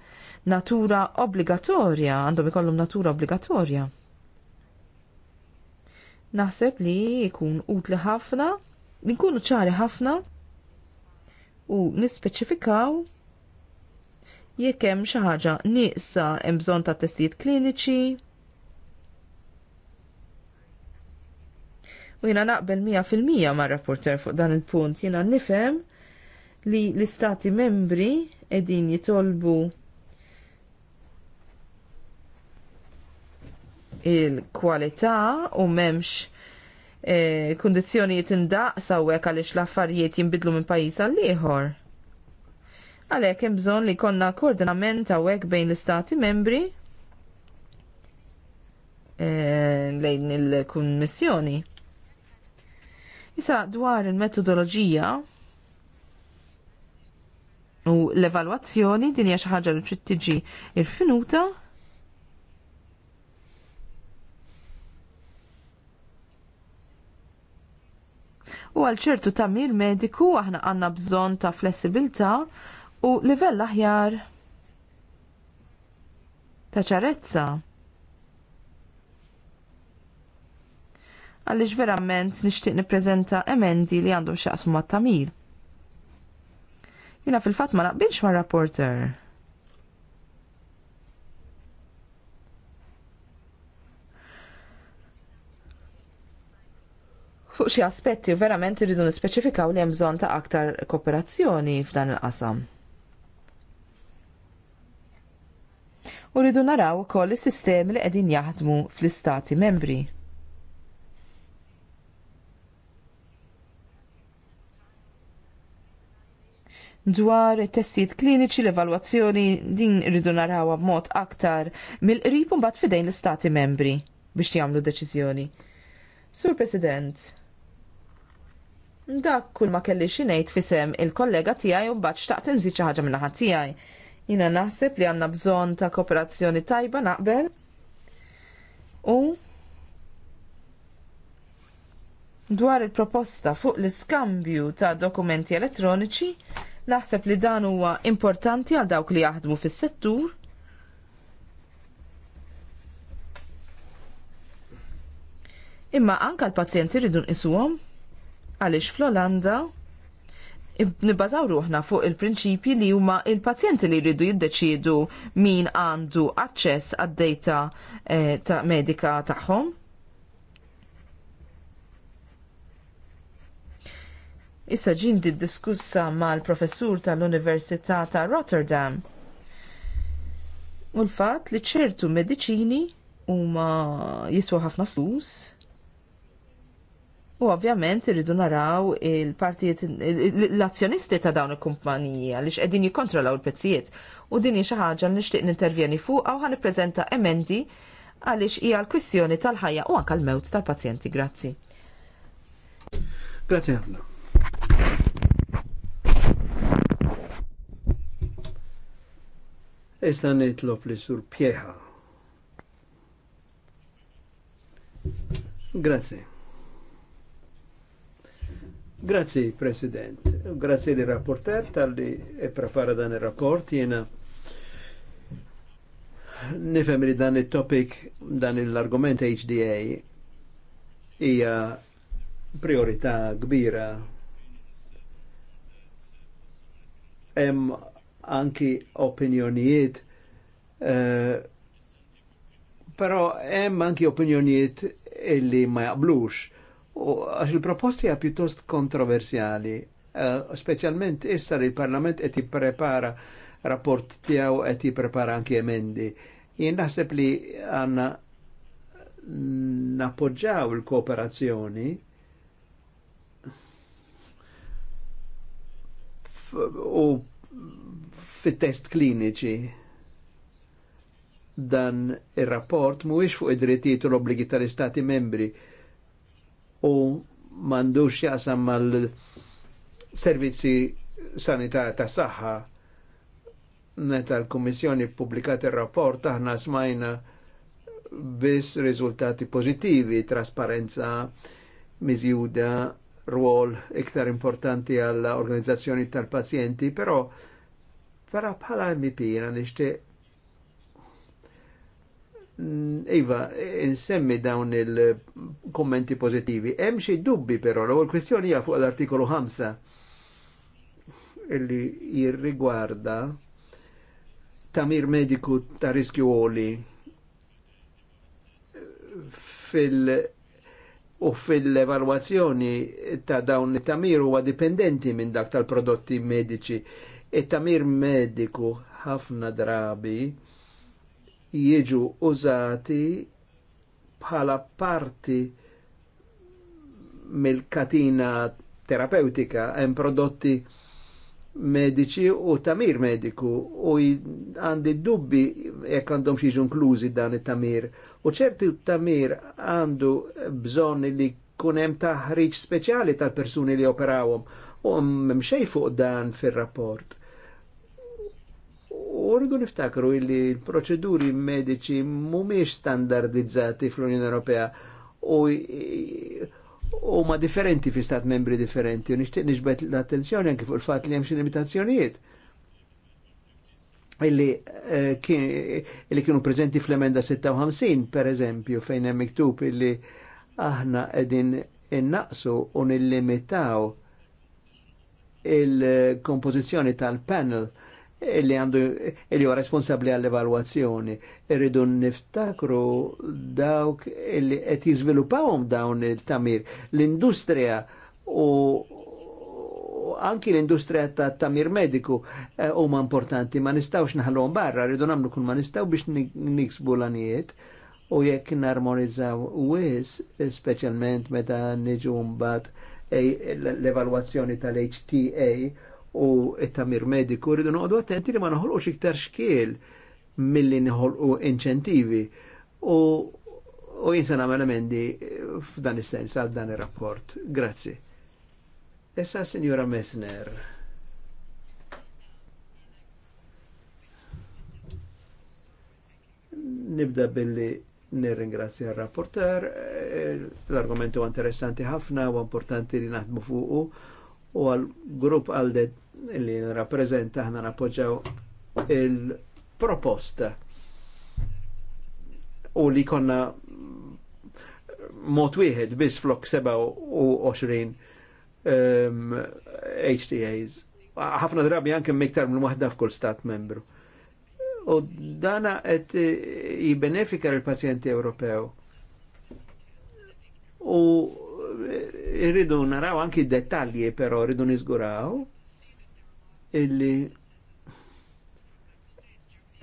natura obbligatorja, għandhom ikollhom natura obbligatorja. Naħseb li jkun utli ħafna, li nkunu ċari ħafna u nispeċifikaw jekk hemm xi ħaġa nieqsa hemm bżonn ta' testijiet kliniċi. U jiena naqbel 100% mar-rapporter fuq dan il-punt jiena nifhem li l-istati membri edin jitolbu il-kwalità u memx e, kondizjonijiet indaqsa u għalix l-affarijiet jimbidlu minn pajis għall-ieħor. Għalek hemm bżonn li konna koordinament għawek bejn l-istati membri e, lejn il-kummissjoni. Issa dwar il-metodoloġija U l-evalwazzjoni din hija xi ħaġa li trid tiġi irfinuta u għal ċertu tamir mediku aħna għanna bżon ta' flessibilità u livell aħjar ta' ċarezza. Għalix verament nishtiq niprezenta emendi li għandhom xaqsmu ma' tamir. Jina fil-fat ma naqbilx ma' rapporter. Fuq xi aspetti verament iridu nispeċifikaw li hemm bżonn ta' aktar kooperazzjoni f'dan il-qasam. U rridu naraw ukoll is-sistemi li qegħdin jaħdmu fl-istati membri. dwar testijiet kliniċi l-evalwazzjoni din irridu narawha b'mod aktar mill-qrib mbagħad fidejn l-istati membri biex jagħmlu deċiżjoni. Sur President, dak kull ma kelli xinejt fisem il-kollega tiegħi u mbagħad xtaqt inżid xi ħaġa minnaħa tiegħi. Jiena naħseb li għandna bżonn ta' kooperazzjoni tajba naqbel u dwar il-proposta fuq l-iskambju ta' dokumenti elettroniċi Naħseb li dan huwa importanti għal dawk li jaħdmu fis-settur Imma anka l-pazjenti ridun nqisuhom għaliex fl-Olanda nibbażaw ruħna fuq il-prinċipji li huma il-pazjenti li jridu jiddeċiedu min għandu aċċess għad-data eh, ta' medika tagħhom. issa ġindi diskussa mal-professur tal-Università ta' Rotterdam. U l-fat li ċertu mediċini huma jiswa ħafna flus. U ovvjament irridu naraw il-partijiet l-azzjonisti ta' dawn il-kumpanija li x'qegħdin jikkontrollaw il-prezzijiet u din hi xi ħaġa li nixtieq nintervjeni fuqha u ħanippreżenta emendi għaliex hija l-kwistjoni tal-ħajja u anke l-mewt tal-pazjenti. Grazzi. Grazzi Issa nitlob li sur pieħa. Grazie. Grazie President, grazie li rapporter tal-li e prepara dan il-rapport jena nifem li dan il-topic, dan l-argument HDA hija priorità kbira hemm anki opinjonijiet pero eh, però hemm anki opinjonijiet illi ma jaqblux għax il-proposti għa pjuttost kontroversjali eh, Specialment issa li l-Parlament qed jipprepara rapport tiegħu qed jiprepara anki emendi. Jien naħseb li għanna napoġġaw il-kooperazzjoni u fit-test kliniċi dan ir-rapport mhuwiex fuq id-drittijiet u l-obbligi tal-istati membri u m'għandux jaqsam mal-servizzi sanità ta' saħħa meta l-Kummissjoni pubblikat ir-rapport aħna smajna biss riżultati pożittivi, trasparenza miżjuda ruol iktar importanti għall organizzazzjoni tal-pazjenti, però Fara bħala MP jena nishtiq mm, Iva, insemmi dawn il-kommenti pozittivi. Hemm xi dubbi però, l kwestjoni hija fuq l-artikolu 5 illi jirrigwarda tamir mediku ta' riskju għoli fil- u fil-evalwazzjoni ta' dawn it-tamir huwa dipendenti minn dak tal-prodotti mediċi e tamir mediku ħafna drabi jieġu użati bħala parti mill-katina terapeutika hemm prodotti medici u tamir mediku u għandi dubbi jekk għandhom xi inklużi dan it-tamir. U ċerti tamir għandu bżonn li kun hemm taħriġ speċjali tal-persuni li operawhom u m'hemm xejn fuq dan fir-rapport. U rridu niftakru illi proċeduri mediċi mhumiex standardizzati fl-Unjoni Ewropea u u ma differenti fi stat membri differenti, u nixtieq nixbet l-attenzjoni anke fuq il-fatt li hemm xi limitazzjonijiet illi, uh, kienu preżenti fl-emenda 56, per eżempju, fejn hemm miktub illi aħna qegħdin innaqsu u nillimitaw il-kompożizzjoni tal-panel li għandu li huwa responsabbli għall-evalwazzjoni. Irridu niftakru dawk li qed jiżviluppawhom dawn il-tamir. L-industrija u anki l-industrija ta' tamir mediku eh, huma importanti, ma nistawx naħluhom barra, rridu nagħmlu kull ma nistaw biex niksbu l-anijiet u jekk narmonizzaw wis, specialment meta niġu mbagħad eh, l-evalwazzjoni tal-HTA u it-tamir mediku rridu noqdu attenti li ma naħolqux iktar xkiel milli nħolqu inċentivi u u jinsan għamela mendi f'dan is-sens għal dan ir-rapport. Grazzi. Issa Signora Messner. Nibda billi nirringrazzja r-rapporter, l-argumentu interessanti ħafna u importanti li naħdmu fuqu u għal grupp għalde li rappresenta ħna nappoġġaw il-proposta u li konna mot wieħed biss flok 27 um, HTAs. ħafna drabi anke miktar minn waħda f'kull stat membru. U dana qed jibbenefika l-pazjenti Ewropew. U irridu naraw anki dettalji, però irridu nizguraw illi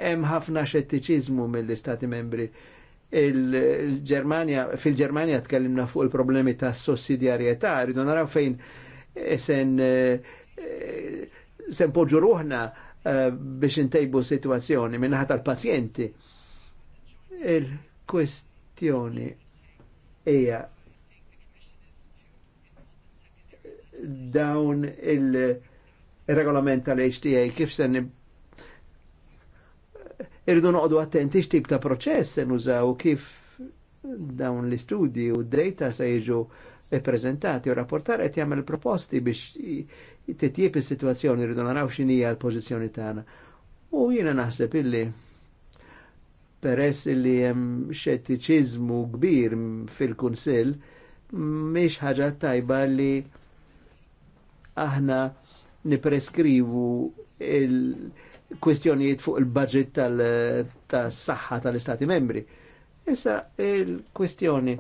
hemm ħafna xettiċiżmu mill-Istati membri. Il-Germania, fil-Germania tkellimna fuq il-problemi ta' sussidjarjetà, irridu naraw fejn eh, sen eh, sen poġu ruħna eh, biex intejbu situazzjoni minnaħat tal-pazjenti. Il-kwestjoni hija dawn il-regolament tal-HTA kif se irridu noqdu attenti x'tip ta' proċess se nużaw kif dawn l-istudji u d-data se jiġu prezentati u rapportar qed jagħmel proposti biex titjieb is-sitwazzjoni rridu naraw x'inhija l-pożizzjoni tagħna. U jiena naħseb illi peress illi hemm xettiċiżmu kbir fil-Kunsill mhix ħaġa tajba li aħna nipreskrivu il-kwestjonijiet fuq il-budget tal-saħħa tal-Istati membri. Issa il-kwestjoni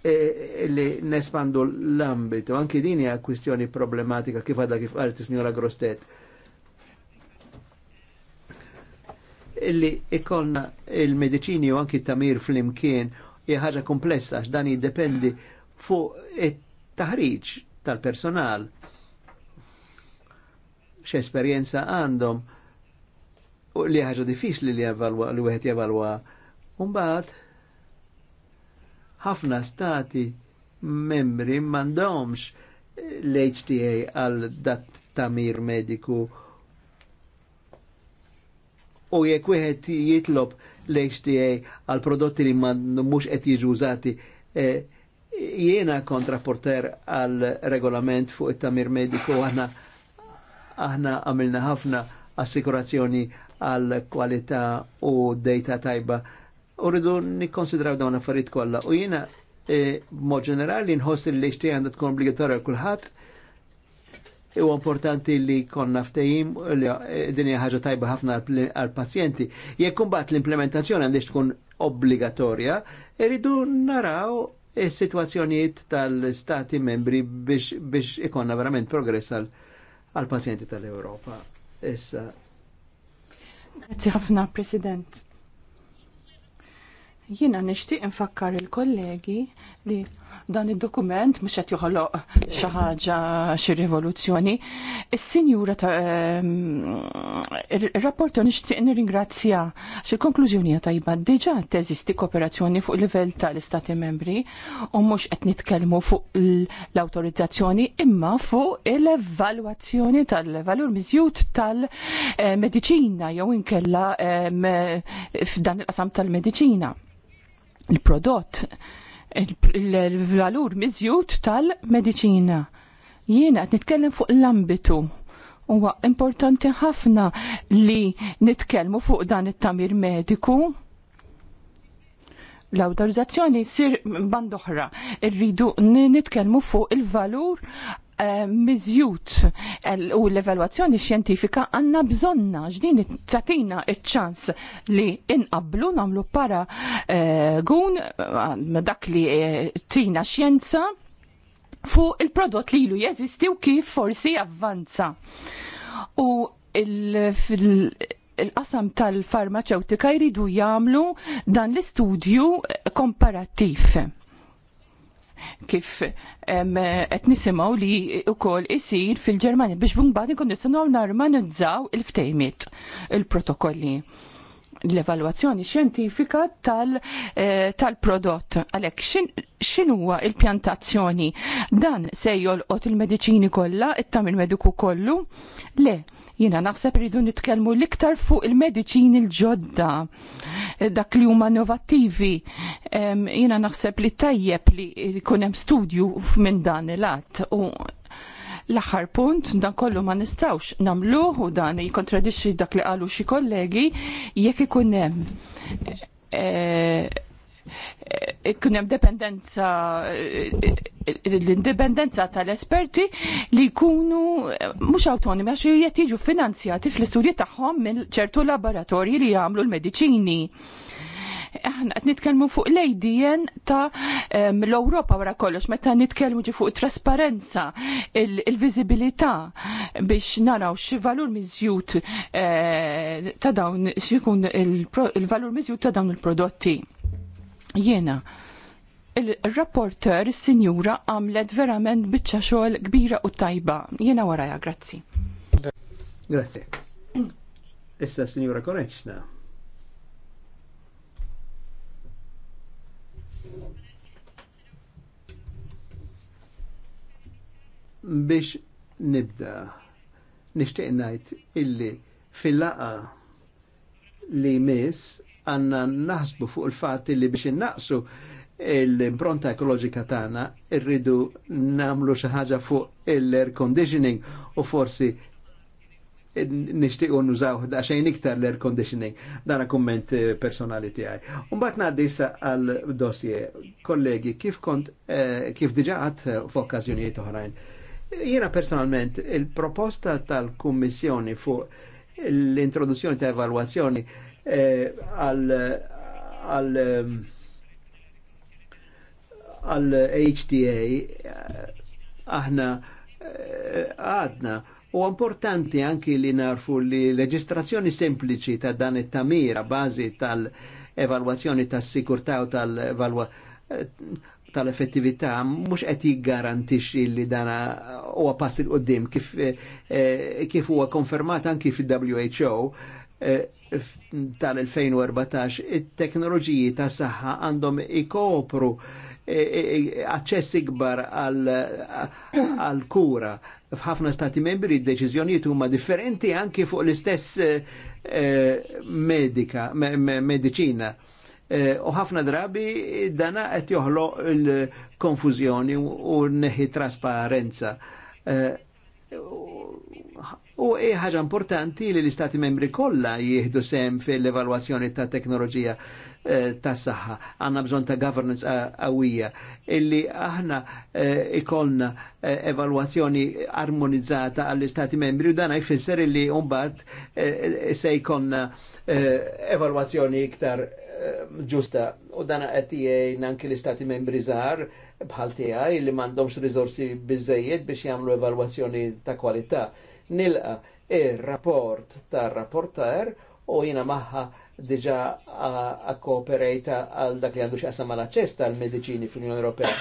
e, li nespandu l-ambitu, anki din hija kwestjoni problematika kif għadha kif għalti signora sinjora Grostet. Illi ikonna il-medicini u anki tamir fl-imkien hija ħaġa komplessa għax dan jiddependi fuq it-taħriġ tal-personal xe esperienza għandhom u li ħaġa diffiċli li javalwa li wieħed jevalwa Mbagħad ħafna stati membri m'għandhomx l-HTA għal dat tamir mediku u jekk wieħed jitlob l-HTA għal prodotti li ma mhux qed jiġu użati eh, Jiena kontraporter għal regolament fuq it-tamir mediku għana aħna għamilna ħafna assikurazzjoni għal kwalità u data tajba. U rridu nikkonsidraw dawn affarijiet kollha. U jiena e, mod ġenerali nħoss li xtej għandha tkun obbligatorja kulħadd u importanti li konna ftejim li e, dinja ħaġa tajba ħafna għal pazjenti. Jekk kumbat l-implementazzjoni għandix tkun obbligatorja, irridu naraw is-sitwazzjonijiet tal-stati membri biex, biex ikonna verament progress għal pazjenti tal-Europa. Issa. Grazie ħafna, President. Jina nishtiq infakkar il-kollegi li dan id-dokument mhux qed joħloq xi ħaġa xi rivoluzzjoni. il sinjura ta' ir-rapport ehm, nixtieq nirringrazzja xil konklużjoni jibba diġa' teżisti kooperazzjoni fuq livell tal-Istati membri u mhux qed nitkellmu fuq l-awtorizzazzjoni imma fuq il evalwazzjoni tal-valur miżjud tal medicina jew inkella ehm, f'dan il-qasam tal medicina Il-prodott il-valur miżjud tal-medicina. Jiena qed nitkellem fuq l-ambitu. Huwa importanti ħafna li nitkellmu fuq dan it-tamir mediku. L-awtorizzazzjoni sir bandoħra. Irridu nitkellmu fuq il-valur Eh, miżjut eh, u l-evalwazzjoni xjentifika għanna bżonna ġdin tatina iċ-ċans li inqablu namlu para eh, gun dak li tina xjenza fuq il-prodott li ilu jeżisti u kif forsi avvanza. U il-qasam tal-farmaceutika jridu jagħmlu dan l-istudju komparattiv kif qed nisimgħu li wkoll isir fil-Ġermanja biex mbagħad ikun nistgħu narmanizzaw il-ftejmiet il-protokolli l-evalwazzjoni xjentifika eh, tal-prodott. Tal Għalhekk x'inhuwa il-pjantazzjoni? Dan se jolqot il-mediċini kollha, it-tam il-mediku kollu? Le, Jina naħseb rridu nitkellmu l-iktar fuq il medicin il-ġodda, eh, dak li huma innovattivi. Jina naħseb li tajjeb li jkun hemm studju minn dan il-att u l-aħħar punt dan kollu ma nistawx namluħ u dan jikontradixxi dak li qalu xi kollegi jekk ikun hemm eh, eh, ikun hemm dependenza l-indipendenza tal-esperti li jkunu eh, mhux autonomi għax qed jiġu finanzjati fl-istudji tagħhom minn ċertu laboratorji li jagħmlu l-mediċini. Aħna qed nitkellmu fuq l adn ta' ehm, l-Ewropa wara kollox meta nitkellmu ġi fuq trasparenza, il-viżibilità biex naraw xi valur miżjud eh, ta' dawn x'ikun il-valur miżjud ta' dawn il-prodotti. Jiena il-rapporter, sinjura għamlet verament bitċa xogħol kbira u tajba. Jena waraja, grazzi. Grazzi. Issa sinjura Koneċna. Biex nibda, nishtiq najt illi fil-laqa li mis għanna naħsbu fuq il-fat illi biex innaqsu l-impronta ekoloġika tagħna irridu namlu xi ħaġa fuq l-air conditioning u forsi nixtiequ nużaw daqsxejn iktar l-air conditioning. Dan kumment eh, personali tiegħi. Mbagħad ngħaddi issa għal dossier. Kollegi, kif kont eh, kif diġà għadt f'okkażjonijiet oħrajn. Jiena personalment il-proposta tal-Kummissjoni fuq l-introduzzjoni ta' evalwazzjoni eh, għal eh, għal-HTA aħna eh, għadna u importanti anki li narfu li leġistrazzjoni sempliċi ta' dan it-tamira bazi tal-evalwazzjoni tas sikurta u tal-evalwa eh, tal-effettività mhux qed jiggarantixxi li dan huwa pass il qoddim kif eh, kif huwa konfermat anki fi who tal-2014 it-teknoloġiji ta' saħħa għandhom ikopru e E, e, e, aċċess ikbar għal kura f'ħafna stati membri d-deċiżjonijiet huma differenti anki fuq l-istess medika, medicina. U ħafna drabi dana qed joħloq l konfużjoni u neħi trasparenza. U e ħaġa importanti li l-istati membri kollha jieħdu sem fil-evalwazzjoni ta' teknoloġija Eh, ta' saħħa. Għanna bżon ta' governance għawija. Illi aħna eh, ikolna eh, evalwazzjoni armonizzata għall-Istati membri u dan jfisser illi umbat se ikolna evalwazzjoni iktar ġusta u dan għetijaj nanki l-Istati membri żgħar bħal tiegħi li m'għandhomx riżorsi biżejjed biex jagħmlu evalwazzjoni ta' kwalità. Nilqa ir-rapport ta' tar-rapporter u jiena maħħa diġa akkooperejta għal dak li għandu xa għal aċċess tal-medicini fil unjoni Ewropea.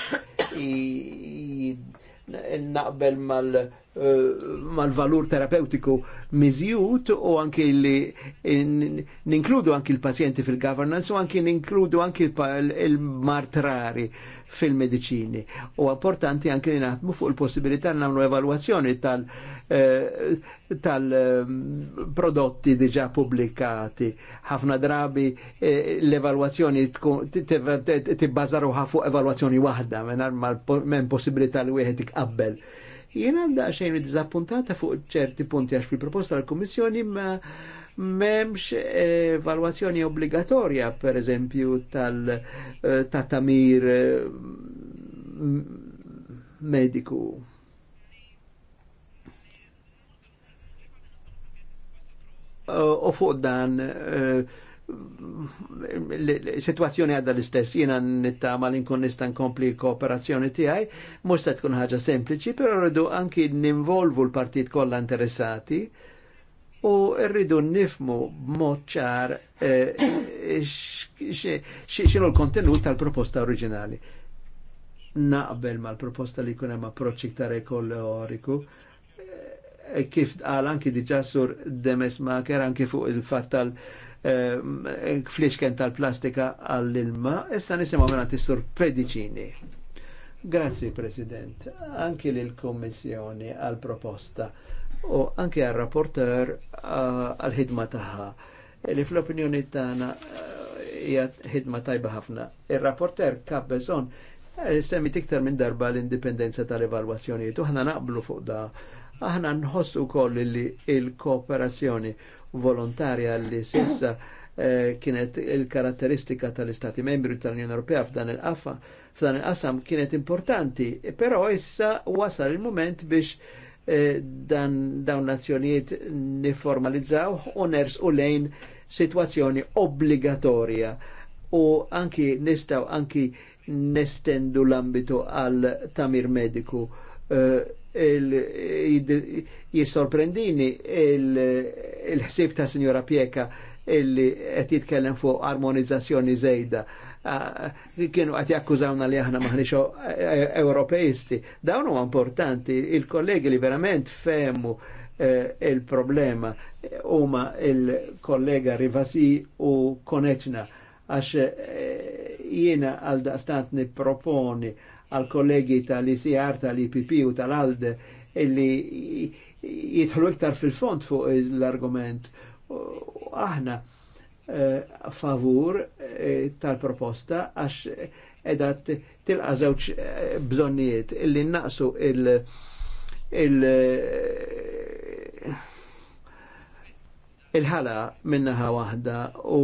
Naqbel mal- Eh, mal-valur terapeutiku miżjut u anki li ninkludu anki l-pazjenti fil-governance u anki ninkludu anki l martrari fil-medicini. U importanti anki li naħdmu fuq il-possibilità namlu evaluazzjoni tal-prodotti eh, eh, diġa pubblikati. ħafna drabi l-evalwazzjoni tibbażaruha fuq evalwazzjoni waħda mal possibilità li wieħed ikqabbel Jiena daqsxejn id-dizappuntata fuq ċerti punti għax fil-proposta tal-Kummissjoni ma memx evalwazzjoni eh, obbligatorja, per eżempju, tal-tatamir eh, eh, mediku. U fuq dan uh, situazzjoni għadda l-istess, jina ma l-inkun nistan kompli kooperazzjoni tijaj, mux ta' tkun ħaġa sempliċi, pero rridu anki ninvolvu l-partit kolla interessati u rridu nifmu b'mod eh, xinu l-kontenut tal-proposta oriġinali. Naqbel mal-proposta li kunem approċċ iktar ekologiku, eh, kif għal anki diġa Demes Maker anki fuq il-fat tal- Ehm, fliexken tal-plastika għall-ilma, issa nisimaw minna sur pedicini. Grazzi, President, anki l-Kommissjoni għal-proposta u anki għal-rapporter eh, għal-ħidma taħħa. Li fl-opinjoni taħna eh, hija ħidma tajba ħafna. Il-rapporter kap bezon eh, semmi tiktar minn darba l-indipendenza tal-evalwazzjoni. ħna naqblu fuq da. Aħna nħossu koll li il-kooperazzjoni volontarja li sissa eh, kienet il-karatteristika tal-Istati membri tal-Unjoni Ewropea f'dan il-qafa, f'dan il-qasam kienet importanti, però issa wasal il-moment biex eh, dan dawn nazzjonijiet niformalizzaw u ners u lejn situazzjoni obbligatorja u anki nistaw anki nestendu l-ambitu għal tamir mediku. Eh, jissorprendini il-ħsib ta' Signora Pieka illi qed jitkellem fuq armonizzazzjoni żejda. Kienu qed jakkużawna li aħna maħniex e- Ewropejisti. Dawn huwa importanti, il-kollegi li verament femmu e, il-problema huma il-kollega Rivasi u Koneċna għax e, jiena għal daqstant niproponi proponi għal kollegi tal-ICR, tal-IPP u tal-ALDE illi jitħlu iktar fil-font fuq l-argument. Aħna eh, favur eh, tal-proposta għax edat tilqa żewġ eh, bżonnijiet illi naqsu il- il- il-ħala minnaħa wahda u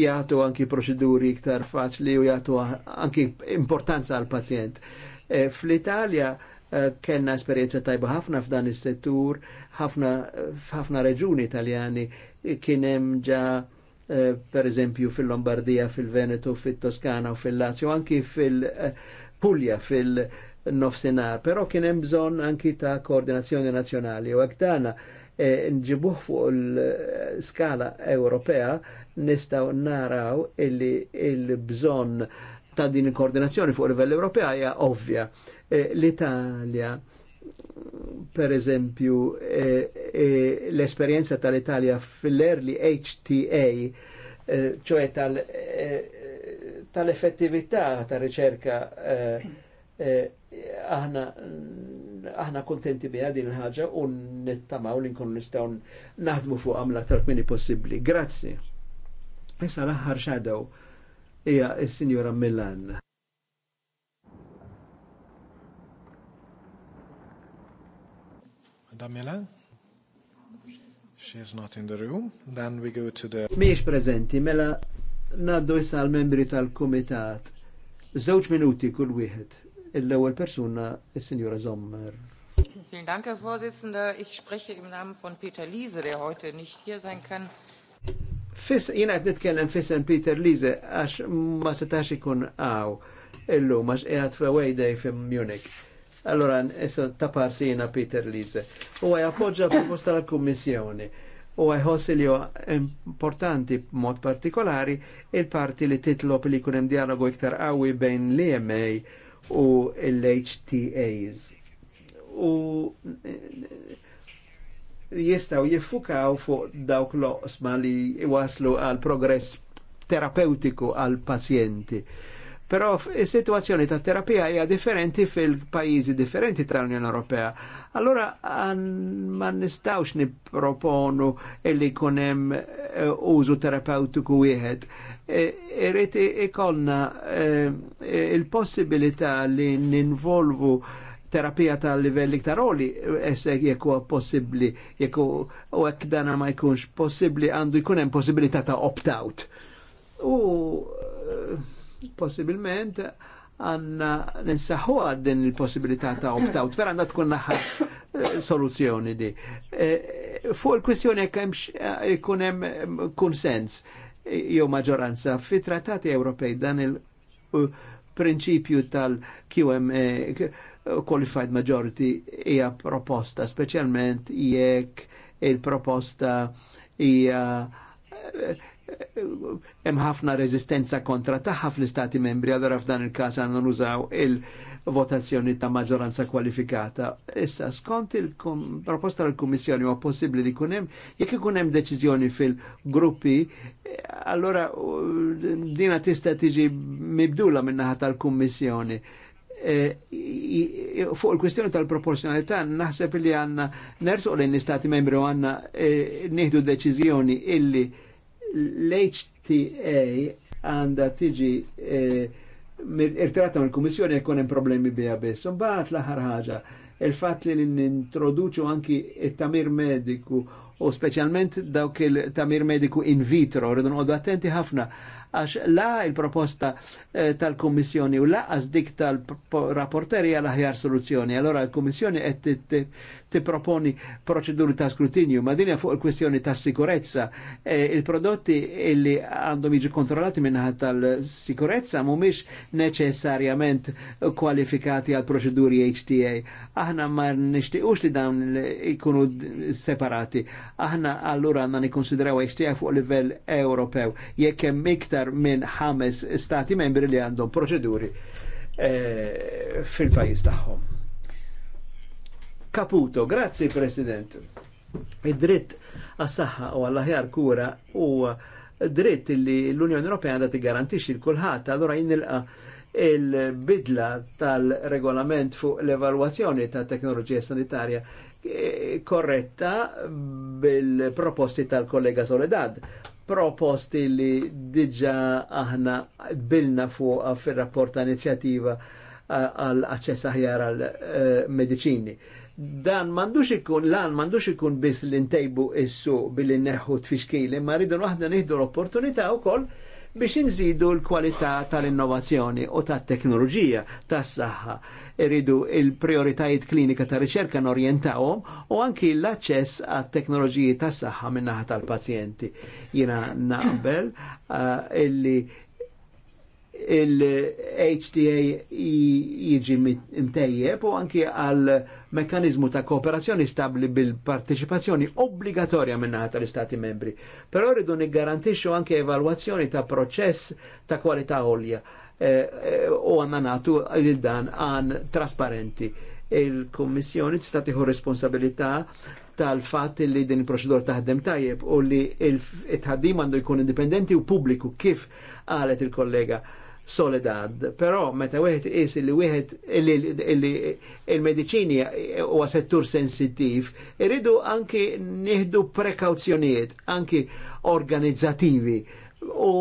jgħatu anki proċeduri iktar faċli u jgħatu anki importanza għal pazjent. E, Fl-Italja e, kellna esperienza tajba ħafna f'dan is-settur, ħafna reġuni italjani kien hemm ġa e, per eżempju fil-Lombardija, fil-Veneto, fil-Toskana u fil-Lazio, anki fil-Puglia, e, fil-Nofsenar, però kien hemm bżonn anki ta' koordinazzjoni nazzjonali u għek Eh, nġibuħ fuq l-skala Ewropea nistaw naraw illi il-bżon ta' din il-koordinazzjoni fuq livell Ewropea hija ovvja. Eh, L-Italja per eżempju eh, l-esperjenza tal-Italja fil-early HTA ċoħe tal-effettività tal riċerka aħna aħna kontenti bi din il-ħagġa u nittamaw li nkun nistaw naħdmu fuq għamla tal-kmini possibli. Grazzi. Issa l-aħħar xadow hija s-Sinjora Milan. Madam Milan? She's not in the room. Then we go to the... Miex prezenti, mela naddu issa l-membri tal-komitat. Zewċ minuti kull wieħed l-ewwel persuna is-Sinjura Sommer. Vielen Dank, Herr Vorsitzender. Ich spreche im Namen von Peter Liese, der heute nicht hier sein kann. Fis, jina għed nitkellem fissen Peter Liese, għax ma setax ikun għaw illum, għax għed fewej dej fim Munich. Allora, issa taparsina Peter Liese. U għaj appoġġa proposta la kummissjoni u għajħossi li importanti mod partikolari il-parti li titlob li kunem dialogu iktar għawi bejn li jemmej u l-HTAs. U eh, jistaw jiffukaw fuq dawk l-osma li waslu għal progress terapeutiku għal pazjenti. Però situazzjoni ta' terapija hija differenti fil-pajjiżi differenti tal-Unjoni Ewropea. Allora ma nistawx niproponu illi kunem hemm eh, użu terapeutiku wieħed E, irrit ikonna e, e, il-possibilità li ninvolvu terapija tal livelli iktar oli, jekk huwa possibbli, jekk u hekk dana ma jkunx possibbli għandu jkun hemm possibilità ta' opt-out. U possibilment għanna ninsaħu din il-possibilità ta' opt-out, vera għanna tkun naħa soluzzjoni di. Fuq il-kwestjoni jekk jkun hemm kunsens jew maġoranza. Fi trattati Ewropej dan il-prinċipju tal qm eh, Qualified Majority hija proposta, speċjalment jekk il-proposta hija eh, hemm ħafna reżistenza kontra tagħha fl-istati membri, allora f'dan il-każ għandna nużaw il-votazzjoni ta' maġġoranza kwalifikata. Issa skont il-proposta tal-Kummissjoni huwa possibbli li jkun hemm jekk ikun hemm deċiżjoni fil-gruppi, allora dina tista' tiġi mibdula min-naħa tal-Kummissjoni. E, fuq il-kwestjoni tal-proporzjonalità naħseb li għanna nersu l-istati membri u għanna e, nieħdu deċiżjoni illi l-HTA għanda tiġi e, irtratta mill kummissjoni jekk hemm problemi biha biss. Imbagħad l-aħħar ħaġa, il-fatt li nintroduċu anki it-tamir mediku u speċjalment dawk il-tamir mediku in vitro, rridu nqogħdu attenti ħafna għax la il-proposta e, tal-Kummissjoni u laqas dik tal rapporterija għal aħjar soluzzjoni. Allora l-Kummissjoni qed tipproponi proċeduri ta' skrutinju, ma dinja fuq il-kwestjoni ta' sikurezza. E, Il-prodotti li għandhom jiġi kontrollati minnaħat tal-sikurezza mumiex neċessarjament kwalifikati għal proċeduri HTA. Aħna ma nishtiqux li dan ikunu separati. Aħna allura għanna nikonsideraw HTA fuq livell Ewropew. Jekk hemm iktar minn ħames stati membri li għandhom proċeduri e, fil-pajis tagħhom. Caputo. grazie President. Id-dritt għas-saħħa u għall-aħjar kura u dritt li l-Unjoni Ewropea għandha tigarantixxi l-kulħadd, allura jinilqa' il-bidla tal-regolament fuq l-evalwazzjoni ta' teknoloġija sanitarja eh, korretta bil-proposti tal-kollega Soledad. Proposti li diġa aħna bilna fuq fil-rapport ta' inizjativa eh, għal-aċċess aħjar għal-medicini. Eh, uh, dan mandux ikun, lan mandux ikun biss li ntejbu issu billi neħu tfixkili, ma rridu waħda nieħdu l-opportunità wkoll biex nżidu l-kwalità tal-innovazzjoni u tat-teknoloġija tas-saħħa. Irridu il-prioritajiet klinika ta' riċerka norjentawhom u anki l-aċċess għat teknoloġiji tas-saħħa minnaħa tal-pazjenti. Jiena naqbel eh, illi il-HTA jieġi imtejjeb u anki għal mekkanizmu ta' kooperazzjoni stabli bil-parteċipazzjoni obbligatorja minnaħa tal-Istati membri. Però rridu niggarantixxu anke evalwazzjoni ta' proċess ta' kwalità olja eh, eh, u għanna natu lil dan għan trasparenti. Il-Kommissjoni tista' tieħu responsabilità tal-fatt li din il-proċedur taħdem tajjeb u li il-tħaddim għandu jkun indipendenti u pubbliku kif għalet il-kollega Soledad, però meta wieħed is li wieħed il-mediċini huwa settur sensittiv, irridu anki nieħdu prekawzjonijiet, anki organizzativi u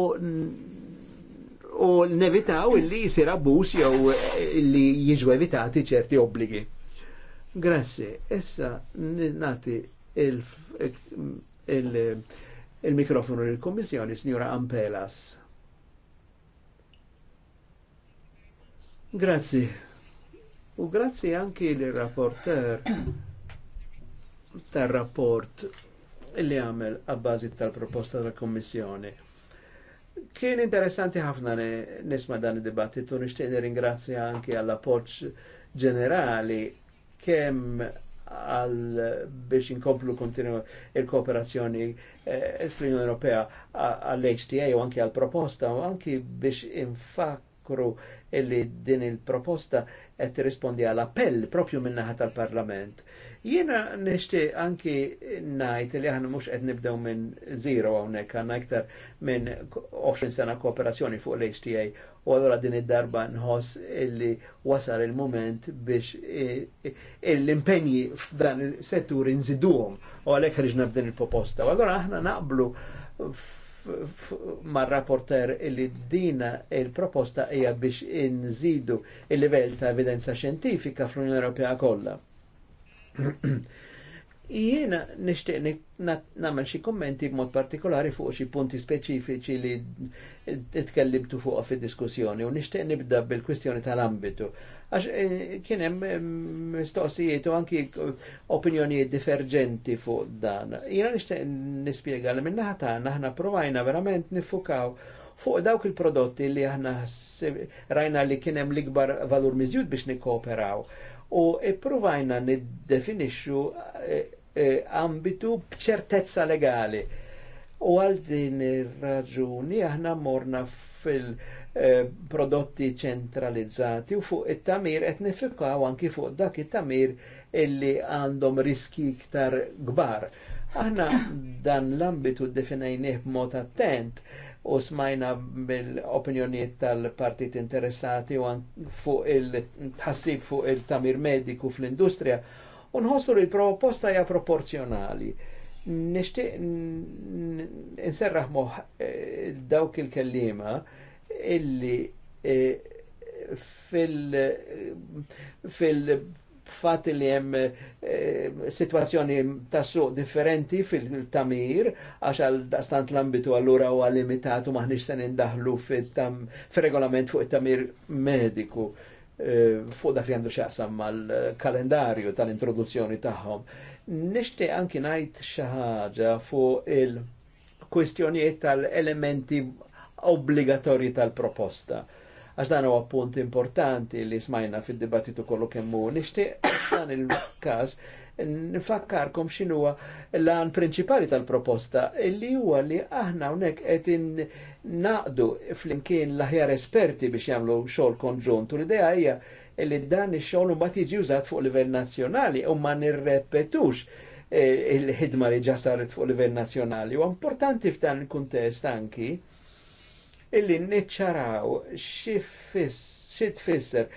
u nevitaw illi jisir abbuż jew li jiġu evitati ċerti obbligi. Grazzi, issa nati il-mikrofonu il, il, il, il, il, il, il, il, il, il Grazzi. U grazzi anki li rapporter tal rapport li għamel għabbażi tal-proposta tal-Kommissjoni. Kien interessanti ħafna nisma dan id-dibattitu, nishtiqni ringrazzja anki għall appoċ ġenerali kem għal biex inkomplu kontinu il-kooperazzjoni eh, fl-Unjoni Ewropea għall-HTA u anki għal proposta u anki biex infakru illi din il-proposta qed tirrispondi għal appell propju minnaħa tal-Parlament. Jiena nixtieq anki ngħid li aħna mhux qed nibdew minn zero hawnhekk għandna iktar minn 20 sena kooperazzjoni fuq l-HTA u allura din id-darba nħoss illi wasal il-moment biex l-impenji f'dan il-settur inżiduhom u għalhekk ħriġna b'din il-proposta. U aħna naqblu mar rapporter illi dina il-proposta hija biex inżidu il-livell ta' evidenza xjentifika fl-Unjoni Ewropea kollha. *clears throat* Jiena nixtieq nagħmel xi kummenti b'mod partikolari fuq xi punti speċifiċi li tkellimtu fuq fid-diskussjoni u nixtieq nibda bil-kwistjoni tal-ambitu Għax eh, kienem eh, mistoqsijiet u anki opinjonijiet divergenti fuq dan. Jena nishtiq nispjega li minna tagħna aħna provajna verament nifukaw fuq dawk il-prodotti li aħna rajna li kienem l-ikbar valur miżjud biex nikkooperaw. U provajna niddefinixxu eh, ambitu bċertezza legali. U għal din ir-raġuni aħna morna fil- Eh, prodotti ċentralizzati u fuq it-tamir qed nifikaw anki fuq dak it-tamir illi għandhom riski iktar kbar. Aħna dan l-ambitu definajnieh b'mod attent u smajna bil-opinjoniet tal-partit interessati u fuq il-tħassib fuq il-tamir mediku fl-industrija u nħossu li l-proposta hija proporzjonali nishtiq nserraħ moħ eh, dawk il-kellima illi eh, fil fat li hemm eh, situazzjoni ta' differenti fil-tamir, għax għal stant l-ambitu għallura u limitatu maħniex se indahlu fil-regolament fuq it-tamir mediku eh, fuq dak li għandu xaqsam mal-kalendarju tal-introduzzjoni tagħhom. Nishti anki ngħid xi ħaġa fuq il-kwistjonijiet tal-elementi obbligatorji tal-proposta. Għax dan huwa punt importanti li smajna fid-dibattitu kollu kemmu. Nixtieq *coughs* dan il-każ nfakkarkom x'inhu l-għan prinċipali tal-proposta li huwa li aħna hawnhekk qed naqdu flimkien l-aħjar esperti biex jagħmlu xogħol konġunt u l-idea hija li dan ix-xogħol ma tiġi użat fuq livell nazzjonali u ma nirrepetux eh, il-ħidma li ġasaret fuq livell nazzjonali. U importanti f'dan il-kuntest anki illi niċċaraw xi tfisser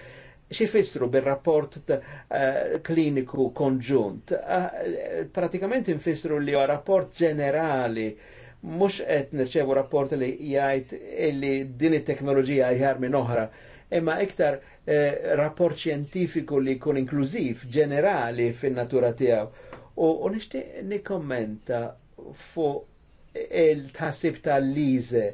xi fissru rapport eh, kliniku konġunt. Ah, eh, pratikament infissru li huwa rapport ġenerali mux qed nirċevu rapport li jgħajt illi din teknoloġija jgħar minn oħra imma iktar eh, rapport xjentifiku li kun inklużiv, ġenerali fin-natura tijaw. U, u nixtieq nikkommenta fuq il-tħassib tal-lize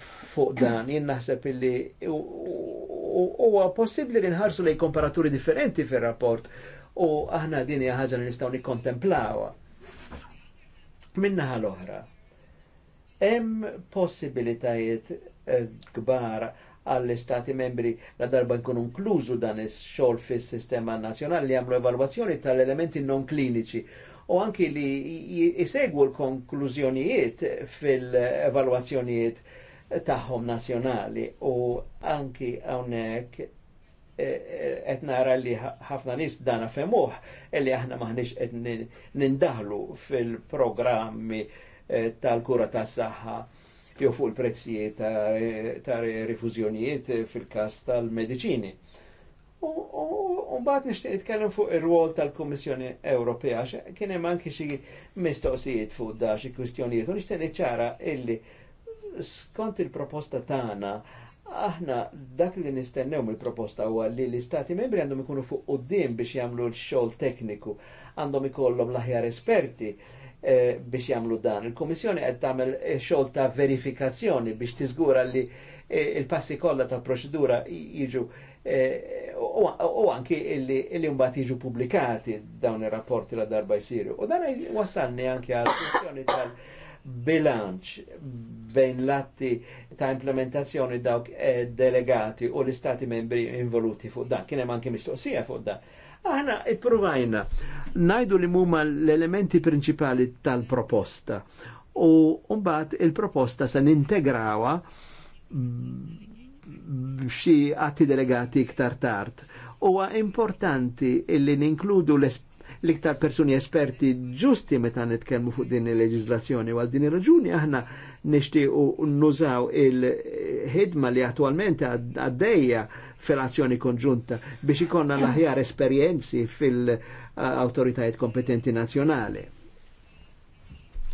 fuq dan, jien naħseb illi huwa possibbli li nħarsu lej komparaturi differenti fir-rapport u aħna din hija ħaġa li nistgħu nikkontemplawha. Minnaħa l-oħra. Hemm possibilitajiet eh, kbar għall-istati membri la darba jkun inklużu dan is xogħol fis-sistema nazzjonali li jagħmlu evalwazzjoni tal-elementi non kliniċi u anki li jisegwu l-konklużjonijiet fil-evalwazzjonijiet tagħhom nazzjonali u anki hawnhekk e, e, qed nara li ħafna nies dana femuh li aħna maħniex qed nindaħlu fil-programmi e, tal-kura tas-saħħa jew fuq il-prezzijiet ta' rifużjonijiet fil-każ tal-mediċini. U mbagħad nixtieq nitkellem fuq ir-rwol tal-Kummissjoni Ewropea kien hemm anki xi mistoqsijiet fuq da xi kwistjonijiet u nixtieq niċċara illi skont il-proposta tagħna aħna dak li nistennew mill-proposta huwa li l-istati membri għandhom ikunu fuq qudiem biex jagħmlu l-xogħol tekniku, għandhom ikollhom l-aħjar esperti eh, biex jagħmlu dan. Il-Kummissjoni qed tagħmel eh, xogħol ta' verifikazzjoni biex tiżgura li eh, il-passi kollha ta' proċedura jiġu u anki li mbagħad jiġu pubblikati dawn ir-rapporti la darba jsiru. U dan wassalni anke għal kwestjoni tal- bilanċ bejn l-atti ta' implementazzjoni dawk eh, delegati u l-istati membri involuti fuq dan. kienem anki mistoqsija fuq dan. Aħna ipprovajna, najdu li mumma l-elementi principali tal-proposta u mbagħad il-proposta se nintegrawha b'xi atti delegati iktar tard. Huwa importanti li ninkludu l-esperjenza l-iktar persuni esperti ġusti meta nitkellmu fuq din il leġislazzjoni għal din ir-raġuni aħna nixtiequ nużaw il-ħidma li attualment għaddejja fil-azzjoni konġunta biex ikonna l-aħjar esperjenzi fil-autoritajiet uh, kompetenti nazzjonali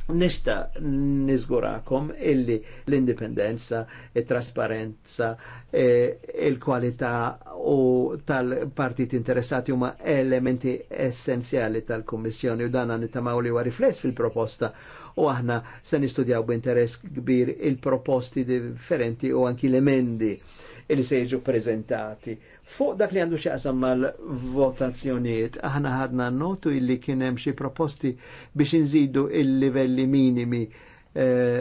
nista nizgurakom illi l-indipendenza, il-trasparenza, e, il kualità u tal-partit interessati huma elementi essenziali tal kommissjoni u dan nittamaw li rifless fil-proposta u aħna se nistudjaw b'interess kbir il-proposti differenti u anki l-emendi li se jiġu prezentati Fuq dak li għandu xaqsam mal-votazzjoniet, aħna ħadna notu illi kienem xi proposti biex nżidu il-livelli minimi. Eh,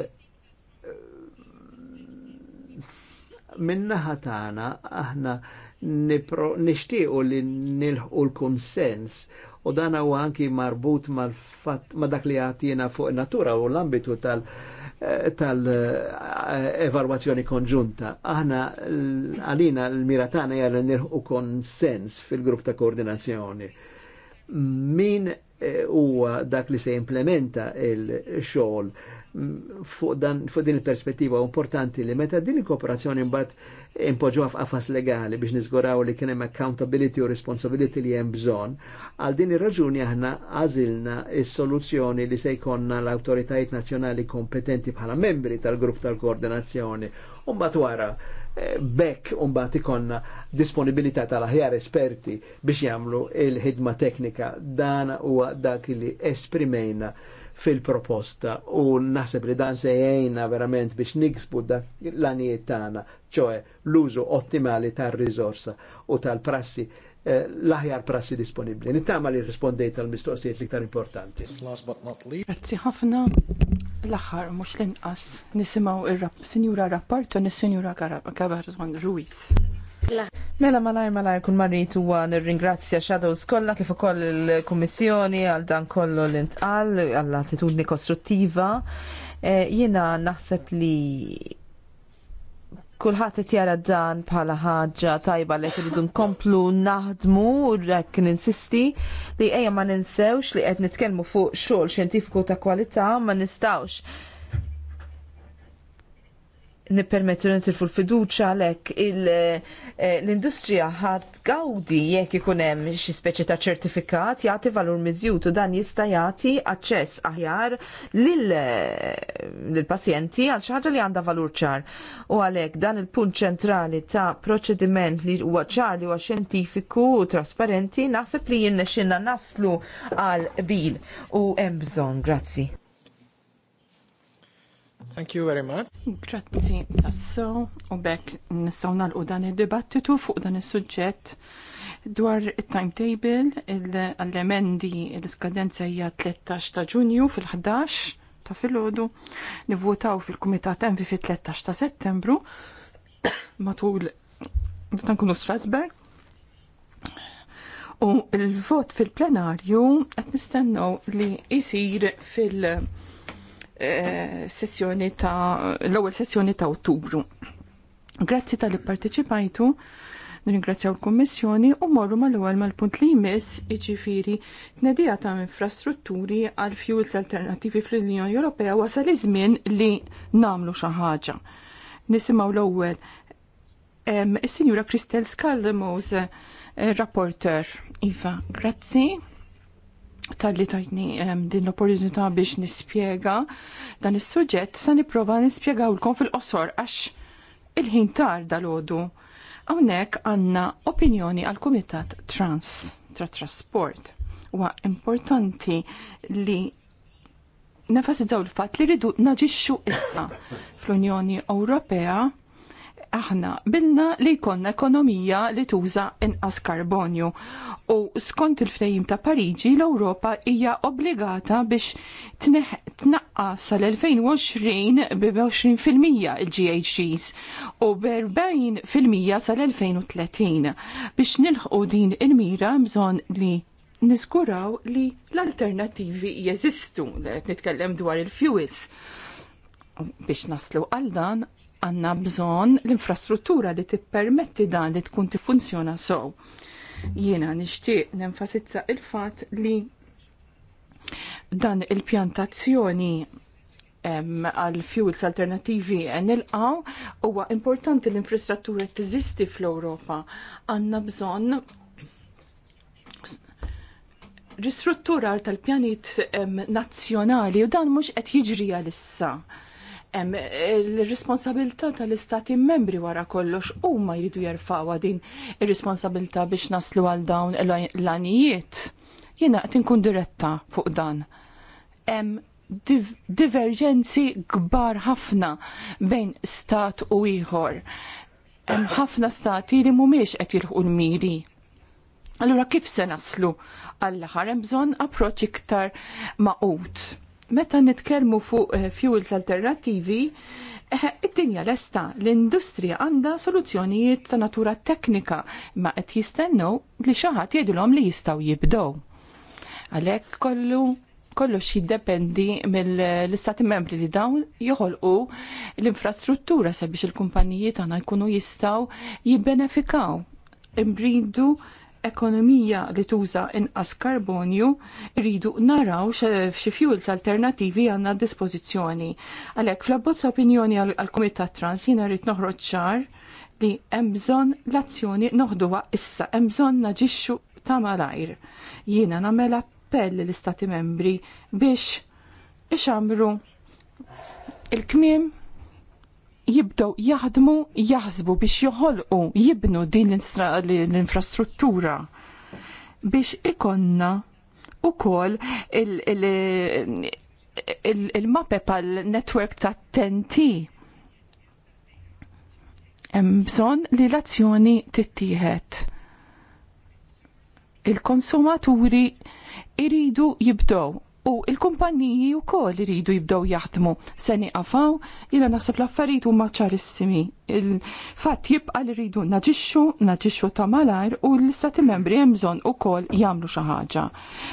Minna ħatana tagħna aħna nixtiequ li nilħu l-konsens u dan huwa anki marbut mal fat ma dak li għatina fuq natura u l-ambitu tal- eh, tal-evalwazzjoni konġunta. Aħna għalina l-miratana jgħal nirħu konsens fil-grupp ta' koordinazzjoni. Min eh, huwa dak li se implementa il-xogħol fuq dan fuq din il-perspettiva importanti li meta din il-kooperazzjoni mbagħad impoġġuha f'qafas legali biex niżguraw li kien hemm accountability u responsibility li hemm bżonn, għal din ir-raġuni aħna għażilna is-soluzzjoni li se jkollna l-awtoritajiet nazzjonali kompetenti bħala membri tal-grupp tal-koordinazzjoni Umbat wara, eh, bekk umbat ikonna disponibilità tal-aħjar esperti biex jamlu il-ħidma teknika. Dan huwa dak li esprimejna fil-proposta u naħseb li dan se jgħinna verament biex niksbu l-għaniet tagħna, ċoe l-użu ottimali tal-rizorsa u tal-prassi eh, l-aħjar prassi disponibli. Nittama li rispondejt tal-mistoqsijiet li liktar importanti. Last but not least. Grazzi ħafna l-aħħar mhux l-inqas nisimgħu ir-Sinjura Rapparto nis-Sinjura Gabar Ruiz. Mela malaj malaj kun u għan nirringrazzja Shadows kollha kif ukoll il-Kummissjoni għal dan kollu l intqal għall attitudni kostruttiva. E, jiena naħseb li kulħadd qed jara dan bħala ħaġa tajba li qed nkomplu naħdmu rek ninsisti li ejja ma ninsewx li qed nitkellmu fuq xogħol xjentifiku ta' kwalità ma nistawx nippermettu nitilfu l-fiduċa għalhekk eh, l-industrija ħadd gawdi jekk ikun hemm xi speċi ta' ċertifikat jagħti valur miżjud u dan jista' jagħti aċċess aħjar lill-pazjenti eh, għal xi ħaġa li għandha valur ċar. U għalhekk dan il-punt ċentrali ta' proċediment li huwa ċar li huwa xjentifiku u trasparenti naħseb li jinnexxinna naslu għal bil u hemm bżonn. Grazzi. Thank you very much. Grazzi tasso u bekk nistgħu nagħlqu dan id-dibattitu fuq dan is-suġġett dwar it-timetable l-emendi l-iskadenza hija 13 ta' Ġunju fil-11 ta' filgħodu nivvotaw fil-Kumitat Envi fit-13 ta' Settembru *coughs* matul meta nkunu Strasberg. U l-vot fil-plenarju qed nistennew li jsir fil- Eh, sessjoni ta' l-ewwel sessjoni ta' Ottubru. Grazzi tal-li parteċipajtu, nirringrazzjaw l-Kommissjoni u morru mal-ewwel mal-punt li jmiss iġifieri tnedija ta' infrastrutturi għal fuels alternattivi fl-Unjoni Ewropea wasal iż-żmien li nagħmlu xi ħaġa. Nisimgħu l-ewwel is-Sinjura Kristel Skallemos, eh, rapporter. Iva, grazzi tal-li tajtni din l-opportunità biex nispjega dan is-suġġett se nipprova nispjegaw lkom fil-qosor għax il-ħin tar dal-għodu. Hawnhekk għandna opinjoni għal kumitat trans tra trasport. Huwa importanti li nefasizzaw l-fatt li rridu naġixxu issa *laughs* fl-Unjoni Ewropea aħna bilna li jkollna ekonomija li tuża inqas karbonju. U skont il frejim ta' Pariġi l-Ewropa hija obbligata biex tnaqqas sal-2020 bi 20% il-GHGs u b-40% sal-2030. Biex nilħqu din il-mira bżonn li niskuraw li l-alternativi jeżistu, nitkellem dwar il-fuels biex naslu għal dan għanna bżon l-infrastruttura li tippermetti dan li tkun tiffunzjona Jena Jiena nixtieq nenfasizza il-fatt li dan il-pjantazzjoni għal fuels alternativi nilqaw huwa importanti l-infrastruttura teżisti fl-Ewropa. Għandna bżonn ristruttura tal-pjanit nazzjonali u dan mhux qed jiġri għal issa hemm il-responsabilità tal-istati membri wara kollox huma jridu jerfa'wa din ir-responsabilità biex naslu għal dawn l-anijiet. Jiena qed inkun diretta fuq dan. Hemm div diverġenzi kbar ħafna bejn stat u ieħor. Hemm ħafna stati li mhumiex qed jirħu l-miri. Allura kif se naslu għall-aħħar hemm bżonn approċċ iktar maqut meta nitkellmu fuq eh, fuels alternattivi, eh, id-dinja lesta l-industrija għandha soluzzjonijiet ta' natura teknika ma qed jistennew li xi ħadd jgħidulhom li jistgħu jibdew. Għalhekk kollu kollox jiddependi mill-istati membri li dawn joħolqu l-infrastruttura sabiex il-kumpaniji tagħna jkunu jistgħu jibbenefikaw imbridu ekonomija li tuża inqas karbonju rridu naraw xi fuels alternativi għandna dispożizzjoni. Għalhekk fl-abbozza opinjoni għall-Kumitat Trans jiena rrid noħroġ ċar li hemm bżonn l-azzjoni noħduha issa, hemm bżonn naġixxu ta' malajr. Jiena nagħmel appell l-Istati Membri biex ixamru il-kmiem jibdow jaħdmu, jaħsbu biex joħolqu, jibnu din l-infrastruttura biex ikonna u kol il-mappe pal-network ta' TNT. Bżon li l-azzjoni tittieħed. Il-konsumaturi iridu jibdow u il kumpanniji u koll iridu jibdow jaħdmu seni għafaw, jina naħseb l-affarijiet u maċarissimi. Il-fat jibqa li rridu naġixxu, naġixxu ta' malajr u l-istati membri jemżon u kol jamlu xaħġa.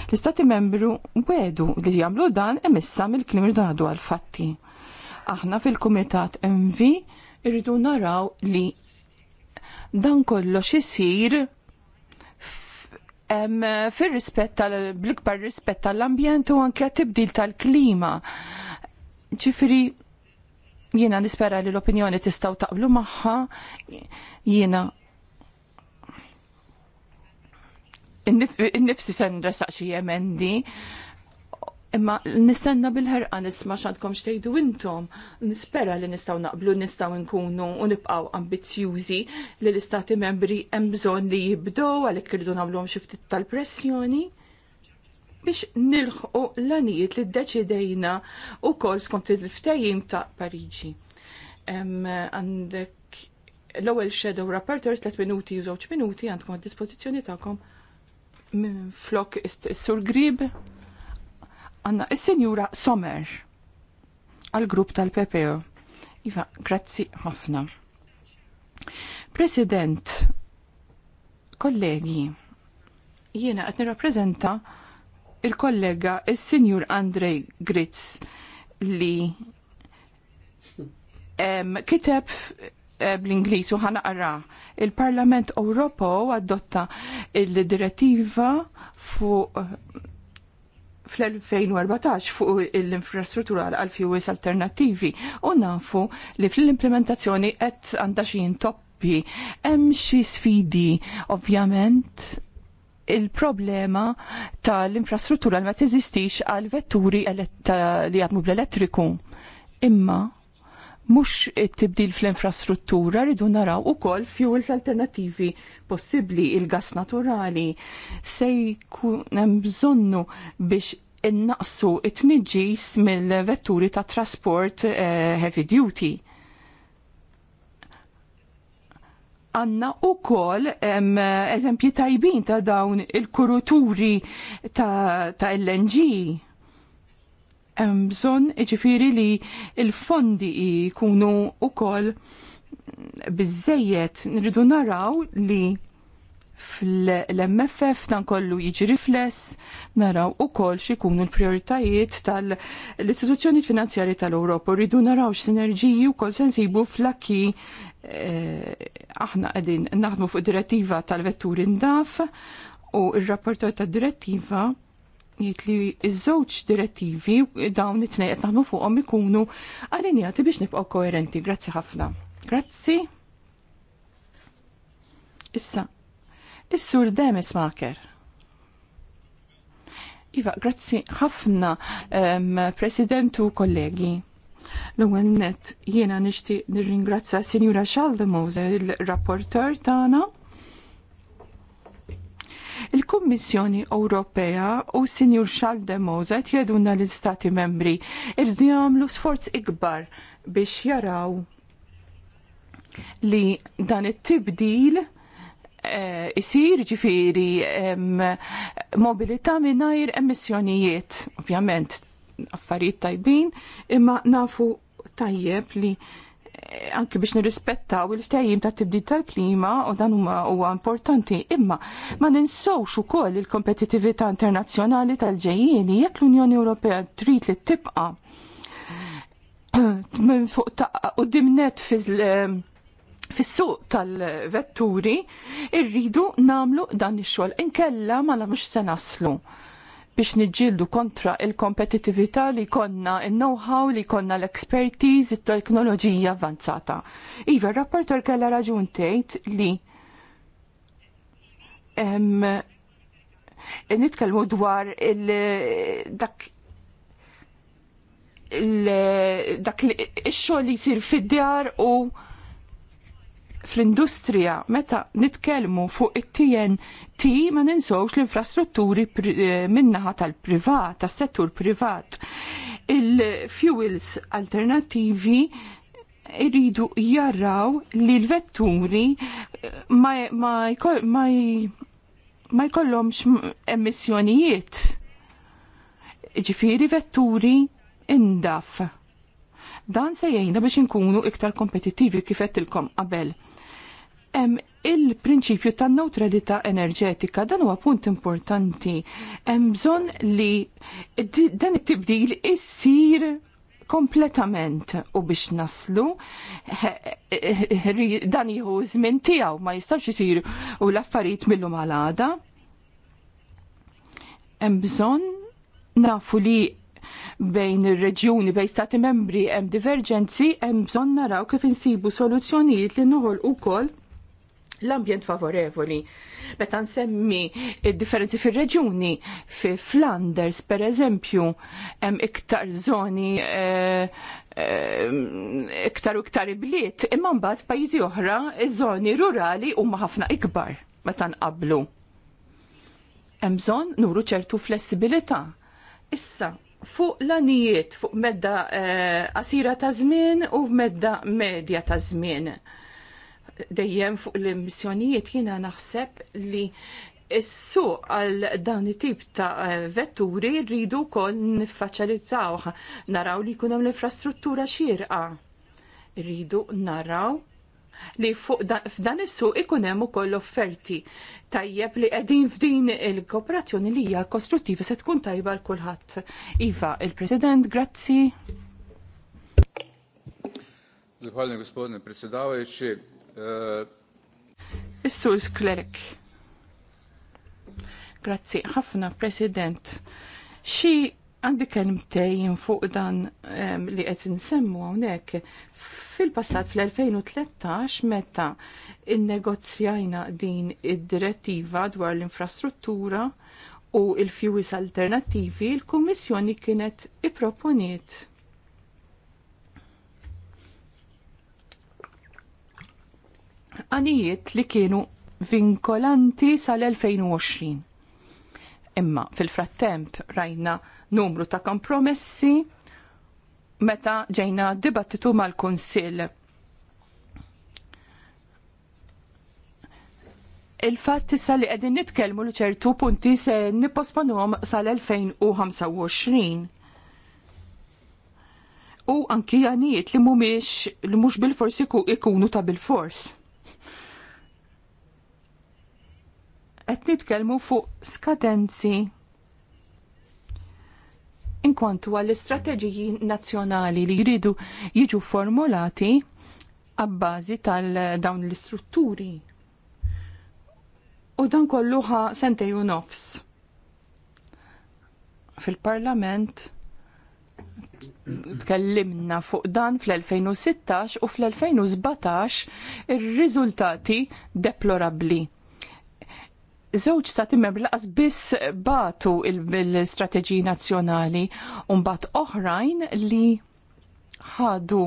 L-istati membru wedu li jamlu dan emissa mill-klim rridu għal-fatti. Aħna fil-Kumitat MV irridu naraw li dan kollox isir fir-rispett tal-blikbar rispett tal-ambjent u anke tibdil tal-klima. Ċifri jiena nispera li l-opinjoni tistaw taqblu maħħa, jiena nifsi sen resaq xi emendi Imma nistenna bil-ħerqa nisma xandkom xtejdu intom. Nispera li nistaw naqblu, nistaw nkunu u nibqaw ambizjużi li l-istati membri hemm bżonn li jibdow għalhekk kirdu nagħmluhom xi ftit tal-pressjoni biex nilħqu l-anijiet li d-deċidejna u kol skont il ftajim ta' Pariġi. Għandek l-ewwel shadow rapporters 3 minuti u 2 minuti għandkom għad-dispożizzjoni tagħkom minn flok is-sur grib għanna il-Senjura Sommer għal-grupp tal-PPO. Iva, grazzi ħafna. President, kollegi, jiena għatni nirrapprezenta il-kollega il-Senjur Andrej Gritz li kiteb eh, bl-Inglis u għarra il-Parlament Ewropo adotta il-direttiva fuq fl-2014 fuq l-infrastruttura għal fuels alternativi u nafu li fl-implementazzjoni qed għandha xi intoppi hemm xi sfidi ovvjament il-problema tal-infrastruttura li ma teżistix għal vetturi li jaħdmu bl-elettriku. Imma mux tibdil fl-infrastruttura rridu naraw u kol fuels alternativi possibli il-gas naturali se jkun bżonnu biex innaqsu it-tniġis mill-vetturi ta' trasport eh, heavy duty. Għanna u kol eżempji tajbin ta' dawn il-kuruturi ta', ta LNG hemm bżonn li l-fondi jkunu wkoll biżejjed nridu naraw li fl-MFF dan kollu jiġi rifless naraw ukoll x'ikunu l-prioritajiet tal-istituzzjoni finanzjarji tal-Ewropa. Rridu naraw x'sinerġiji wkoll se nsibu fl-akki eh, aħna qegħdin naħdmu fuq direttiva tal-vetturi ndaf u r rapportor tad direttiva Jiet li iż-żewġ direttivi dawn it-tnejn qed naħdmu fuqhom ikunu allinjati biex nibqgħu koerenti. Grazzi ħafna. Grazzi. Issa, is-sur Demes Maker. Iva, grazzi ħafna um, Presidentu kollegi. L-ewwel net jiena nixtieq nirringrazzja Sinjura Xaldemuż, il-rapporter tagħna Il-Kummissjoni Ewropea u Sinjur de qed jeduna l-Istati membri irdu jagħmlu sforz ikbar biex jaraw li dan it-tibdil e, isir ġifiri mobilita minnajr emissjonijiet, ovvjament affarijiet tajbin, imma nafu tajjeb li anki biex nirrispettaw il-ftejjim ta' tibdil tal-klima u dan huma huwa importanti, imma ma ninsawx ukoll il-kompetitività internazzjonali tal-ġejjieni jekk l-Unjoni Ewropea trid li tibqa' *clears throat* minn fuq ta' u dimnet eh, fis-suq tal-vetturi irridu namlu dan ix-xogħol inkella ma nagħmlux se naslu biex niġġieldu kontra il-kompetitività li konna il-know-how, li konna l-expertise, il-teknoloġija avanzata. Iva, rapportor kella raġun tejt li nitkellmu dwar il-dak il-dak il xol li sir fid-djar u fl-industrija meta nitkellmu fuq it-TNT ma ninsowx l-infrastrutturi eh, minnaħa tal-privat, tas-settur privat. Il-fuels alternativi iridu jarraw li l-vetturi eh, ma, ma, jkollhomx emissjonijiet. Ġifieri vetturi indaf dan se jgħinna biex inkunu iktar kompetittivi kif qed kom qabel hemm il-prinċipju tan neutralità enerġetika dan huwa punt importanti. Hemm bżonn li dan it-tibdil issir kompletament u biex naslu dan jieħu żmien tiegħu ma jistax isir u l-affarijiet millu malada. għalada. Hemm bżonn nafu li bejn ir-reġjuni bejn stati membri hemm diverġenzi hemm bżonn naraw kif insibu soluzzjonijiet li noħol ukoll l-ambjent favorevoli. Meta nsemmi differenzi fir-reġuni, fi Flanders per eżempju, hemm iktar zoni eh, eh, iktar u iktar bliet, imma mbagħad pajjiżi oħra iż-żoni rurali huma ħafna ikbar meta nqablu. Hemm bżonn nuru ċertu flessibilità. Issa, fuq l-anijiet, fuq medda eh, qasira ta' żmien u medda medja ta' żmien dejjem fuq l-emissjonijiet jiena naħseb li Issu għal dan it-tip ta' vetturi rridu kol nifaċalitaw, naraw li kunem l-infrastruttura xirqa. Rridu naraw li f'dan issu ikunem u koll offerti. Tajjeb li qegħdin f'din il-kooperazzjoni li hija kostruttiva se tkun tajba l kulħadd. Iva, il-President, grazzi. Zahvaljujem gospodine predsjedavajući. Issu uh, isklerek. Grazzi, ħafna, President. Xi għandi kelmtejn fuq dan um, li qed insemmu hawnhekk fil-passat fl-2013 meta innegozjajna din id-direttiva dwar l-infrastruttura u l-fuels alternattivi, il-Kummissjoni kienet ipproponiet għanijiet li kienu vinkolanti sal-2020. Imma fil-frattemp rajna numru ta' kompromessi meta ġejna dibattitu mal-Kunsill. Il-fatt issa li qegħdin nitkellmu li ċertu punti se nipposponuhom sal-2025 u anki għanijiet li mumiex li mux bil forsi ikunu ta' bil-fors. nitkellmu fuq skadenzi inkwantu għall-istrateġiji nazzjonali li jridu jiġu formulati għabbażi tal-dawn l-istrutturi. U dan kolluħa sentej u nofs. Fil-parlament tkellimna fuq dan fl-2016 u fl-2017 ir-riżultati deplorabli Żewġ stati membri laqas biss batu il-strateġiji nazzjonali u mbagħad oħrajn li ħadu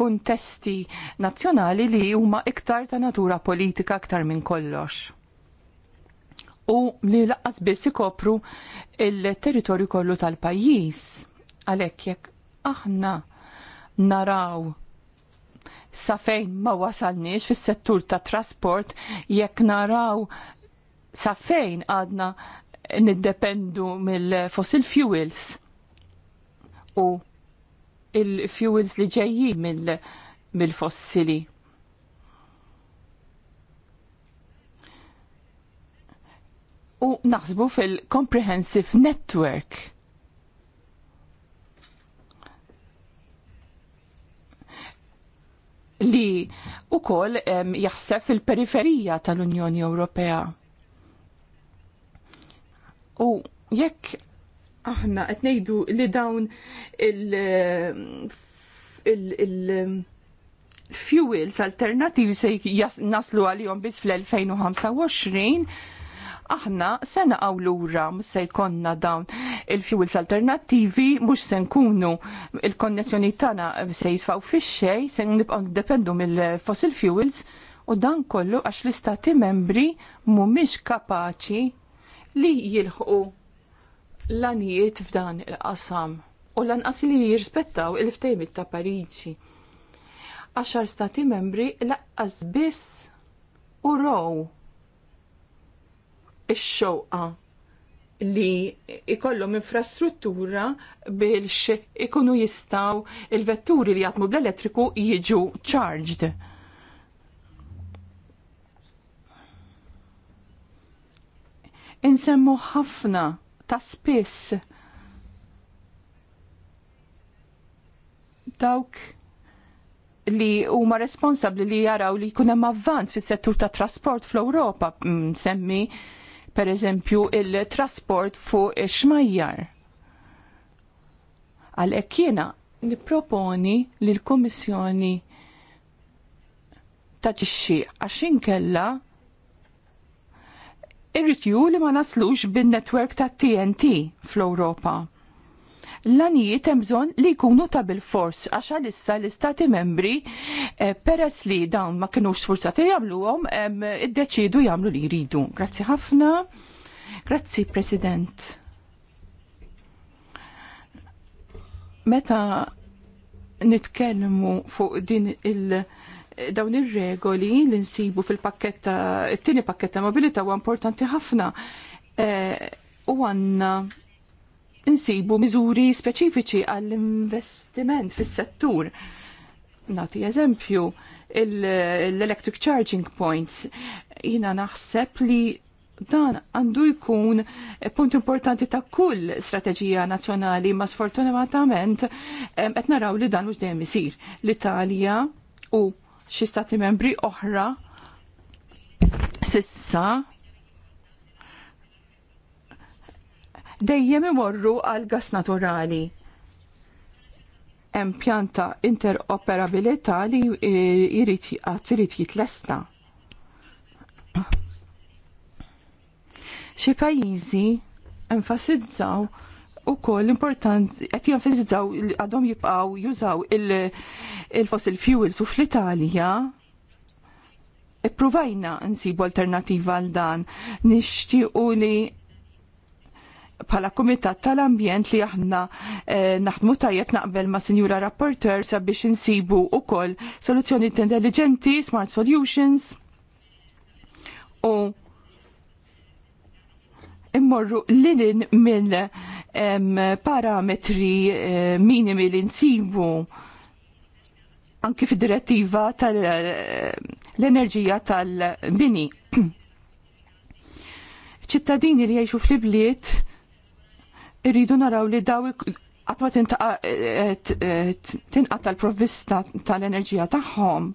kuntesti nazzjonali li huma iktar ta' natura politika aktar minn kollox. U li laqas biss ikopru il-territorju kollu tal-pajjiż. Għalhekk jekk aħna naraw sa fejn ma wasalniex fis-settur ta' trasport jekk naraw sa fejn għadna niddependu mill-fossil fuels u il-fuels li ġejjin mill-fossili. u naħsbu fil-comprehensive network li wkoll jaħseb fil-periferija tal-Unjoni Ewropea. U jekk aħna qed ngħidu li dawn il- il- fuels alternativi se naslu għalihom biss fl-2025 aħna se naqgħu lura se jkollna dawn il-fuels alternattivi mhux se nkunu il-konnessjoni tagħna se jisfaw fix-xejn se nibqgħu ndependu mill-fossil fuels u dan kollu għax l-istati membri mhumiex kapaċi li jilħqu l-anijiet f'dan il-qasam u lanqas li jirrispettaw il-ftejmit ta' Pariġi. Għaxar stati membri laqqas biss u row ix-xewqa li ikollhom infrastruttura biex ikunu jistaw il-vetturi li jatmu bl-elettriku jiġu charged. Insemmu ħafna ta' spiss dawk li huma responsabbli li jaraw li jkun hemm avvanz fis-settur tat trasport fl-Ewropa mm, semmi pereżempju il-trasport fuq ix-xmajjar. Għalhekk jiena nipproponi li l-Kummissjoni taġixxi għax inkella irritju li ma naslux bin netwerk ta' TNT fl-Ewropa l-anijiet hemm bżonn li jkunu ta' bil-fors għax issa l-istati membri eh, peress li dawn ma kinux forzati jagħmluhom iddeċidu jagħmlu li jridu. Grazzi ħafna. Grazzi President. Meta nitkellmu fuq din il- dawn ir-regoli li nsibu fil-pakketta, it-tieni pakketta mobilita huwa importanti ħafna. Eh, u għanna insibu miżuri speċifiċi għall-investiment fis-settur. Nati eżempju, l-electric charging points, jina naħseb li dan għandu jkun punt importanti ta' kull strateġija nazzjonali ma sfortunatament qed naraw li dan mhux dejjem isir. L-Italja u xi stati membri oħra sissa dejjem imorru għal gas naturali. Hemm pjanta interoperabilità li jrid irid jitlesta. Xi pajjiżi enfasizzaw ukoll importanti qed jenfasizzaw li għadhom jibqgħu jużaw il-fossil fuels u fl-Italja, ippruvajna nsibu alternativa għal dan, nixtiequ li pala Kumitat tal-Ambjent li aħna eh, naħdmu tajjeb naqbel ma' Sinjura Rapporter sabiex insibu ukoll soluzzjoni intelligenti, smart solutions u immorru lilin mill parametri eh, minimi li nsibu anki fid-direttiva tal-enerġija eh, tal-bini. *clears throat* ċittadini li jgħixu fl bliet irridu naraw li daw għatma eh, eh, eh, tinqata tal-provvista tal-enerġija tagħhom.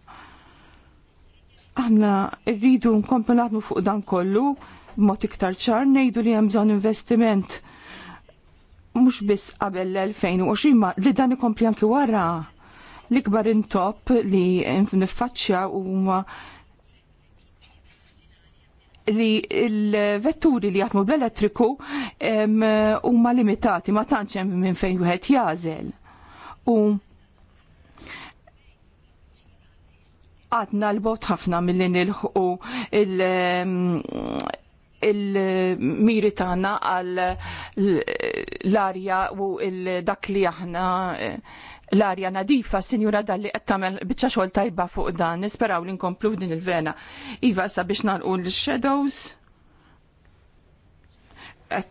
Aħna rridu nkomplu naħdmu fuq dan kollu b'mod iktar ċar ngħidu li hemm bżonn investiment mhux biss qabel l-2020 ma li dan ikompli anki wara l-ikbar intop li u huma li il-vetturi li jatmu bl-elettriku huma limitati, ma tantx hemm minn fejn wieħed jażel. U għadna l-bot ħafna mill-li nilħu il-miri tagħna għal l-arja u dak li aħna l-arja nadifa, sinjura dalli qed tagħmel biċċa xogħol tajba fuq dan, nisperaw li nkomplu f'din il-vena. Iva sa biex nagħlqu l-shadows.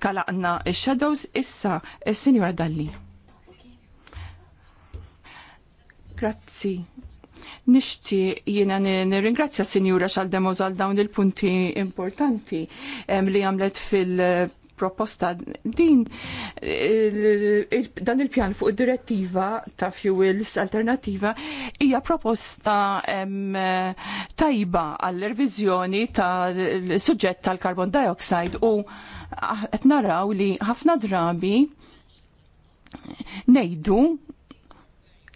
Kalaqna il-shadows issa, sinjura dalli. Grazzi. Nishti jiena nirringrazzja Sinjura xal demoż għal dawn il-punti importanti li għamlet fil- proposta din dan il-pjan fuq direttiva ta' fuels alternativa hija proposta tajba għall-revizjoni ta' suġġett tal-carbon dioxide u qed naraw li ħafna drabi nejdu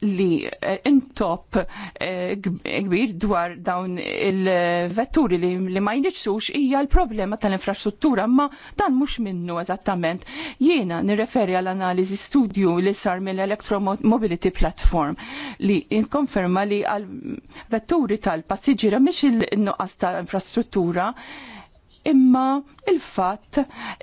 li eh, intop eh, kbir dwar dawn il-vetturi li ma jniċsux hija l-problema tal-infrastruttura, ma dan mhux minnu eżattament. Jiena nirreferi għal analiżi studju li sar mill-Electromobility Platform li inkonferma li għal vetturi tal passiġira mhix il-nuqqas tal-infrastruttura imma il-fatt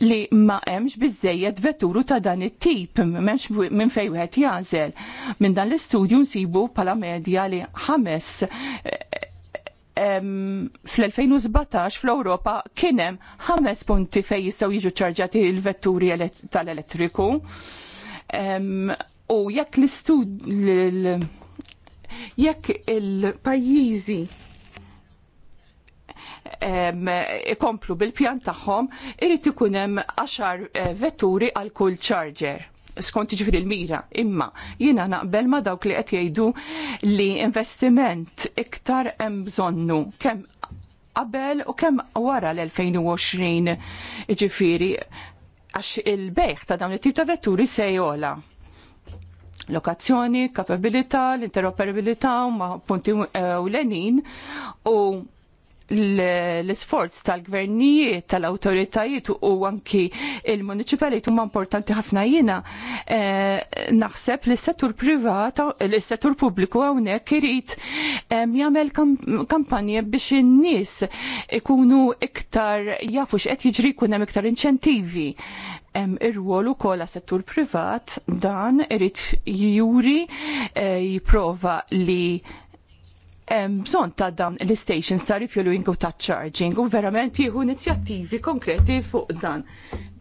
li ma hemmx biżejjed vetturu ta' dan it-tip m'hemmx minn fejn wieħed jażel. Minn dan l-istudju nsibu bħala medja li ħames eh, fl-2017 fl-Ewropa kien hemm ħames punti fejn jistgħu jiġu ċarġati l-vetturi tal-elettriku. U jekk l-istud jekk il-pajjiżi ikomplu bil-pjan tagħhom irid ikun hemm għaxar eh, vetturi għal kull charger skont ġifri l-mira, imma jina naqbel ma dawk li qed jgħidu li investiment iktar hemm bżonnu kemm qabel u kemm wara l-2020 ġifiri għax il-bejħ ta' dawn it-tip ta' vetturi se jola. Lokazzjoni, kapabilità, l-interoperabilità, ma punti eh, u u l-sforz tal-gvernijiet, tal-autoritajiet u anki il municipalit huma importanti ħafna jiena eh, naħseb li s-settur privat, l-settur pubbliku hawnhekk irid eh, jagħmel kampanje biex in-nies ikunu iktar jafu x'qed jiġri jkun hemm iktar inċentivi hemm ir-rwol ukoll settur privat dan irid juri eh, jipprova li bżon ta' dawn l-stations ta' refueling u ta' charging u verament jieħu inizjattivi konkreti fuq dan.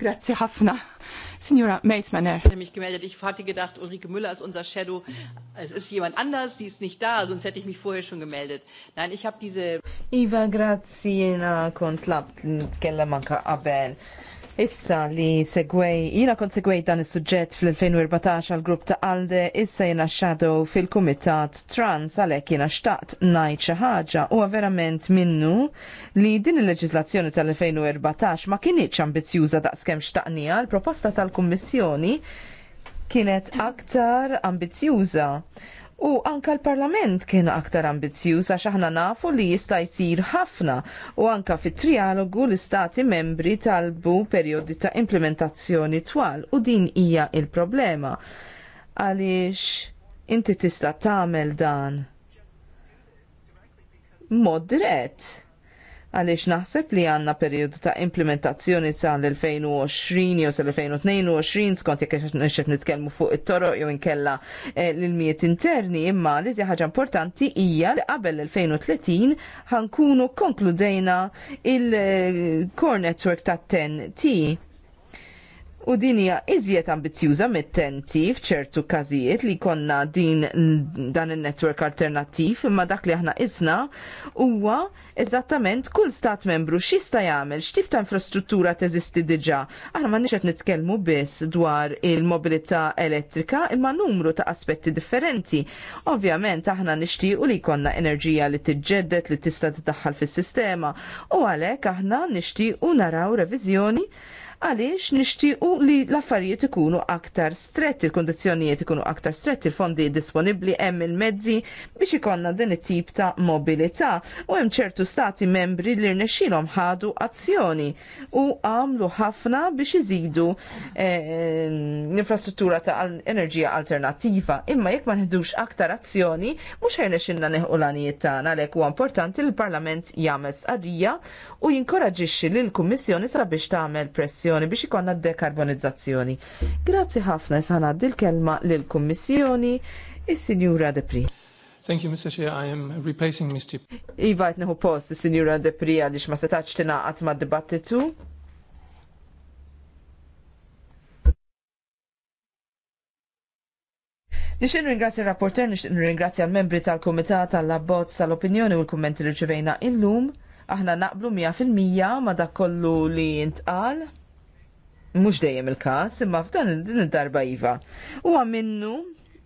Grazzi ħafna. Signora Meismaner. Ich habe mich gemeldet. Ich hatte gedacht, Ulrike Müller ist unser Shadow. Es ist jemand anders, sie ist nicht da, sonst hätte ich mich vorher schon gemeldet. Nein, ich habe diese... Iva, grazie, na, kont labt nitkellem anka qabel. Issa li segwej, jina kont segwej dan is-suġġett fl-2014 għal grupp ta' Alde, issa jina xadow fil-kumitat trans għalek jina xtaqt najt xi ħaġa u verament minnu li din il leġiżlazzjoni tal-2014 ma kienieċ ambizjuża daqskemm xtaqnija l-proposta tal-Kummissjoni kienet aktar ambizjuża U anka l-Parlament kienu aktar ambizzjuż għax aħna nafu li jista' jsir ħafna u anka fit-trialogu l-istati membri talbu perjodi ta' implementazzjoni twal u din hija il-problema. Għaliex inti tista' tagħmel dan mod dirett għaliex naħseb li għandna perjodu ta' implementazzjoni sa l 2020 jew l 2022 skont jekk qed nitkellmu fuq it-toroq jew inkella eh, l-miet interni imma li ħaġa importanti hija li qabel l-fejn 2030 ħankunu konkludejna il-core network ta' 10T U din hija iżjed ambizzjuża mit-tenti f'ċertu każijiet li konna din dan in-netwerk alternattiv imma dak li aħna isna huwa eżattament kull stat membru x'jista' jagħmel x'tip ta' infrastruttura teżisti diġà. Aħna m'għandniex qed nitkellmu biss dwar il-mobilità elettrika imma numru ta' aspetti differenti. Ovvjament aħna nixtiequ li jkollna enerġija li tiġġedded li tista' tiddaħħal fis-sistema u għalhekk aħna nixtiequ naraw reviżjoni għaliex nixtiequ li l-affarijiet ikunu aktar stretti, il kondizjonijiet ikunu aktar stretti, il fondi disponibbli hemm il-mezzi biex ikonna din it-tip ta' mobilità u hemm ċertu stati membri li rnexxilhom ħadu azzjoni u għamlu ħafna biex iżidu eh, l-infrastruttura ta' enerġija alternattiva. Imma jekk ma nħedux aktar azzjoni, mhux xinna neħu l-għanijiet tagħna għalhekk huwa importanti li l-Parlament jagħmel sqarrija u jinkoraġixxi lill-Kummissjoni sabiex tagħmel pressjoni azzjoni biex ikonna dekarbonizzazzjoni. Grazzi ħafna sana dil-kelma lill-Kummissjoni, il sinjura Depri. Thank you, Mr. Chair. I am replacing Mr. Iva jtneħu post, il-Sinjura Depri, għaliex ma setax tingħaqad mad dibattitu. Nixin ringrazzja il-rapporter, nixin ringrazzja l-membri tal-Komitat tal-Abbozz tal-Opinjoni u l-Kummenti li ġivejna illum. Aħna naqblu 100% ma dak kollu li jintqal mhux dejjem il-każ, imma f'dan din id-darba iva. U għamilnu.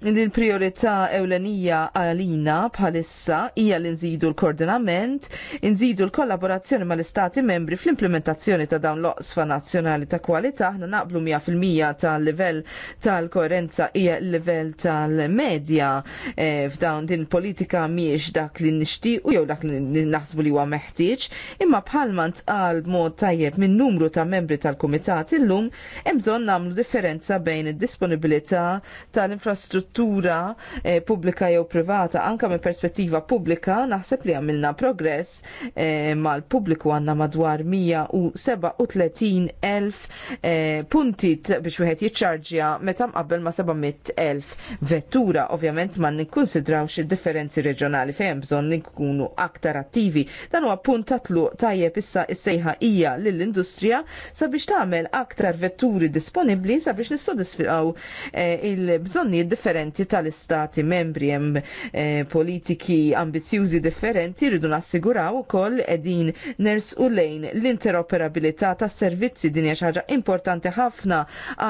Il-priorità ewlenija għalina bħalissa hija li nżidu l-koordinament, nżidu l-kollaborazzjoni mal-istati membri fl-implementazzjoni ta' dawn l-oqsfa nazzjonali ta' kwalità, aħna naqblu 100% tal-livell tal-koerenza hija l-livell tal-medja e, f'dawn din politika miex dak li nixtiequ jew dak li naħsbu li huwa meħtieġ, imma bħalma ntqal b'mod tajjeb minn numru ta' membri tal-kumitat illum hemm bżonn nagħmlu differenza bejn id-disponibilità tal-infrastruttura struttura eh, pubblika jew privata, anka minn perspettiva pubblika, naħseb li għamilna progress eh, mal-pubbliku għanna madwar 137.000 eh, puntit biex wieħed jiċċarġja meta mqabbel ma 700.000 vettura. Ovvjament ma nikkunsidrawx il-differenzi reġjonali fejn bżonn nkunu aktar attivi. Dan huwa punt tatluq tajjeb issa is-sejħa hija lill-industrija sabiex tagħmel aktar vetturi disponibbli sabiex nissodisfaw eh, il-bżonni differenti differenti tal-istati membri hemm eh, politiki ambizjużi differenti rridu nassiguraw ukoll qegħdin nersqu lejn l-interoperabilità tas-servizzi din hija xi ħaġa importanti ħafna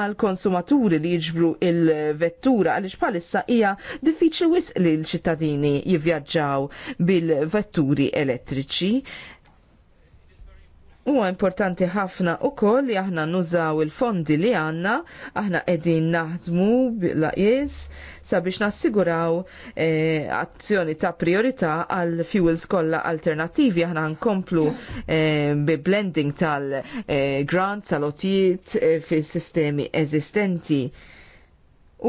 għal konsumaturi li jiġbru il-vettura għaliex bħalissa hija diffiċli wisq li l-ċittadini jivvjaġġaw bil-vetturi elettriċi. Huwa importanti ħafna u koll li aħna nużaw il-fondi li għanna, aħna edin naħdmu laqis sabiex nassiguraw eh, azzjoni ta' priorità għal fuels kollha alternativi aħna nkomplu eh, bi blending tal-grants, eh, tal-otijiet eh, fis sistemi eżistenti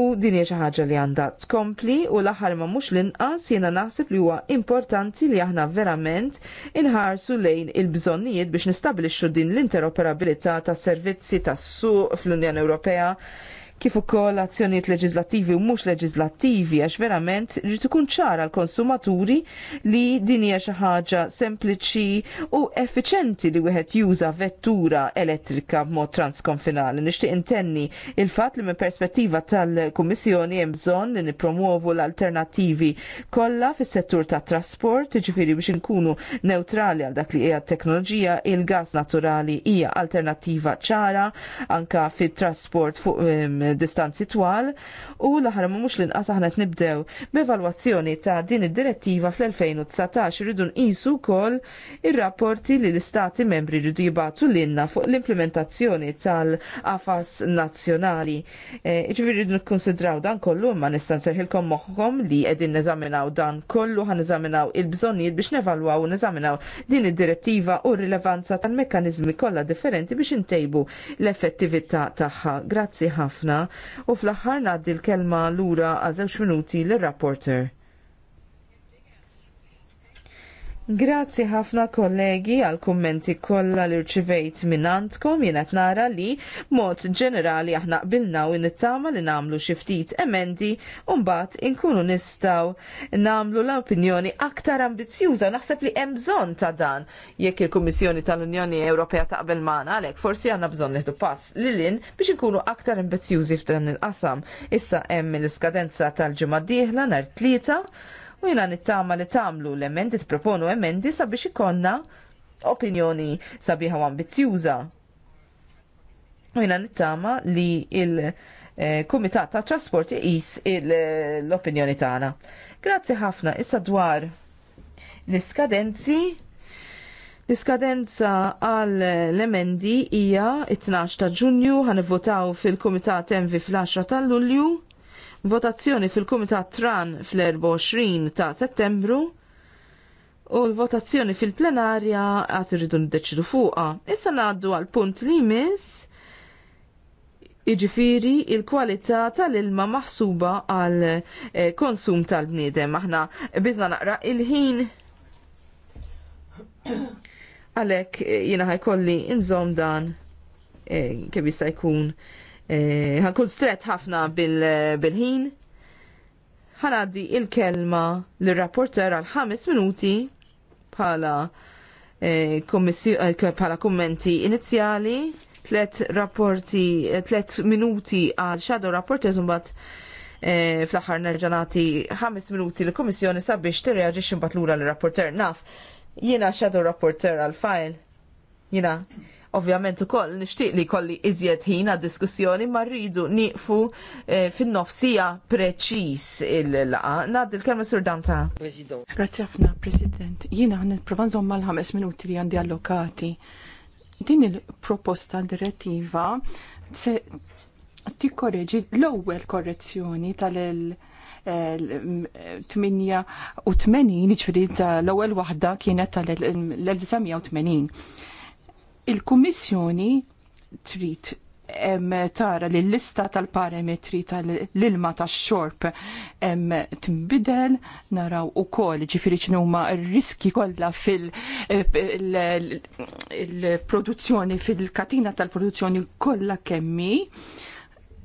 u din hija xi ħaġa li għandha tkompli u l-aħħar ma mhux l-inqas jiena naħseb li huwa importanti li aħna verament inħarsu lejn il-bżonnijiet biex nistabilixxu din l-interoperabilità tas servizzi tas-suq fl-Unjoni Ewropea kif ukoll azzjonijiet leġislattivi u mhux leġislattivi għax verament li tkun ċara l-konsumaturi li din hija xi ħaġa sempliċi u effiċenti li wieħed juża vettura elettrika b'mod transkonfinali. Nixtieq intenni il-fatt li minn perspettiva tal-Kummissjoni hemm bżonn li nippromuovu l-alternattivi kollha fis-settur tat-trasport, jiġifieri biex inkunu neutrali għal dak li hija teknoloġija, il-gas naturali hija alternattiva ċara anka fit-trasport fuq um, distanzi twal u l-aħħar mhux l-inqas aħna nibdew b'evalwazzjoni ta' din id-direttiva fl-2019 irridu nqisu wkoll ir-rapporti li l-istati membri rridu jibgħatu lilna fuq l-implementazzjoni tal-qafas nazzjonali. E, iġifieri rridu nikkonsidraw dan kollu imma nista' nserħilkom moħħkom li qegħdin neżaminaw dan kollu ħan neżaminaw il-bżonnijiet biex nevalwaw u neżaminaw din id-direttiva u r-rilevanza tal-mekkaniżmi kollha differenti biex intejbu l-effettività tagħha. Grazzi ħafna u fl-aħħar ngħaddi l-kelma lura għal żewġ minuti lir rapporter Grazzi ħafna kollegi għal kummenti kollha li rċivejt minn għandkom jien nara li mod ġenerali aħna qbilna u nittama li nagħmlu xi ftit emendi u mbagħad inkunu nistgħu nagħmlu l-opinjoni aktar ambizzjuża naħseb li hemm bżonn ta' dan jekk il-Kummissjoni tal-Unjoni Ewropea taqbel magħna għalhekk forsi għandna bżonn neħdu pass lilin biex inkunu aktar ambizzjużi f'dan il-qasam. Issa hemm l-iskadenza tal-ġimgħa d-dieħla nhar tlieta u jina nittama li tamlu l-emendi, t-proponu emendi sabiex ikonna opinjoni sabiħa u ambizjuza. U jina nittama li il- eh, Kumitat ta' Trasport jis eh, l-opinjoni tagħna. Grazzi ħafna issa dwar l-iskadenzi. L-iskadenza għal l-emendi hija 12 ta' Ġunju ħanivvotaw fil-Kumitat Envi fl-10 ta' Lulju votazzjoni fil-Kumitat Tran fl-24 ta' settembru u l-votazzjoni fil-plenarja għat irridu niddeċidu fuqa. Issa naddu għal punt li mis Iġifiri il-kwalità tal-ilma maħsuba għal eh, konsum tal-bniedem. Aħna bizna naqra il-ħin għalek eh, jina ħajkolli inżom dan eh, kem jista' jkun Eh, ħankun stret ħafna bil-ħin. Ħanaddi il-kelma l-rapporter għal ħames minuti bħala pala eh, eh, kummenti inizjali, tlet rapporti, tlet minuti għal shadow rapporter zumbat fl-aħħar nerġanati, ħames minuti l-Kummissjoni sabiex tirreaġixxi mbagħad lura l-rapporter naf. Jiena shadow rapporter għal file. Jiena Ovvjament ukoll nixtieq li kolli iżjed ħin għad diskussjoni ma rridu nieqfu eh, fin-nofsija preċiż il-laqa. Ngħaddi l-kelma sur Danta. Grazzi ħafna, President. Jiena nipprova nżomm mal-ħames minuti li għandi allokati. Din il-proposta direttiva se tikkoreġi l-ewwel korrezzjoni tal- 88, ġifiri l-ewwel waħda kienet tal-1980 il-Kummissjoni trid tara li l-lista tal-parametri tal-ilma tax-xorb timbidel, naraw ukoll ġifieri x'numa r-riski kollha fil-produzzjoni fil-katina tal-produzzjoni kollha kemmi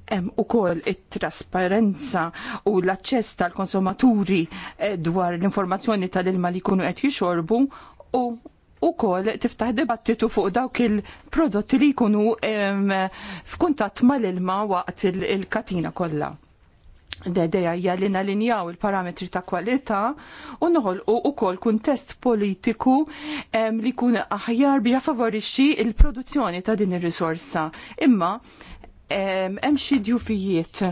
hemm ukoll it-trasparenza u l-aċċess tal-konsumaturi eh, dwar l-informazzjoni tal-ilma li jkunu qed jixorbu u u kol tiftaħ dibattitu fuq dawk il-prodotti li jkunu f'kuntatt mal-ilma waqt il-katina kollha. Dedeja hija li nalinjaw il-parametri ta' kwalità u noħolqu ukoll kuntest politiku li jkun aħjar bi favorixxi l produzzjoni ta' din ir-risorsa. Imma hemm xi djufijiet,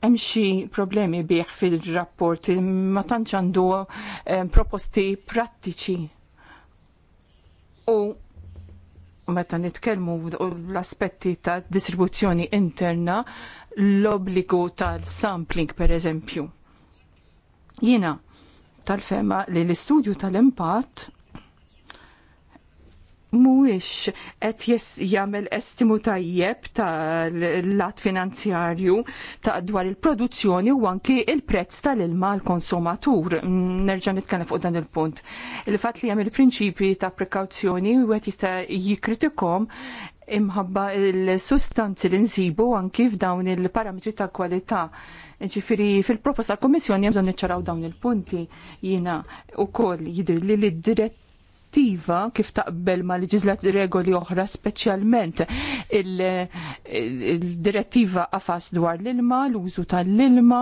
hemm xi problemi bih fil-rapporti ma tantx għandu proposti prattiċi U meta nitkellmu l-aspetti ta' distribuzzjoni interna, l-obbligu tal-sampling per eżempju. Jiena tal-fema li l-istudju tal-impatt mhuwiex qed jagħmel estimu tajjeb tal-lat finanzjarju ta' dwar il-produzzjoni u anki il-prezz tal-ilma l-konsumatur. Mm, nerġa' nitkellem fuq dan il-punt. Il-fatt li jagħmel prinċipji ta' prekawzjoni u qed jista' jikkritikom imħabba il-sustanzi li nsibu anki f'dawn il-parametri ta' kwalità. Ġifiri, fil-proposta tal-Komissjoni jemżon niċċaraw dawn il-punti jina u koll jidri li l dirett direttiva kif taqbel ma' leġizlat regoli oħra, speċjalment il-direttiva il qafas dwar l-ilma, l-użu tal-ilma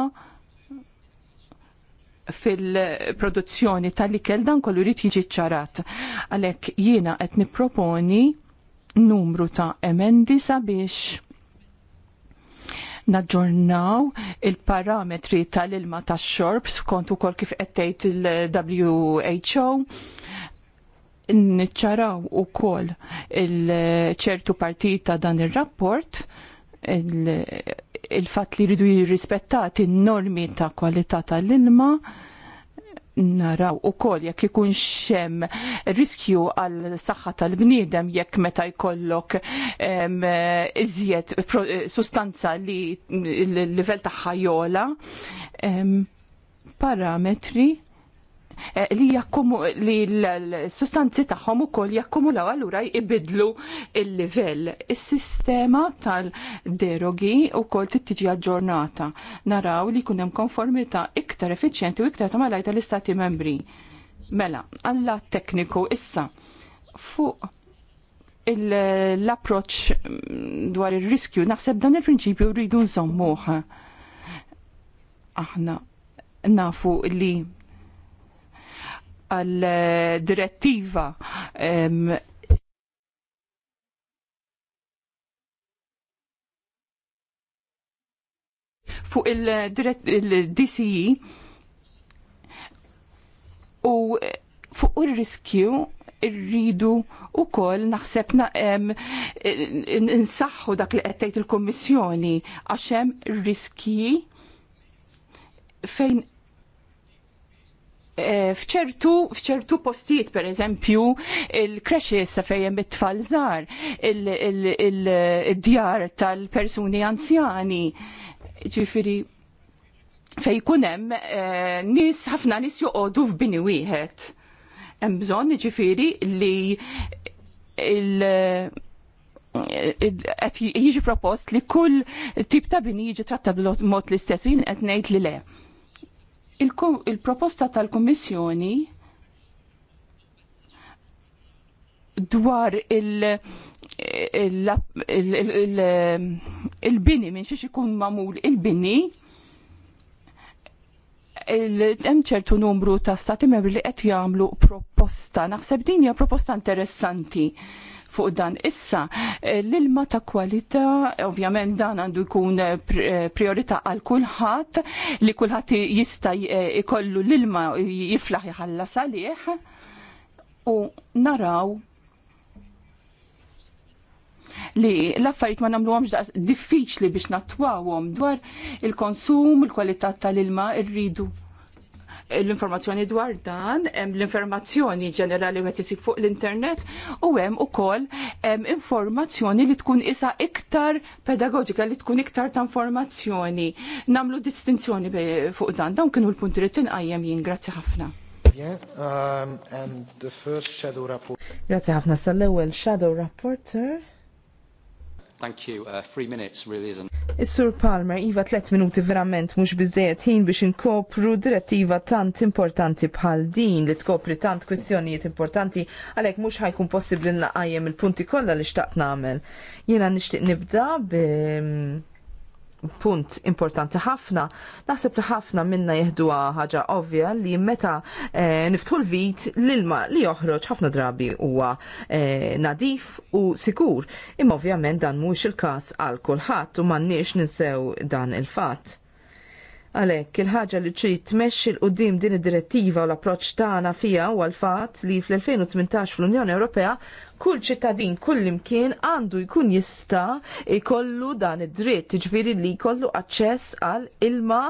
fil-produzzjoni tal-ikel dan kollu jrid jiġi ċarat. Għalhekk jiena qed nipproponi numru ta' emendi sabiex naġġornaw il-parametri tal-ilma tax-xorb skont ukoll kif qed tgħid il-WHO nċaraw u kol il-ċertu partita dan il-rapport il-fat li ridu jirrispettati normi ta' kwalità tal-ilma naraw u kol jekk ikun xem riskju għal saħħa tal-bniedem jekk meta jkollok iżjed sustanza li l-livell tagħha jola parametri Eh, li jakkumu li l-sustanzi tagħhom ukoll jakkumulaw allura jibidlu il-livell. Is-sistema tal-derogi t tittiġi aġġornata. Naraw li jkun hemm konformità iktar efficienti u iktar ta' malajta l-istati membri. Mela, alla tekniku issa fuq l-approċ mm, dwar il-riskju, naħseb dan il-prinċipju rridu nżommuħ. Aħna nafu li għal direttiva fuq il-DCE u fuq il-riskju irridu u koll naħseb nsaħħu dak li qed tgħid il kommissjoni għax hemm riskji fejn Eh, fċertu postijiet per eżempju il jessa fejjem it-tfal żgħar, il-djar tal-persuni anzjani. Ġifiri, fej kunem eh, nis ħafna nis joqodu f'bini wieħed. Hemm bżonn ġifiri li il qed jiġi propost li kull tip ta' bini jiġi tratta b'mod l-istess jien qed ngħid li le. Il-proposta il proposta tal kummissjoni dwar il- il-bini minn xiex ikun mamul il-bini hemm ċertu numru ta' stati membri li qed jagħmlu proposta. Naħseb din hija proposta interessanti fuq dan. Issa, eh, l-ilma ta' kwalità, ovvjament dan għandu jkun eh, eh, priorità għal kulħadd li kulħadd jista' jkollu l-ilma jiflaħ jħalla salih u naraw li l-affarijiet ma nagħmluhomx diffiċli biex nattwawhom dwar il-konsum, il-kwalità tal-ilma, rridu l-informazzjoni dwar dan, l-informazzjoni ġenerali għet jisib fuq l-internet u hemm ukoll informazzjoni li tkun isa iktar pedagogika, li tkun iktar ta' informazzjoni. Namlu distinzjoni fuq dan, dawn kienu l-punti li għajem jien, grazzi ħafna. Um, grazzi ħafna sal-ewwel shadow rapporter. Thank you. Uh, three minutes really isn't. Is-Sur Palmer iva tlet minuti verament mhux biżejjed ħin biex inkopru direttiva tant importanti bħal din li tkopri tant kwistjonijiet importanti għalhekk mhux ħajkun possibbli nlaqajjem il-punti kollha li xtaqt nagħmel. Jiena nixtieq nibda bi punt importanti ħafna, naħseb li ħafna minna jeħdu ħaġa ovvja li meta e, niftħu l-vit l-ilma li joħroġ ħafna drabi huwa e, nadif u sikur. Imma ovvjament dan mhux il-każ għal kulħadd u m'għandniex ninsew dan il-fatt. Għalhekk il-ħaġa li trid tmexxi l qudiem din id-direttiva u l-approċċ tagħna fiha u għal fatt li fl-2018 fl-Unjoni Ewropea kull ċittadin kull imkien għandu jkun jista' jkollu dan id-dritt, jiġifieri li jkollu aċċess għal ilma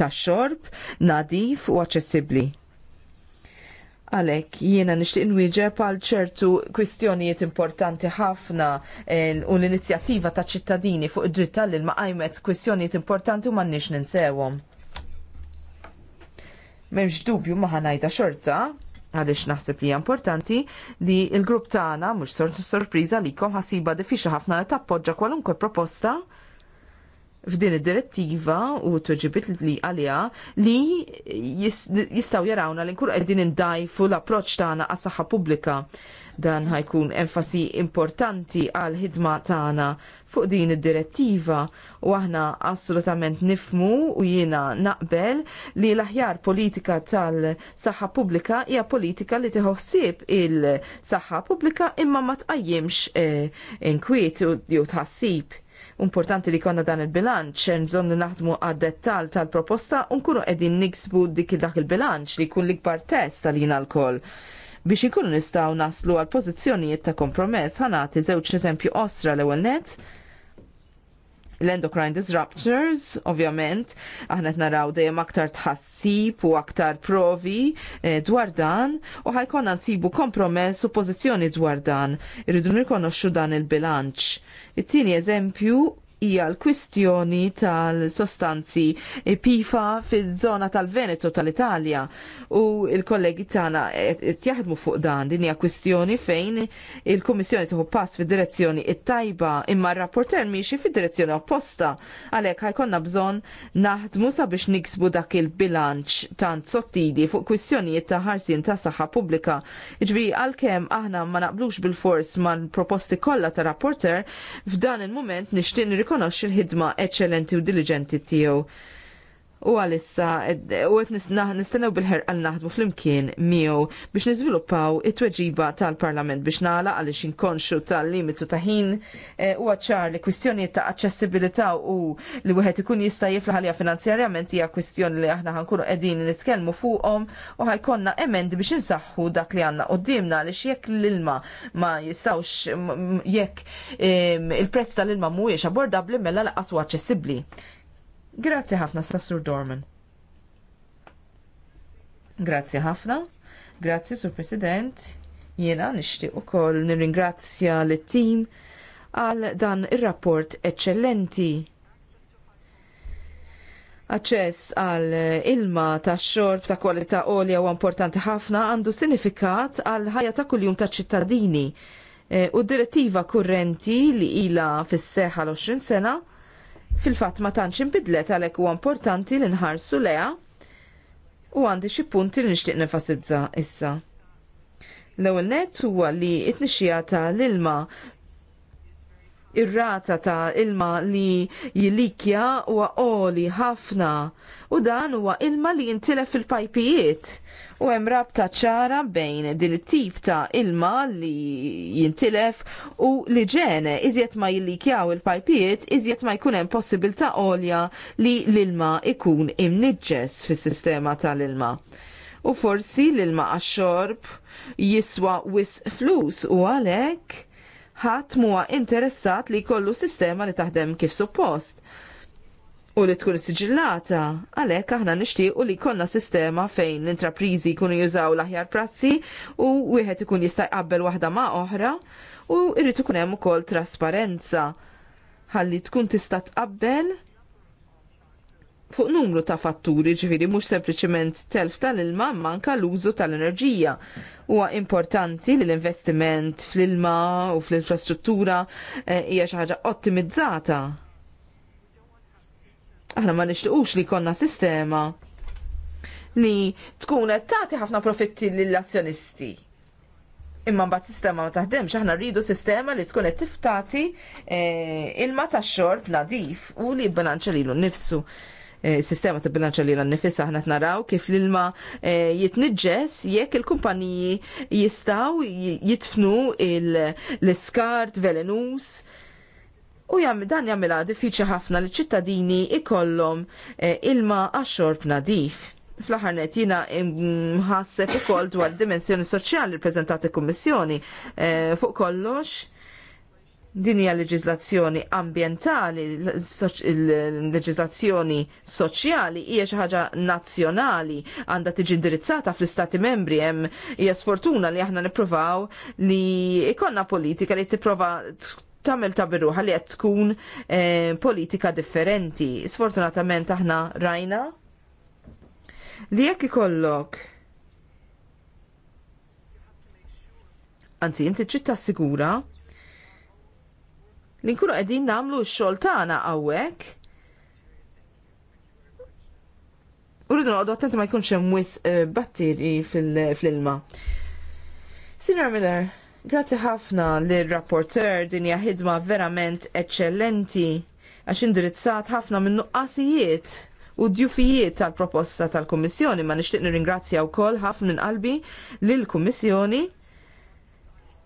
tax-xorb nadif u aċċessibbli. Għalek, jiena nishtiq nwieġeb għal ċertu kwistjonijiet importanti ħafna eh, u l-inizjattiva ta' ċittadini fuq id-dritt tal-ilma qajmet kwistjonijiet importanti u m'għandniex ninsewhom. M'hemmx dubju ma xorta, għaliex naħseb li importanti li l-grupp tagħna mhux sorpriża kom ħasiba diffiċli ħafna li tappoġġa kwalunkwe proposta f'din id-direttiva u toġibit li għalija li jistaw jarawna li nkur qegħdin indajfu l-approċċ tagħna għas-saħħa pubblika. Dan ħajkun enfasi importanti għal ħidma tagħna fuq din id-direttiva u aħna assolutament nifmu u jiena naqbel li l-aħjar politika tal-saħħa pubblika hija politika li tiħossib il-saħħa pubblika imma ma tqajjimx eh, inkwiet jew tħassib Importanti li konna dan il-bilanċ, bżonn naħdmu għad-dettal tal-proposta unkunu nkunu qegħdin niksbu dik dak il-bilanċ li kun l-ikbar test tal-jina l-koll. Biex ikunu nistgħu naslu għal pożizzjonijiet ta' kompromess ħanati żewġ eżempju ostra l-ewwel net l-endocrine disruptors, ovvjament, aħna qed naraw dejjem aktar tħassib u aktar provi eh, dwar dan u ħajkonna nsibu kompromess u pożizzjoni dwar dan. Irridu nirkonoxxu dan il-bilanċ. It-tieni eżempju hija l-kwistjoni tal-sostanzi pifa fiż-żona tal-Veneto tal-Italja u l kollegi tagħna jaħdmu fuq dan din hija kwistjoni fejn il-Kummissjoni tieħu pass fid-direzzjoni it-tajba imma r-rapporter miexi fid-direzzjoni opposta għalhekk ħajkonna bżonn naħdmu sabiex niksbu dak il-bilanċ tant sottili fuq kwistjonijiet ta' ħarsien ta' saħħa pubblika. Ġbiri għalkemm aħna ma naqblux bil-fors mal proposti kollha ta' rapporter f'dan il-mument nixtieq jirrikonoxxi l-ħidma eċċellenti u diligenti tiegħu u għalissa u għet nistennew bil-ħerqa naħdmu fl-imkien miegħu biex niżviluppaw it-tweġiba tal-Parlament biex nala għaliex inkonxu tal-limitu ta' ħin e, u għacċar li kwistjoni ta' aċċessibilità u li wieħed ikun jista' jifla għalija finanzjarjament hija kwistjoni li aħna ħankunu qegħdin nitkellmu fuqhom u ħajkonna emendi biex insaħħu dak li għandna qudiemna għaliex jekk l-ilma ma jistawx jekk il-prezz tal-ilma mhuwiex abordabbli mela laqas u aċċessibbli. Grazzi ħafna, Sassur Dorman. Grazzi ħafna. Grazzi, Sur President. Jiena nixtieq ukoll nirringrazzja lit tim għal dan ir-rapport eċċellenti. Aċċess għal ilma tax xorb ta' kwalità għolja huwa importanti ħafna għandu sinifikat għal ħajja ta' kuljum ta' ċittadini. Eh, u d direttiva kurrenti li ilha fis seħħa l-20 sena fil-fatt ma tantx inbidlet għalhekk huwa importanti li nħarsu leha u għandi xi punti li nixtieq nifasizza issa. L-ewwel nett huwa li t tnixxija tal-ilma ir-rata ta' ilma li jilikja u għoli ħafna u dan huwa ilma li jintilef fil-pajpijiet u hemm rabta ċara bejn din it-tip ta' ilma li jintilef u li ġene iżjed ma jillikjaw il-pajpijiet iżjed ma jkun hemm possibilta għolja li l-ilma ikun imniġġes fis-sistema tal-ilma u forsi l-ilma għax-xorb jiswa wis flus u għalhekk ħadd huwa interessat li jkollu sistema li taħdem kif suppost u li tkun siġillata, għalhekk aħna nixtiequ li jkollna sistema fejn l-intraprizi jkunu jużaw l-aħjar prassi u wieħed ikun jista' jqabbel waħda ma' oħra u jrid ikun hemm ukoll trasparenza ħalli tkun tista' tqabbel fuq numru ta' fatturi ġviri mhux sempliċement telf tal-ilma manka l-użu tal-enerġija. Huwa importanti li l-investiment fl-ilma u fl-infrastruttura eh, hija xi ħaġa ottimizzata. Aħna ma nixtiequx li konna sistema li tkun qed tagħti ħafna profitti lill-azzjonisti imma mbagħad sistema ma taħdemx aħna rridu sistema li tkun qed tiftati eh, ilma tax-xorb nadif u li bbilanċa lilu nnifsu. E, sistema ta' bilanċa li l-nifissa ħna naraw kif l-ilma e, jitniġġes jekk il-kumpaniji jistaw jitfnu l-iskart velenus u jam, dan jammila diffiċi ħafna li ċittadini ikollhom e, ilma għaxorb nadif. Fl-ħarnet jina mħasset ukoll dwar dimensjoni soċjali prezentati kummissjoni. Fuq kollox, din hija ambientali, ambjentali, leġiżlazzjoni soċjali hija xi ħaġa nazzjonali għandha tiġi indirizzata fl-istati membri hemm hija sfortuna li aħna nippruvaw li ikonna politika li tipprova tamil ta' birruħa li qed tkun eh, politika differenti. Sfortunatament aħna rajna li jekk ikollok Anzi, inti ċitta sigura li nkunu qegħdin nagħmlu x-xogħol tagħna hawnhekk. Uridu noqogħdu attenti ma jkunx hemm wis eh, batteri fl-ilma. Sinjor Miller, grazzi ħafna lir rapporteur din hija ħidma verament eċċellenti għax indirizzat ħafna minn nuqqasijiet u djufijiet tal-proposta tal-Kummissjoni ma nixtieq nirringrazzja wkoll ħafna minn qalbi lill-Kummissjoni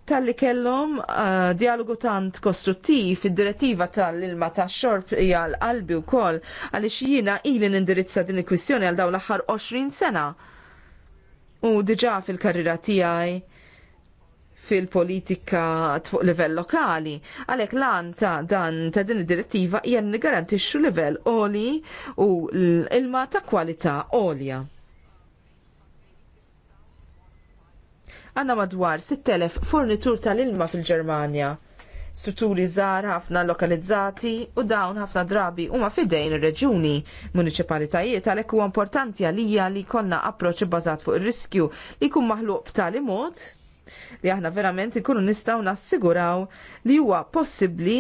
tal-li kellhom uh, dialogu tant kostruttiv id-direttiva tal-ilma tax xorb hija qalbi u wkoll għaliex jiena ili nindirizza din il-kwistjoni għal dawn l-aħħar 20 sena. U diġà fil-karriera tiegħi fil-politika fuq livell lokali. Għalhekk lan ta' dan ta' din id-direttiva hija nigarantixxu livell oli u ilma ta' kwalità olja. Għanna madwar 6.000 fornitur tal-ilma fil-Germania. Strutturi żgħar ħafna lokalizzati u dawn ħafna drabi huma fidejn ir-reġuni. Municipalitajiet għalhekk huwa importanti għalija li konna approċċ bbażat fuq ir-riskju li jkun maħluq b'tali mod li aħna verament ikunu nistgħu nassiguraw li huwa possibbli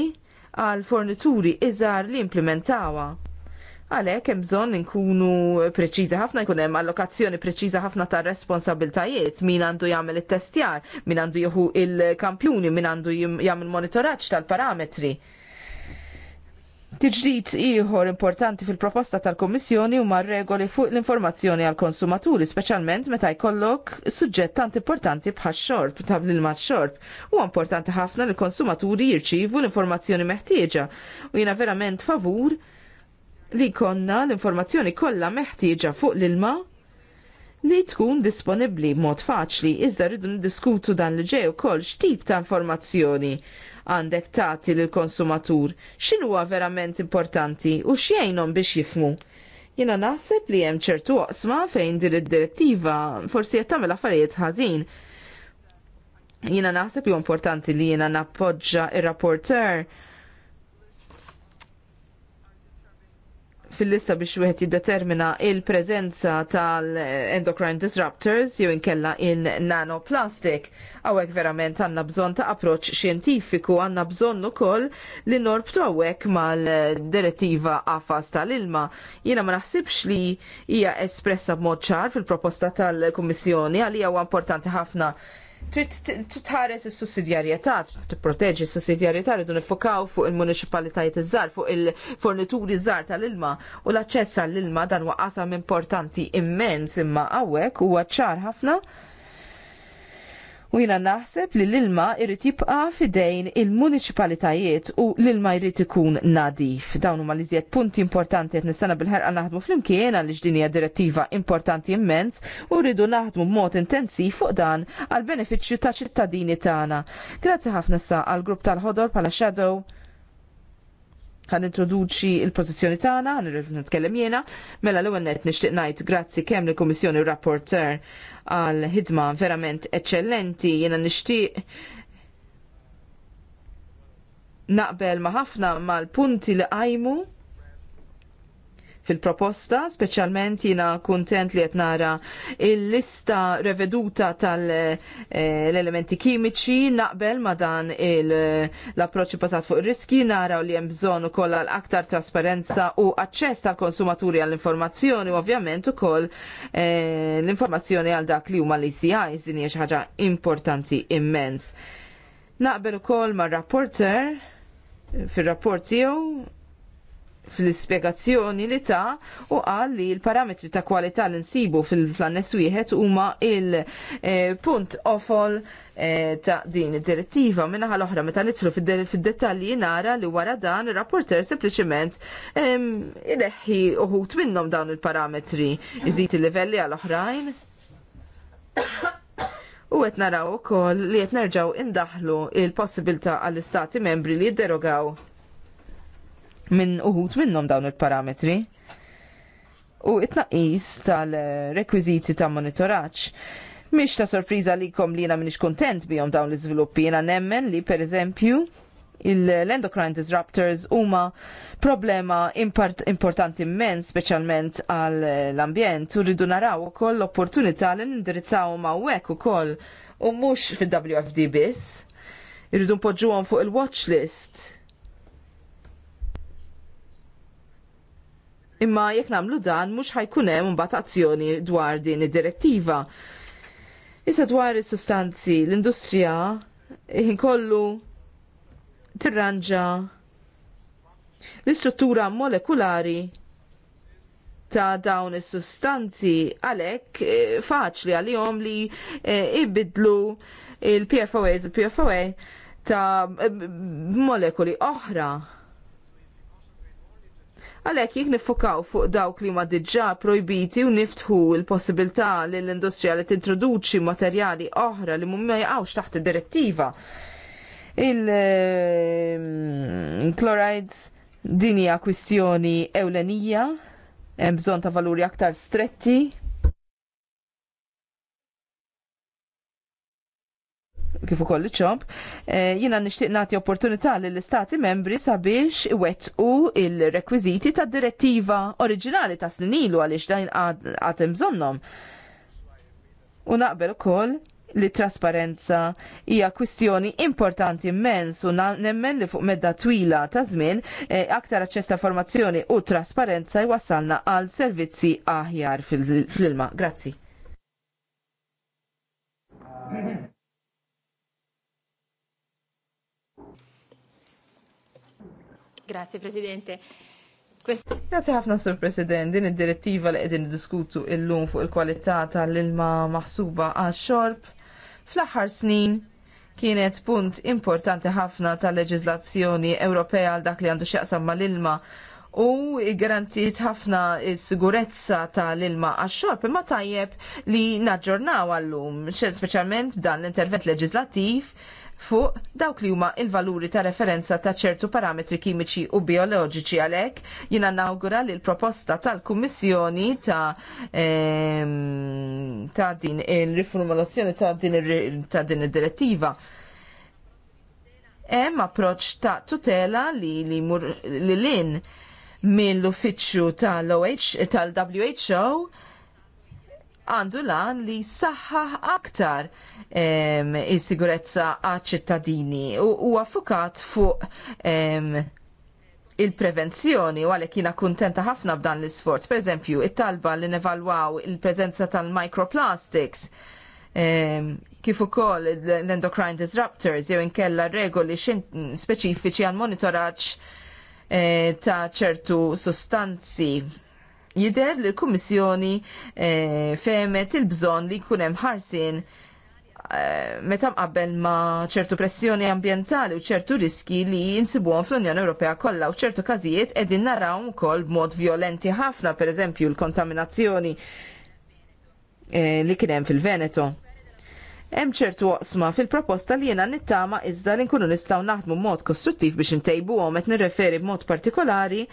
għal fornituri iżgħar li implementawa. Għalhekk hemm bżonn inkunu preċiżi ħafna jkun hemm allokazzjoni preċiża ħafna ta' responsabiltajiet min għandu jagħmel it-testjar, min għandu jieħu il-kampjuni, min għandu jagħmel monitoraġġ tal-parametri. Tiġdid ieħor importanti fil-proposta tal-Kommissjoni huma regoli fuq l-informazzjoni għal konsumaturi, speċjalment meta jkollok suġġett tant importanti bħax-xorb, ta' l il xorb. Huwa importanti ħafna li l-konsumaturi jirċivu l-informazzjoni meħtieġa u jiena verament favur li konna l-informazzjoni kollha meħtieġa fuq l-ilma li tkun disponibbli b'mod faċli iżda rridu niddiskutu dan li ġej kol x'tip ta' informazzjoni għandek tagħti lil konsumatur x'inhu verament importanti u x'jgħinhom biex jifmu. Jiena naħseb li hemm ċertu oqsma fejn din id-direttiva forsi qed tagħmel affarijiet ħażin jina naħseb huwa importanti li jiena nappoġġa ir rapporter fil-lista biex wieħed jiddetermina il-preżenza tal-endocrine disruptors jew inkella in nanoplastic Hawnhekk verament għandna bżonn ta' approċċ xjentifiku għandna bżonn ukoll li norbtu hawnhekk mal-direttiva afas tal-ilma. Jiena ma naħsibx li hija espressa b'mod ċar fil-proposta tal-Kummissjoni għalija huwa importanti ħafna trid tħares is-sussidjarjetà, tipproteġi s-sussidjarjetà rridu nifokaw fuq il-municipalitajiet iż-żgħar, fuq il-fornituri żgħar tal-ilma u l-aċċess għall-ilma dan huwa qasam importanti immens imma għawek huwa ċar ħafna U jina naħseb li l-ilma irrit jibqa' fidejn il-municipalitajiet u l-ilma irrit ikun nadif. Dawn huma liżiet punti importanti qed nistana bil ħarqa naħdmu flimkien għaliex din hija direttiva importanti immens u rridu naħdmu b'mod intensiv fuq dan għal benefiċċju ta' ċittadini tagħna. Grazzi ħafna sa għal grupp tal-ħodor bħala Shadow ħan introduċi il-pozizjoni tagħna, ħan nitkellem jiena, mela l-ewwel nett nixtieq ngħid grazzi kemm l kummissjoni Rapporter għal ħidma verament eċċellenti jiena nixtieq naqbel ma ħafna mal-punti li qajmu fil-proposta, speċjalment jiena kuntent li qed nara il-lista reveduta tal-elementi eh, kimiċi naqbel ma dan l-approċċ basat fuq ir-riski, naraw li hemm bżonn ukoll għal aktar trasparenza u aċċess tal-konsumaturi għall-informazzjoni u ovvjament ukoll eh, l-informazzjoni għal dak li huma l-ICIs din ħaġa importanti immens. Naqbel ukoll mar rapporter fil-rapport tiegħu fil-spiegazzjoni li ta' u qal li l-parametri ta' kwalità li nsibu fil-flannes wieħed huma il-punt eh, ofol eh, ta' din id-direttiva minna ħal oħra meta nitlu fid-dettalji nara li wara dan ir-rapporter sempliċement ireħħi uħut minnhom dawn il-parametri iżid il-livelli għal oħrajn. U qed naraw ukoll li qed nerġgħu indaħlu il-possibilità għall-istati membri li jidderogaw minn uħut minnhom dawn il-parametri. U it-naqis tal-rekwiziti ta' monitoraċ. Mhix ta' sorpriża li kom li jena minix kontent bihom dawn l izviluppi jena nemmen li per eżempju l-endocrine disruptors huma problema import importanti immens speċjalment għal l-ambjent u rridu naraw ukoll l-opportunità li nindirizzaw hawnhekk ukoll u mhux fil-WFD biss. Irridu npoġġuhom fuq il-watch list Imma jekk nagħmlu dan mhux ħajkun hemm imbagħad azzjoni dwar din id-direttiva. Issa dwar is-sustanzi l-industrija inkollu tirranġa l-istruttura molekulari ta' dawn is-sustanzi għalhekk eh, faċli għalihom li eh, ibidlu il-PFOAs, il-PFOA e ta' eh, molekuli oħra Għalhekk jekk nifukaw fuq dawk li ma diġà projbiti u niftħu l-possibilità li l-industrija li tintroduċi materjali oħra li mhum ma jaqgħux taħt id-direttiva. Il-chlorides ehm, din hija kwistjoni ewlenija, hemm bżonn ta' valuri aktar stretti kif ukoll iċ-ċomp, eh, jiena nixtieq nagħti opportunità l istati membri sabiex iwettqu il-rekwiżiti tad-direttiva oriġinali ta' snilu għaliex dajn għad hemm U naqbel ukoll li trasparenza hija kwistjoni importanti immens u nemmen li fuq medda twila ta' żmien eh, aktar aċċess ta' formazzjoni u trasparenza jwassalna għal servizzi aħjar fil-ilma. Grazzi. Grazie Presidente. Grazie ħafna sur President, din id-direttiva li qegħdin diskutu illum fuq il-kwalità tal-ilma maħsuba għax-xorb fl-aħħar snin kienet punt importanti ħafna tal-leġiżlazzjoni Ewropea għal dak li għandu x'jaqsam mal-ilma u garantiet ħafna sigurezza tal-ilma għax-xorb imma tajjeb li naġġornaw għallum, speċjalment dan l-intervent leġislattiv fuq dawk li huma il-valuri ta' referenza ta' ċertu parametri kimiċi u bioloġiċi għalhekk jiena nawgura li l-proposta tal-Kummissjoni ta' ehm, ta' din il-riformulazzjoni ta' din id-direttiva hemm approċċ ta' tutela li li mur li lin mill-uffiċċju tal-WHO għandu lan li saħħaħ aktar il sigurezza għal ċittadini u huwa fukat fuq il-prevenzjoni u għalek jiena kuntenta ħafna b'dan l-isforz. eżempju, it-talba li nevalwaw il prezenza tal-microplastics kif ukoll l-endocrine disruptors jew inkella regoli speċifiċi għal monitoraġġ eh, ta' ċertu sostanzi Jider li l-Kummissjoni eh, femet il-bżon li jkun hemm ħarsin eh, meta mqabbel ma' ċertu pressjoni ambientali u ċertu riski li jinsibuhom fl-Unjoni Ewropea kollha u ċertu każijiet qegħdin naraw ukoll b'mod violenti ħafna, pereżempju l-kontaminazzjoni eh, li kien hemm fil-Veneto. Hemm ċertu oqsma fil-proposta li jiena nittama iżda li nkunu nistgħu naħdmu mod kostruttiv biex intejbuhom qed nirreferi b'mod partikolari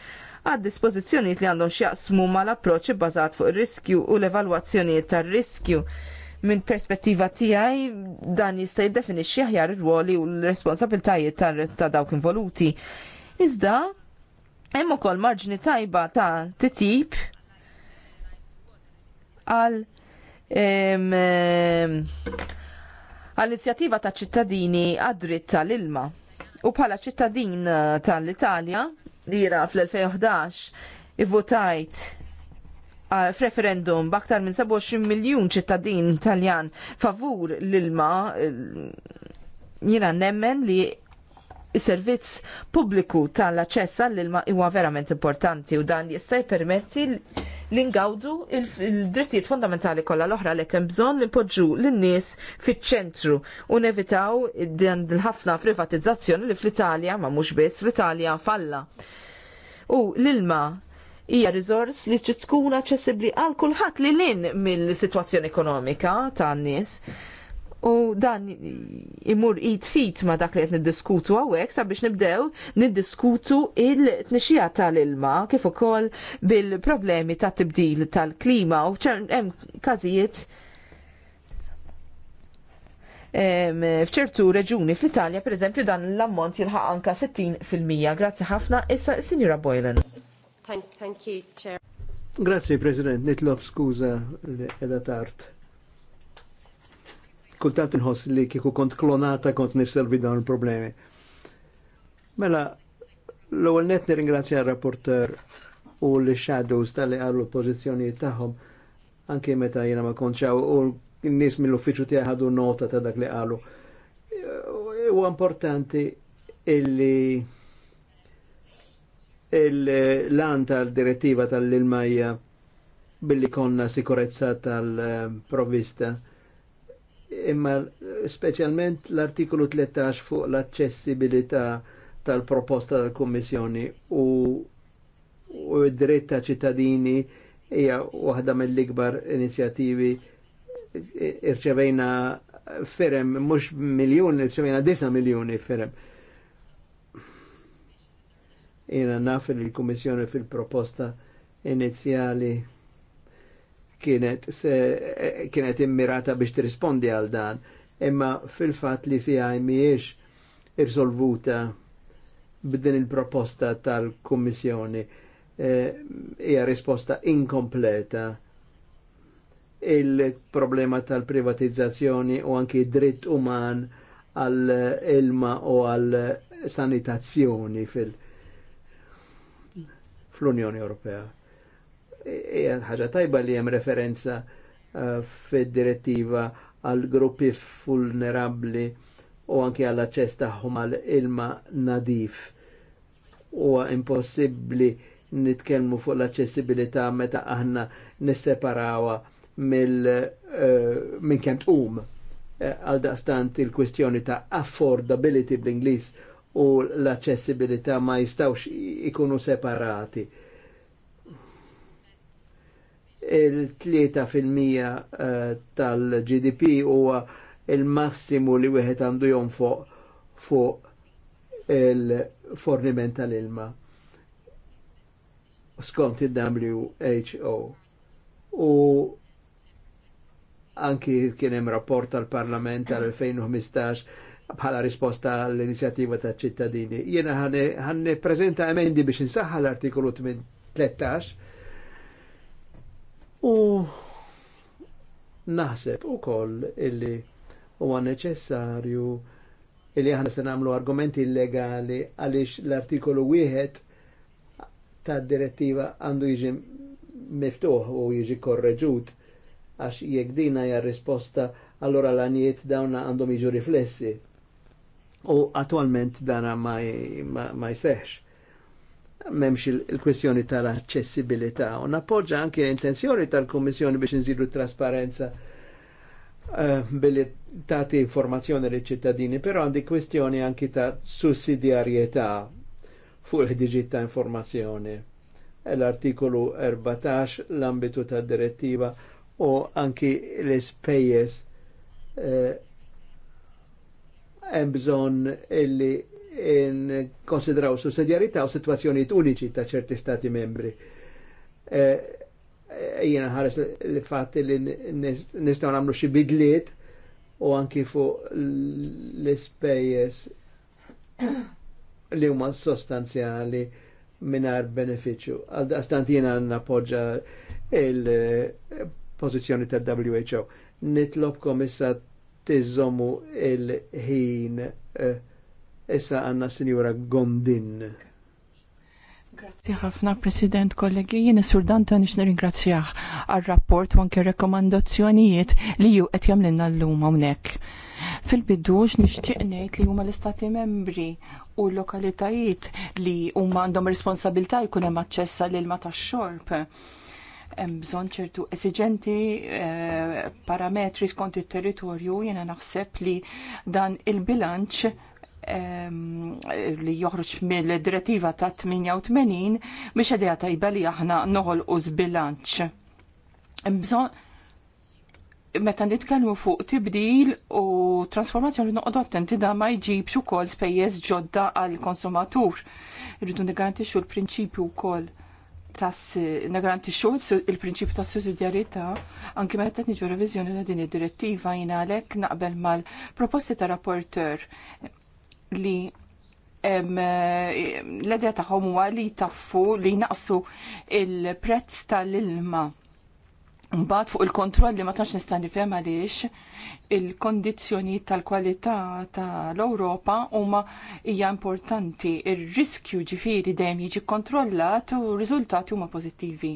għad dispożizzjonijiet li għandhom x'jaqsmu mal-approċċ bazat fuq ir-riskju u l-evalwazzjonijiet tar-riskju minn perspettiva tiegħi dan jista' jiddefinixxi aħjar ir-ruoli u l-responsabiltajiet ta' dawk involuti. Iżda hemm ukoll marġni tajba ta' titjib għal għall-inizjattiva ta' ċittadini għad-dritt tal-ilma. U bħala ċittadin eh, tal-Italja, lira fl-2011 ivvotajt f'referendum b'aktar minn 27 miljun ċittadin Taljan favur l-ilma eh, jiena nemmen li servizz pubbliku tal-aċċess għall-ilma huwa verament importanti u dan jista' jippermetti li ngawdu il-drittijiet fundamentali kollha l-oħra li hemm bżonn li npoġġu lin-nies fiċ-ċentru u nevitaw din ħafna privatizzazzjoni li fl-Italja ma mhux biss fl-Italja falla. U l-ilma hija riżors li trid tkun aċċessibbli għal kulħadd li lin mill-sitwazzjoni ekonomika tan-nies. U dan imur id fit ma dak li qed niddiskutu hawnhekk sabiex nibdew niddiskutu il-tnixija tal-ilma kif ukoll bil-problemi ta' tibdil tal-klima u hemm każijiet f'ċertu reġuni fl-Italja pereżempju dan l-ammont jilħaq anka 60%. Grazzi ħafna issa Sinjura Boylan. Thank, you, Chair. Grazzi, President. Nitlob skuża li edha tard kultant nħoss li kieku kont klonata kont nirselvi dawn il-problemi. Mela, l-ewwel net nirringrazzja r-rapporter u l-shadows tal-li għallu l-pożizzjonijiet tagħhom anke meta jiena ma konċaw u n-nies mill-uffiċċju tiegħi ħadu nota ta' dak li qalu. Huwa importanti illi l-lan tal-direttiva tal-ilmajja billi konna sikurezza tal-provvista imma specialment l-artikolu 13 fuq l-accessibilità tal-proposta tal-Kommissjoni u, u id-dritt ta' ċittadini hija waħda mill-ikbar inizjattivi irċevejna ferem, mhux miljoni, irċevejna disa miljoni ferem. Jena naf il-Kommissjoni fil-proposta inizjali kienet, se, kienet immirata biex tirrispondi għal dan, imma fil-fat li si għaj miex irsolvuta b'din il-proposta tal-Kommissjoni eh, hija e, risposta inkompleta il-problema tal-privatizzazzjoni u anki dritt uman għal ilma u għal sanitazzjoni fil-Unjoni Ewropea hija ħaġa tajba li hemm referenza eh, fid-direttiva għal gruppi vulnerabbli u anke għall aċċess tagħhom għal ilma nadif. Huwa impossibbli nitkellmu fuq l-aċċessibilità meta aħna nisseparawa mill eh, minn kemm tqum eh, għal daqstant il-kwestjoni ta' affordability bl-Ingliż u l-aċċessibilità ma jistawx ikunu separati il-3% eh, tal-GDP huwa il-massimu li wieħed għandu jonfoq fuq il-forniment tal-ilma skont il-WHO. U anki kien hemm rapport tal-Parlament tal-2015 bħala risposta għall-inizjattiva ta' ċittadini. Jena ħanne prezenta emendi biex nsaħħa l-artikolu 13 U naħseb u koll illi huwa neċessarju illi aħna se nagħmlu argumenti illegali għaliex l-artikolu wieħed tad direttiva għandu jiġi miftuħ u jiġi korreġut għax jekk dina hija risposta allura l-għaniet dawna għandhom jiġu riflessi. U attualment dana ma, ma, ma jseħx memx il-kwestjoni tal-accessibilità u nappoġġa anke l-intenzjoni tal-Kommissjoni biex nżidu trasparenza eh, billi tati informazzjoni li ċittadini, però għandi kwestjoni anki ta' sussidjarjetà fuq il ħdiġi ta' informazzjoni. L-artikolu 14 l-ambitu ta' direttiva u anki l-spejjes eh, hemm bżonn illi in konsidraw sussidjarità u situazzjonijiet uniċi ta' ċerti stati membri. E, e, jiena ħares li fatti li nistaw namlu xi bidliet u anki fuq l-ispejjeż li huma sostanzjali minar beneficju. Għastant jiena napoġġa il-pozizjoni ta' WHO. Nitlobkom issa tizzomu il-ħin uh, Issa għanna Sinjura Gondin. Grazie ħafna, President, kollegi. Jien is-surdanta nix nirringrazzjah għal-rapport u anke rekomandazzjonijiet li ju qed jagħmlilna llum hawnhekk. Fil-bidux nixtieq ngħid li huma l-istati membri u l-lokalitajiet li huma għandhom responsabilità jkun hemm aċċess għall-ilma tax-xorb hemm bżonn ċertu esiġenti eh, parametri skont it-territorju jiena naħseb li dan il-bilanċ li joħroġ mill-direttiva ta' 88 biex għadija tajba li aħna noħol u zbilanċ. Bżon, meta nitkellmu fuq tibdil u trasformazzjoni noqgħod attenti da ma jġibx ukoll spejjeż ġodda għall konsumatur. Irridu nigarantixxu l-prinċipju wkoll tas nagarantixxu il-prinċipju tas sussidjarjetà anke meta qed niġu reviżjoni ta' din id-direttiva jien għalhekk naqbel mal-proposti ta' rapporteur li eh, l-edja taħħom huwa li taffu li naqsu il-prezz tal-ilma. Mbagħad fuq il-kontroll li ma tantx nista' nifhem għaliex il-kondizzjonijiet tal-kwalità tal-Ewropa huma hija importanti. Ir-riskju ġifieri dejjem jiġi kontrollat u r-riżultati huma pożittivi.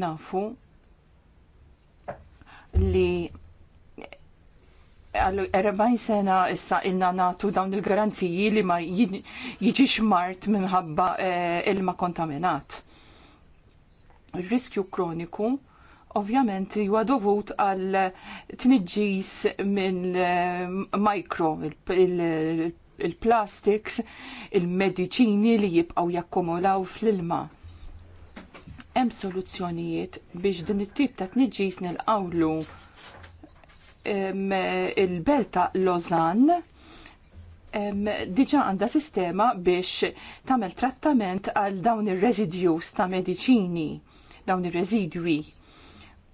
Nafu li għallu 40 sena issa inna natu dawn il-garanziji li ma jiġix mart minħabba eh, ilma kontaminat. Il-riskju kroniku ovvjament huwa dovut għal tniġġis minn eh, mikro il-plastics, il-mediċini li jibqaw jakkumulaw fl-ilma. Hemm soluzzjonijiet biex din it-tip ta' tniġġis nil-qawlu il-belt ta' Lausanne diġa għanda sistema biex tamel trattament għal dawn ir-residjus ta' mediċini, dawn ir-residwi.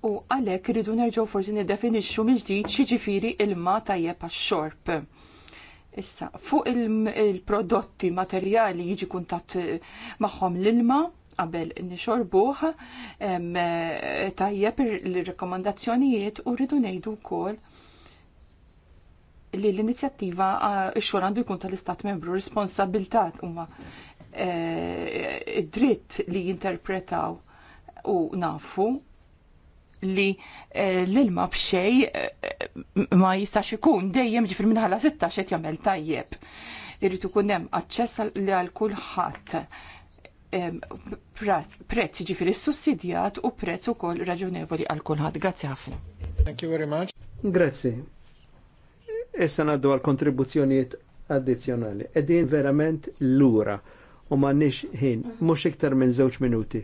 U għalek rridu nerġaw forsi nidefinixxu mill-ġdid xiġifieri ilma tajjeb għax-xorb. Issa, fuq il-prodotti materjali jiġi kuntat eh, magħhom l-ilma, qabel nixorbuħ tajjeb l-rekomandazzjonijiet u rridu ngħidu wkoll li l-inizjattiva eh, x-xogħol għandu jkun tal-Istat membru responsabilità huma eh, dritt li jinterpretaw u nafu li eh, l-ilma bxej ma jistax ikun dejjem ġifir minnħala 16 qed jagħmel tajjeb. Irritu ikun hemm aċċess għal kulħadd prezz ġifiri sussidjat u prezz ukoll raġunevoli għal kulħadd. Grazzi ħafna. Thank you very much. Grazzi. Issa naddu għal kontribuzzjonijiet addizzjonali. Edin verament lura u ma nix ħin, mux iktar minn żewġ minuti.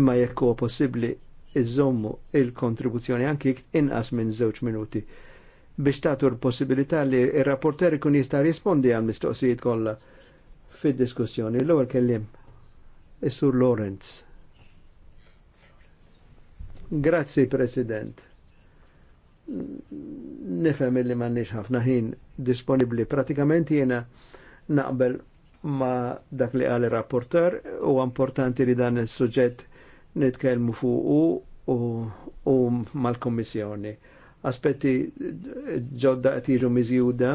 Imma jekk huwa possibbli iżommu il-kontribuzzjoni anki inqas minn żewġ minuti biex tagħtu l-possibilità li r-rapporter ikun jista' rispondi għal mistoqsijiet kollha fid-diskussjoni. L-ewwel kellim sur Lorenz. Grazzi, President. Nifhem li nix ħafna ħin disponibbli. Pratikament jena naqbel ma dak li għal rapporter u importanti li dan is-suġġett nitkellmu fuq u, u mal-Kommissjoni. Aspetti ġodda qed jiġu miżjuda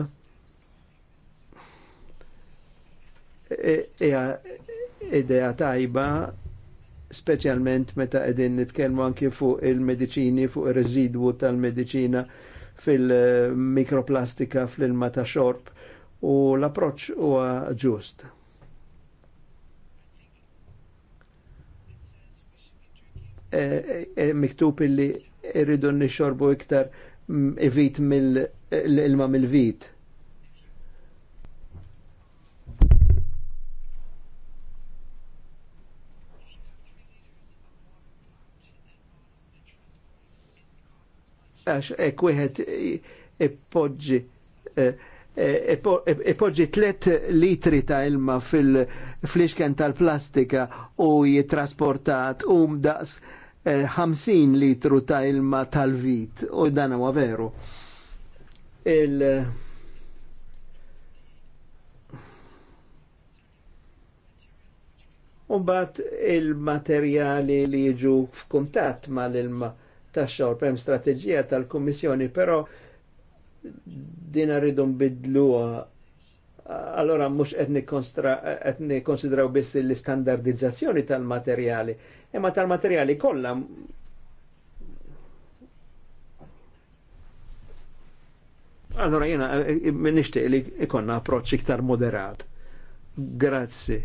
e, e, idea tajba, specialment meta edin nitkelmu anki fuq il-medicini, fuq il-residwu tal-medicina fil-mikroplastika fl-ilma ta' xorb u l-approċ huwa ġust. E, e, miktub illi irridu nixxorbu iktar evit mill-ilma mill-vit. għax ek wieħed ippoġġi ipoġġi eh, eh, tlet litri ta' ilma fil flixken tal-plastika u jitrasportat u mdaqs 50 eh, litru ta' ilma tal-vit u dan huwa veru. Il bat il-materjali li jiġu f'kuntat mal-ilma ta' xogħol strategija tal-Kummissjoni, però din rridu nbidlu allora mhux etni konsidraw biss l-istandardizzazzjoni tal-materjali, imma tal-materjali kollha Allora jena eh, nishtiq li ikonna approċċi iktar moderat. Grazzi.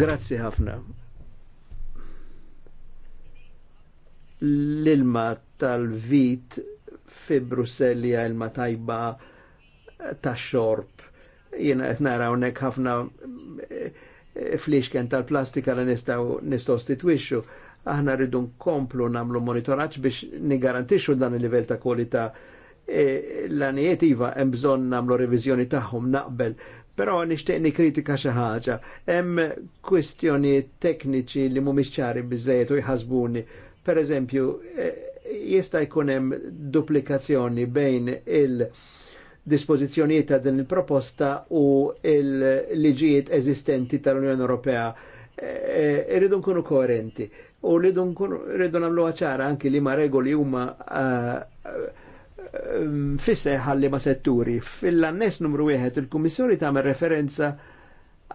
Grazzi ħafna. l-ilma tal-vit fi Brusselja ilma tajba ta' xorb. Jena qed nara hawnhekk ħafna eh, fliexken tal-plastika li nistaw nistostitwixxu. Aħna rridu nkomplu nagħmlu monitoraġġ biex nigarantixxu dan il-livell ta' kwalità. E, L-għanijiet iva hemm bżonn nagħmlu reviżjoni tagħhom naqbel, però nixtieq nikkritika xi ħaġa. Hemm kwistjoni tekniċi li mhumiex ċari biżejjed u jħasbuni per eżempju, eh, jista' jkun hemm duplikazzjoni bejn il-dispożizzjonijiet ta' din il-proposta u il-liġijiet eżistenti tal-Unjoni Ewropea. Eh, irridu e, e, nkunu koerenti u rridu rridu nagħmluha ċara anki li ma regoli huma eh, fisse ħalli ma setturi. Fil-annes numru wieħed il-Kummissjoni tagħmel referenza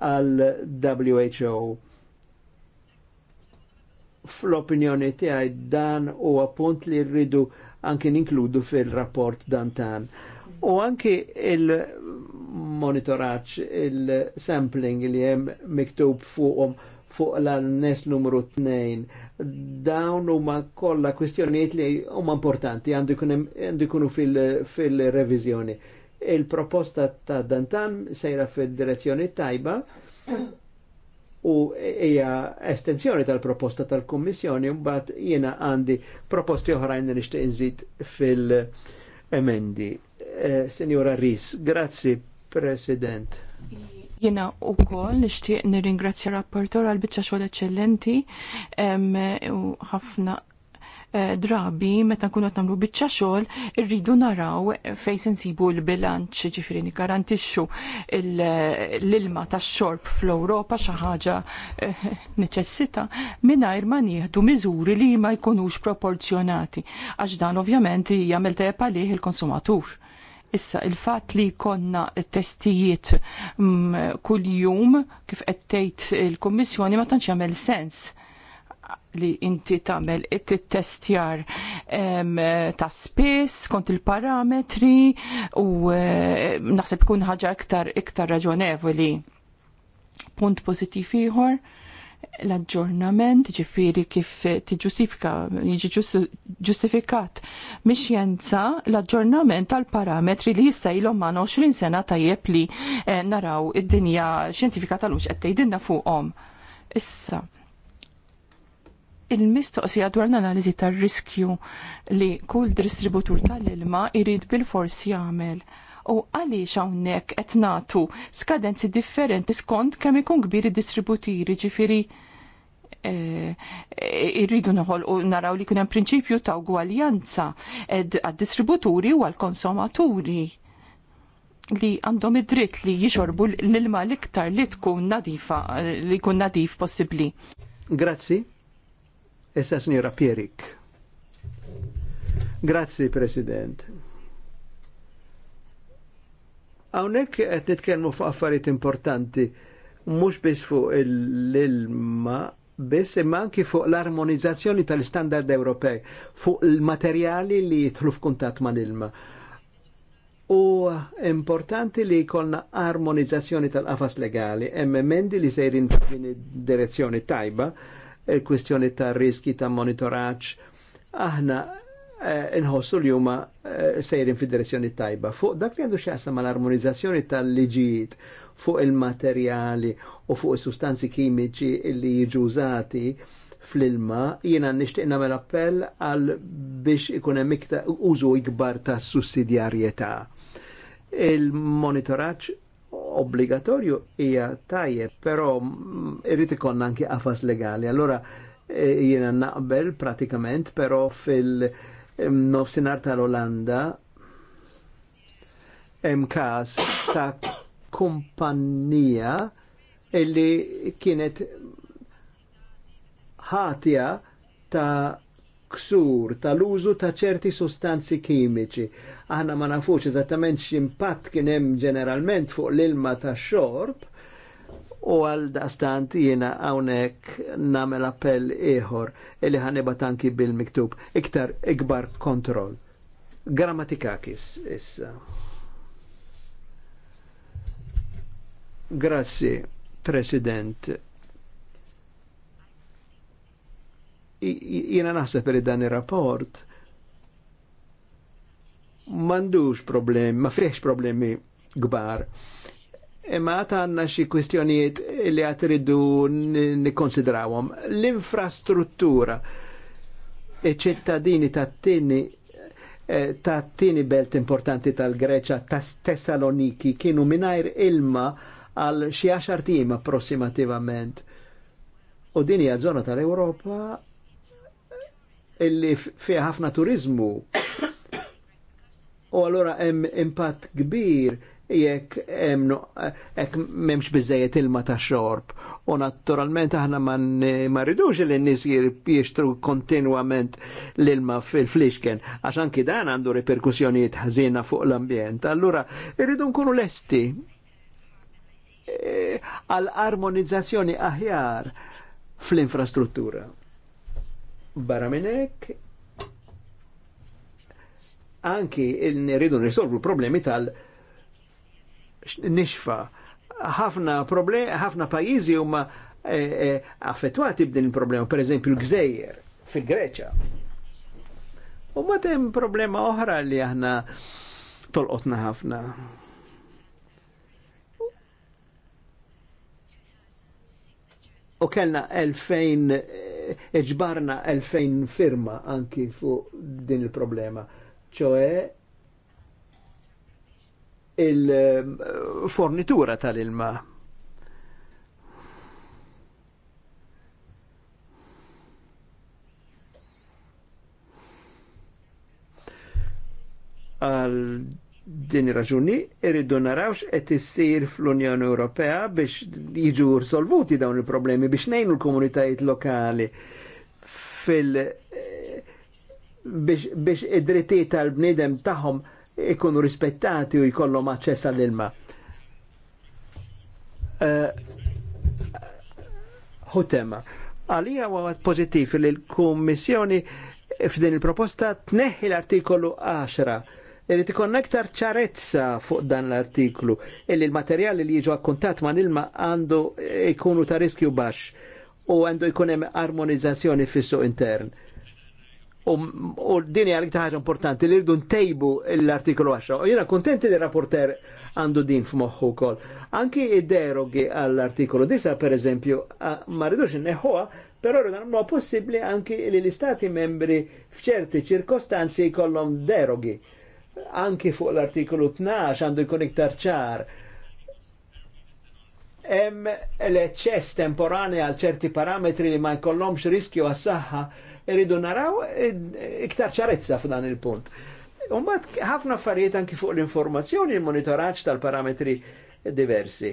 għal WHO fl-opinjoni tiegħi dan u appunt li rridu anki ninkludu fil-rapport dantan. U anki il-monitoraċ, il-sampling li jem miktub fuqom fuq l-annes numru 2, dawn huma kollha kwestjoniet li huma importanti għandu kunu fil-revizjoni. Fil revizjoni fil il proposta ta' Dantan sejra fil-direzzjoni tajba u hija estensjoni tal-proposta tal-Kummissjoni mbagħad jiena għandi proposti oħrajn li nixtieq inżid fil-emendi. Eh, Senjora Ris, grazzi President. Jena u kol nishtiq nir-ingrazzja rapportor għal xogħol eccellenti u ħafna Eh, drabi meta nkunu qed nagħmlu biċċa xogħol irridu naraw fejn se nsibu l-bilanċ ġifieri nigarantixxu l-ilma tax-xorb fl-Ewropa xi ħaġa eh, neċessita mingħajr ma nieħdu miżuri li ma jkunux proporzjonati għax dan ovvjament jagħmel tepa lih il-konsumatur. Issa, il-fat li konna testijiet mm, kull jum kif qed tgħid il kummissjoni ma tantx jagħmel sens li inti tagħmel it-testjar ta' spiss kont il-parametri u naħseb kun ħaġa iktar iktar raġonevoli. Punt pożittiv ieħor l-aġġornament, ġifiri kif tiġustifika, jiġi ġustifikat mixjenza l-aġġornament tal-parametri li jista' ilhom ma' 20 sena tajjeb li eh, naraw id-dinja xjentifika tal-mhux qed tgħidilna fuqhom. Issa, il-mistoqsija dwar l-analiżi tar-riskju li kull distributur tal-ilma jrid bil-fors jagħmel u għaliex hawnhekk qed nagħtu skadenzi differenti skont kemm ikun kbir id-distributiri ġifieri eh, irridu noħol u naraw li hemm prinċipju ta' ugwaljanza għad-distributuri u għal-konsumaturi li għandhom id-dritt li jixorbu l-ilma l-iktar li tkun nadifa, li kun nadif possibli. Grazzi. Issa signora Pierik. Grazzi, President. Hawnhekk qed nitkellmu fuq affarijiet importanti mhux biss fuq l-ilma biss imma anki fuq l-armonizzazzjoni tal-standard Ewropej fuq il-materjali li jidħlu f'kuntatt l ilma U importanti li jkollna armonizzazzjoni tal-qafas legali, hemm emendi li sejrin f'din id-direzzjoni tajba, il-kwistjoni ta' riski ta' monitoraċ, aħna eh, nħossu li huma eh, sejrin fid-direzzjoni tajba. Fuq dak li għandu ma mal armonizzazzjoni tal-liġijiet fuq il-materjali u fuq il-sustanzi kimiċi li jiġużati fl-ilma, jiena nixtieq nagħmel appell għal biex ikun hemm użu ikbar ta' sussidjarjetà. Il-monitoraġġ obbligatorju hija tajjeb, però mm, irrid ikon anke qafas legali. Allora eh, jiena naqbel pratikament, però fil-nofsinhar mm, tal-Olanda hemm każ ta' kumpanija illi kienet ħatja ta' ksur tal-użu ta' ċerti sostanzi kimiċi. Aħna ma nafux eżattament x'impatt kien hemm ġeneralment fuq l-ilma ta' xorb u għal daqstant jiena hawnhekk nagħmel appell ieħor li ħaniba tanki bil-miktub iktar ikbar kontroll. Grammatikakis issa. Grazzi, President Jiena naħseb li dan ir-rapport m'għandux problemi, ma fiex problemi kbar. Imma għat għanna xie kwestjoniet li għat riddu nikonsidrawom. L-infrastruttura, ċittadini ta' t-tini eh, ta' t-tini belt importanti tal-Greċa, ta' Tessaloniki, kienu minajr ilma għal xie 10 tim approssimativament. U dini għal zona tal-Europa illi fiha ħafna turizmu. U allura hemm impatt kbir jekk hemm hekk m'hemmx biżejjed ilma ta' xorb. U naturalment aħna ma rridux li n-nies jixtru kontinwament l-ilma fil-flixken, għax anki dan għandu reperkussjonijiet ħażina fuq l-ambjent. Allura irridu nkunu lesti eh, għal-armonizzazzjoni aħjar fl-infrastruttura. Barra minnek, anki nirridu nisolvu problemi tal nixfa. ħafna problemi, ħafna pajizi huma e, affettwati b'din il-problema, per eżempju l-Gżejjer fil-Greċa. U ma matem problema oħra li aħna tolqotna ħafna. U kellna 2000 eġbarna 2000 firma anki fu din il-problema, ċoe il-fornitura tal-ilma. għal din raġuni irridu narawx qed issir fl-Unjoni Ewropea biex jiġu solvuti dawn il-problemi biex nejnu l-komunitajiet lokali fil biex, biex id-drittijiet tal-bniedem tagħhom ikunu rispettati u jkollhom aċċess għall-ilma. Eh, Hutema, għalija huwa pożittiv li l-Kummissjoni f'din il-proposta tneħħi l-artikolu 10 Irrid ikonna aktar ċarezza fuq dan l-artiklu illi l-materjali li jiġu akkuntat ma' ilma għandu jkunu ta' riskju baxx u għandu jkun hemm armonizzazzjoni fis-suq intern. U, din hija l-iktar ħaġa importanti li rridu ntejbu l-artiklu 10. U jiena kuntenti li rapporter għandu din f'moħħu wkoll. Anki id-derogi għall artiklu 9 pereżempju ma rridux inneħħuha, però rridu nagħmluha possibbli anki li l-istati membri f'ċerti ċirkostanzi jkollhom derogi anki fuq l-artikolu 12 għandu jkun iktar ċar. Hemm l-eċċess temporane għal ċerti parametri li ma jkollhomx riskju għas-saħħa irridu naraw iktar ċarezza f'dan il-punt. Umbat ħafna affarijiet anki fuq l-informazzjoni il-monitoraġġ tal-parametri diversi.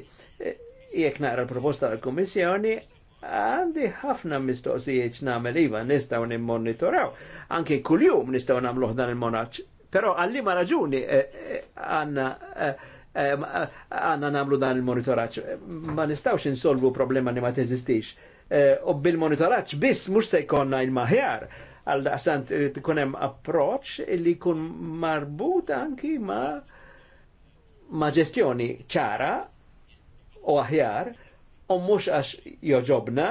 Jekk nara l-proposta tal-Kummissjoni, għandi ħafna mistoqsijiet namel iva nistgħu nimmonitoraw. Anki kuljum nistgħu nagħmluh dan il-monaċ Però għalli eh, eh, eh, ma raġuni għanna għanna namlu dan il-monitoraċ. Ma nistawx insolvu problema li ma teżistix. U bil-monitoraċ biss mux se jkonna il-maħjar għal daqsant kunem approċ li kun marbut anki ma ma ġestjoni ċara u aħjar u mux għax joġobna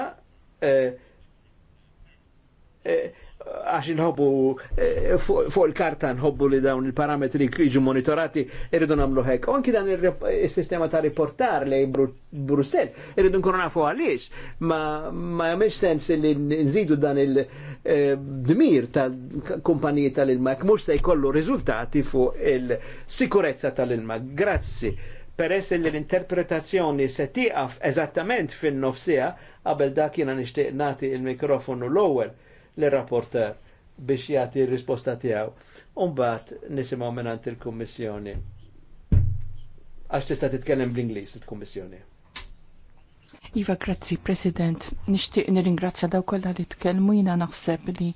għax nħobbu eh, fuq il-karta nħobbu li dawn il-parametri jiġu monitorati irridu namlu hekk. Anki dan il-sistema ta' riportar li Brussel irridu nkunu nafu għaliex, ma, jamiex sens li nżidu dan il-dmir eh, tal-kumpaniji tal-ilma, mux se jkollu rizultati fuq il-sikurezza tal-ilma. Grazzi per essere l se se ha eżattament fin-nofsija qabel dak jiena nixtieq nati il-mikrofonu l l-rapporter biex jagħti r-risposta tiegħu. Umbat nisimgħu menant il-Kummissjoni. Għax tista' titkellem bl-Ingliż il-Kummissjoni. Iva, grazzi, President. Nishtiq nir-ingrazzja daw kolla li tkellmu jina naħseb li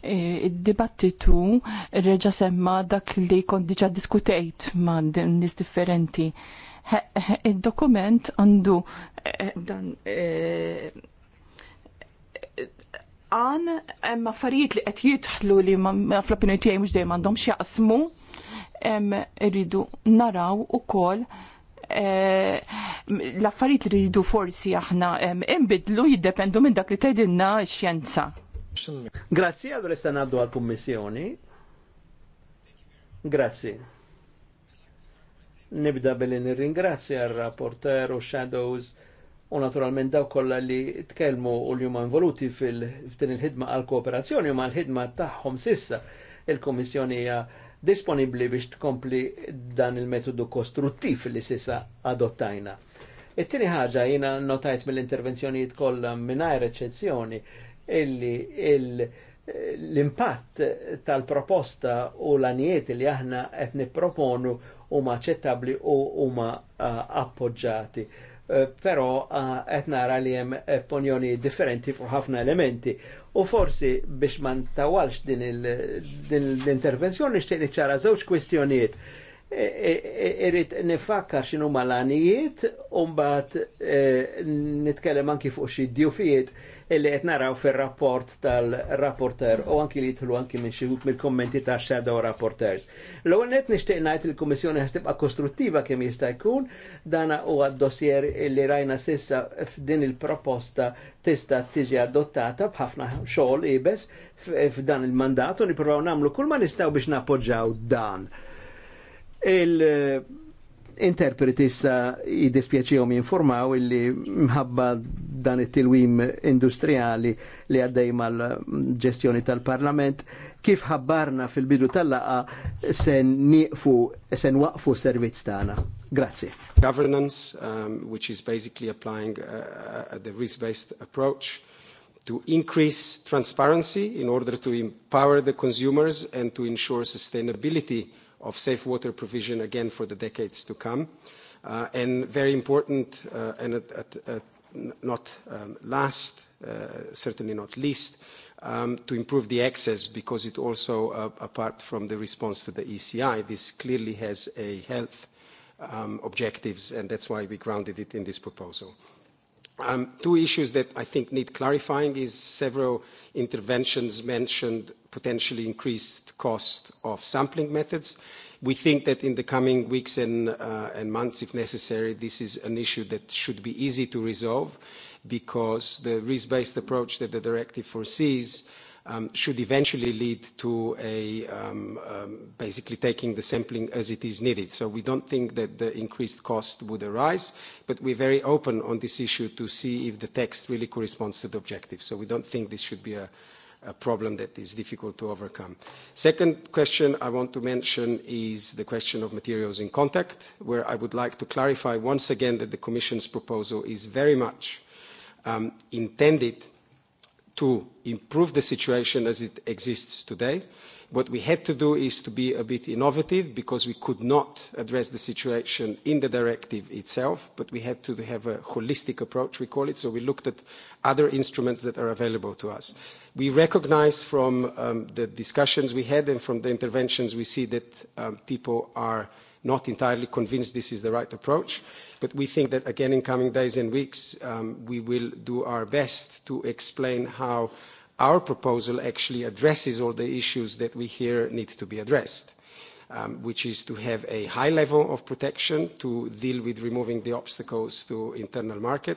e, id-dibattitu reġa semma dak li kont diġa diskutejt ma nis differenti. Id-dokument għandu e, dan e, għan hemm affarijiet li qed jitħlu li ma opinjoni tiegħi mhux dejjem għandhom x'jaqsmu irridu naraw ukoll eh, l-affarijiet li rridu forsi aħna imbidlu jiddependu minn dak li tgħidilna x-xjenza. Grazzi għadu resta naddu għal-Kummissjoni. Grazzi. Nibda billi nirringrazzja r-rapporter u shadows u naturalment daw kollha li tkellmu u li huma involuti fil-din il-ħidma għal kooperazzjoni u l-ħidma tagħhom sissa il kummissjoni hija disponibbli biex tkompli dan il-metodu kostruttiv li sissa adottajna. It-tieni ħaġa jiena notajt mill-intervenzjonijiet kollha mingħajr eċċezzjoni illi l-impatt tal-proposta u l-anijiet li aħna qed nipproponu huma aċċettabbli u huma eh, appoġġati. Uh, Eh, però eh, qed nara li hemm ponjoni differenti fuq ħafna elementi. U forsi biex ma ntawalx din l-intervenzjoni xtieq ċara żewġ kwistjonijiet. E, e, e, Irrit nifakkar x'inhu malanijiet u mbagħad eh, nitkellem anki fuq xi djufijiet illi qed naraw fir-rapport tal-rapporter u anki li jidħlu anki minn xi mill-kommenti ta' shadow rapporters. L-ewwel qed nixtieq ngħid il-Kummissjoni ħas tibqa' kostruttiva kemm jista' jkun dana huwa dossier illi rajna sissa f'din il-proposta tista' tiġi adottata b'ħafna xogħol ibes f'dan il-mandat u nippruvaw nagħmlu kull ma nistgħu biex nappoġġaw dan. Il- interpreti sa jiddispjaċijom informaw illi mħabba dan it-tilwim industriali li għaddej mal-ġestjoni tal-parlament kif ħabbarna fil-bidu tal-laqa sen niqfu, sen waqfu servizz tagħna. Grazzi. Governance, um, which is basically applying uh, uh, the risk-based approach to increase transparency in order to empower the consumers and to ensure sustainability of safe water provision again for the decades to come. Uh, and very important, uh, and at, at, at not um, last, uh, certainly not least, um, to improve the access because it also, uh, apart from the response to the ECI, this clearly has a health um, objectives and that's why we grounded it in this proposal. Um, two issues that I think need clarifying is several interventions mentioned potentially increased cost of sampling methods. We think that in the coming weeks and, uh, and months, if necessary, this is an issue that should be easy to resolve because the risk-based approach that the directive foresees um, should eventually lead to a, um, um, basically taking the sampling as it is needed. So we don't think that the increased cost would arise, but we're very open on this issue to see if the text really corresponds to the objective. So we don't think this should be a, a problem that is difficult to overcome. Second question I want to mention is the question of materials in contact, where I would like to clarify once again that the Commission's proposal is very much um, intended – to improve the situation as it exists today. What we had to do is to be a bit innovative because we could not address the situation in the directive itself, but we had to have a holistic approach, we call it, so we looked at other instruments that are available to us. We recognize from um, the discussions we had and from the interventions we see that um, people are not entirely convinced this is the right approach. But we think that, again, in coming days and weeks, um, we will do our best to explain how our proposal actually addresses all the issues that we hear need to be addressed. Um, which is to have a high level of protection to deal with removing the obstacles to internal market,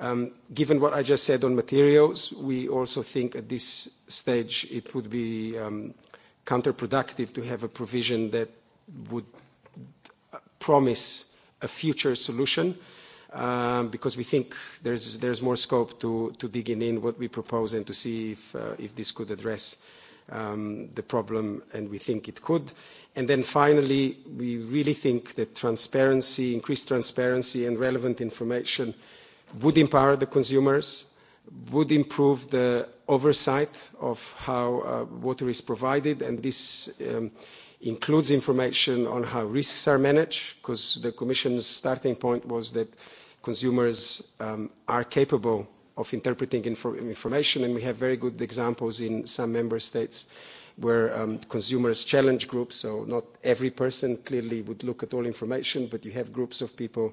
Um, given what I just said on materials, we also think at this stage it would be um, counterproductive to have a provision that would uh, promise a future solution um, because we think there's, there's more scope to, to digging in what we propose and to see if, uh, if this could address um, the problem, and we think it could. And then finally, we really think that transparency, increased transparency and relevant information – would empower the consumers, would improve the oversight of how uh, water is provided, and this um, includes information on how risks are managed, because the Commission's starting point was that consumers um, are capable of interpreting information, and we have very good examples in some member states where um, consumers challenge groups, so not every person clearly would look at all information, but you have groups of people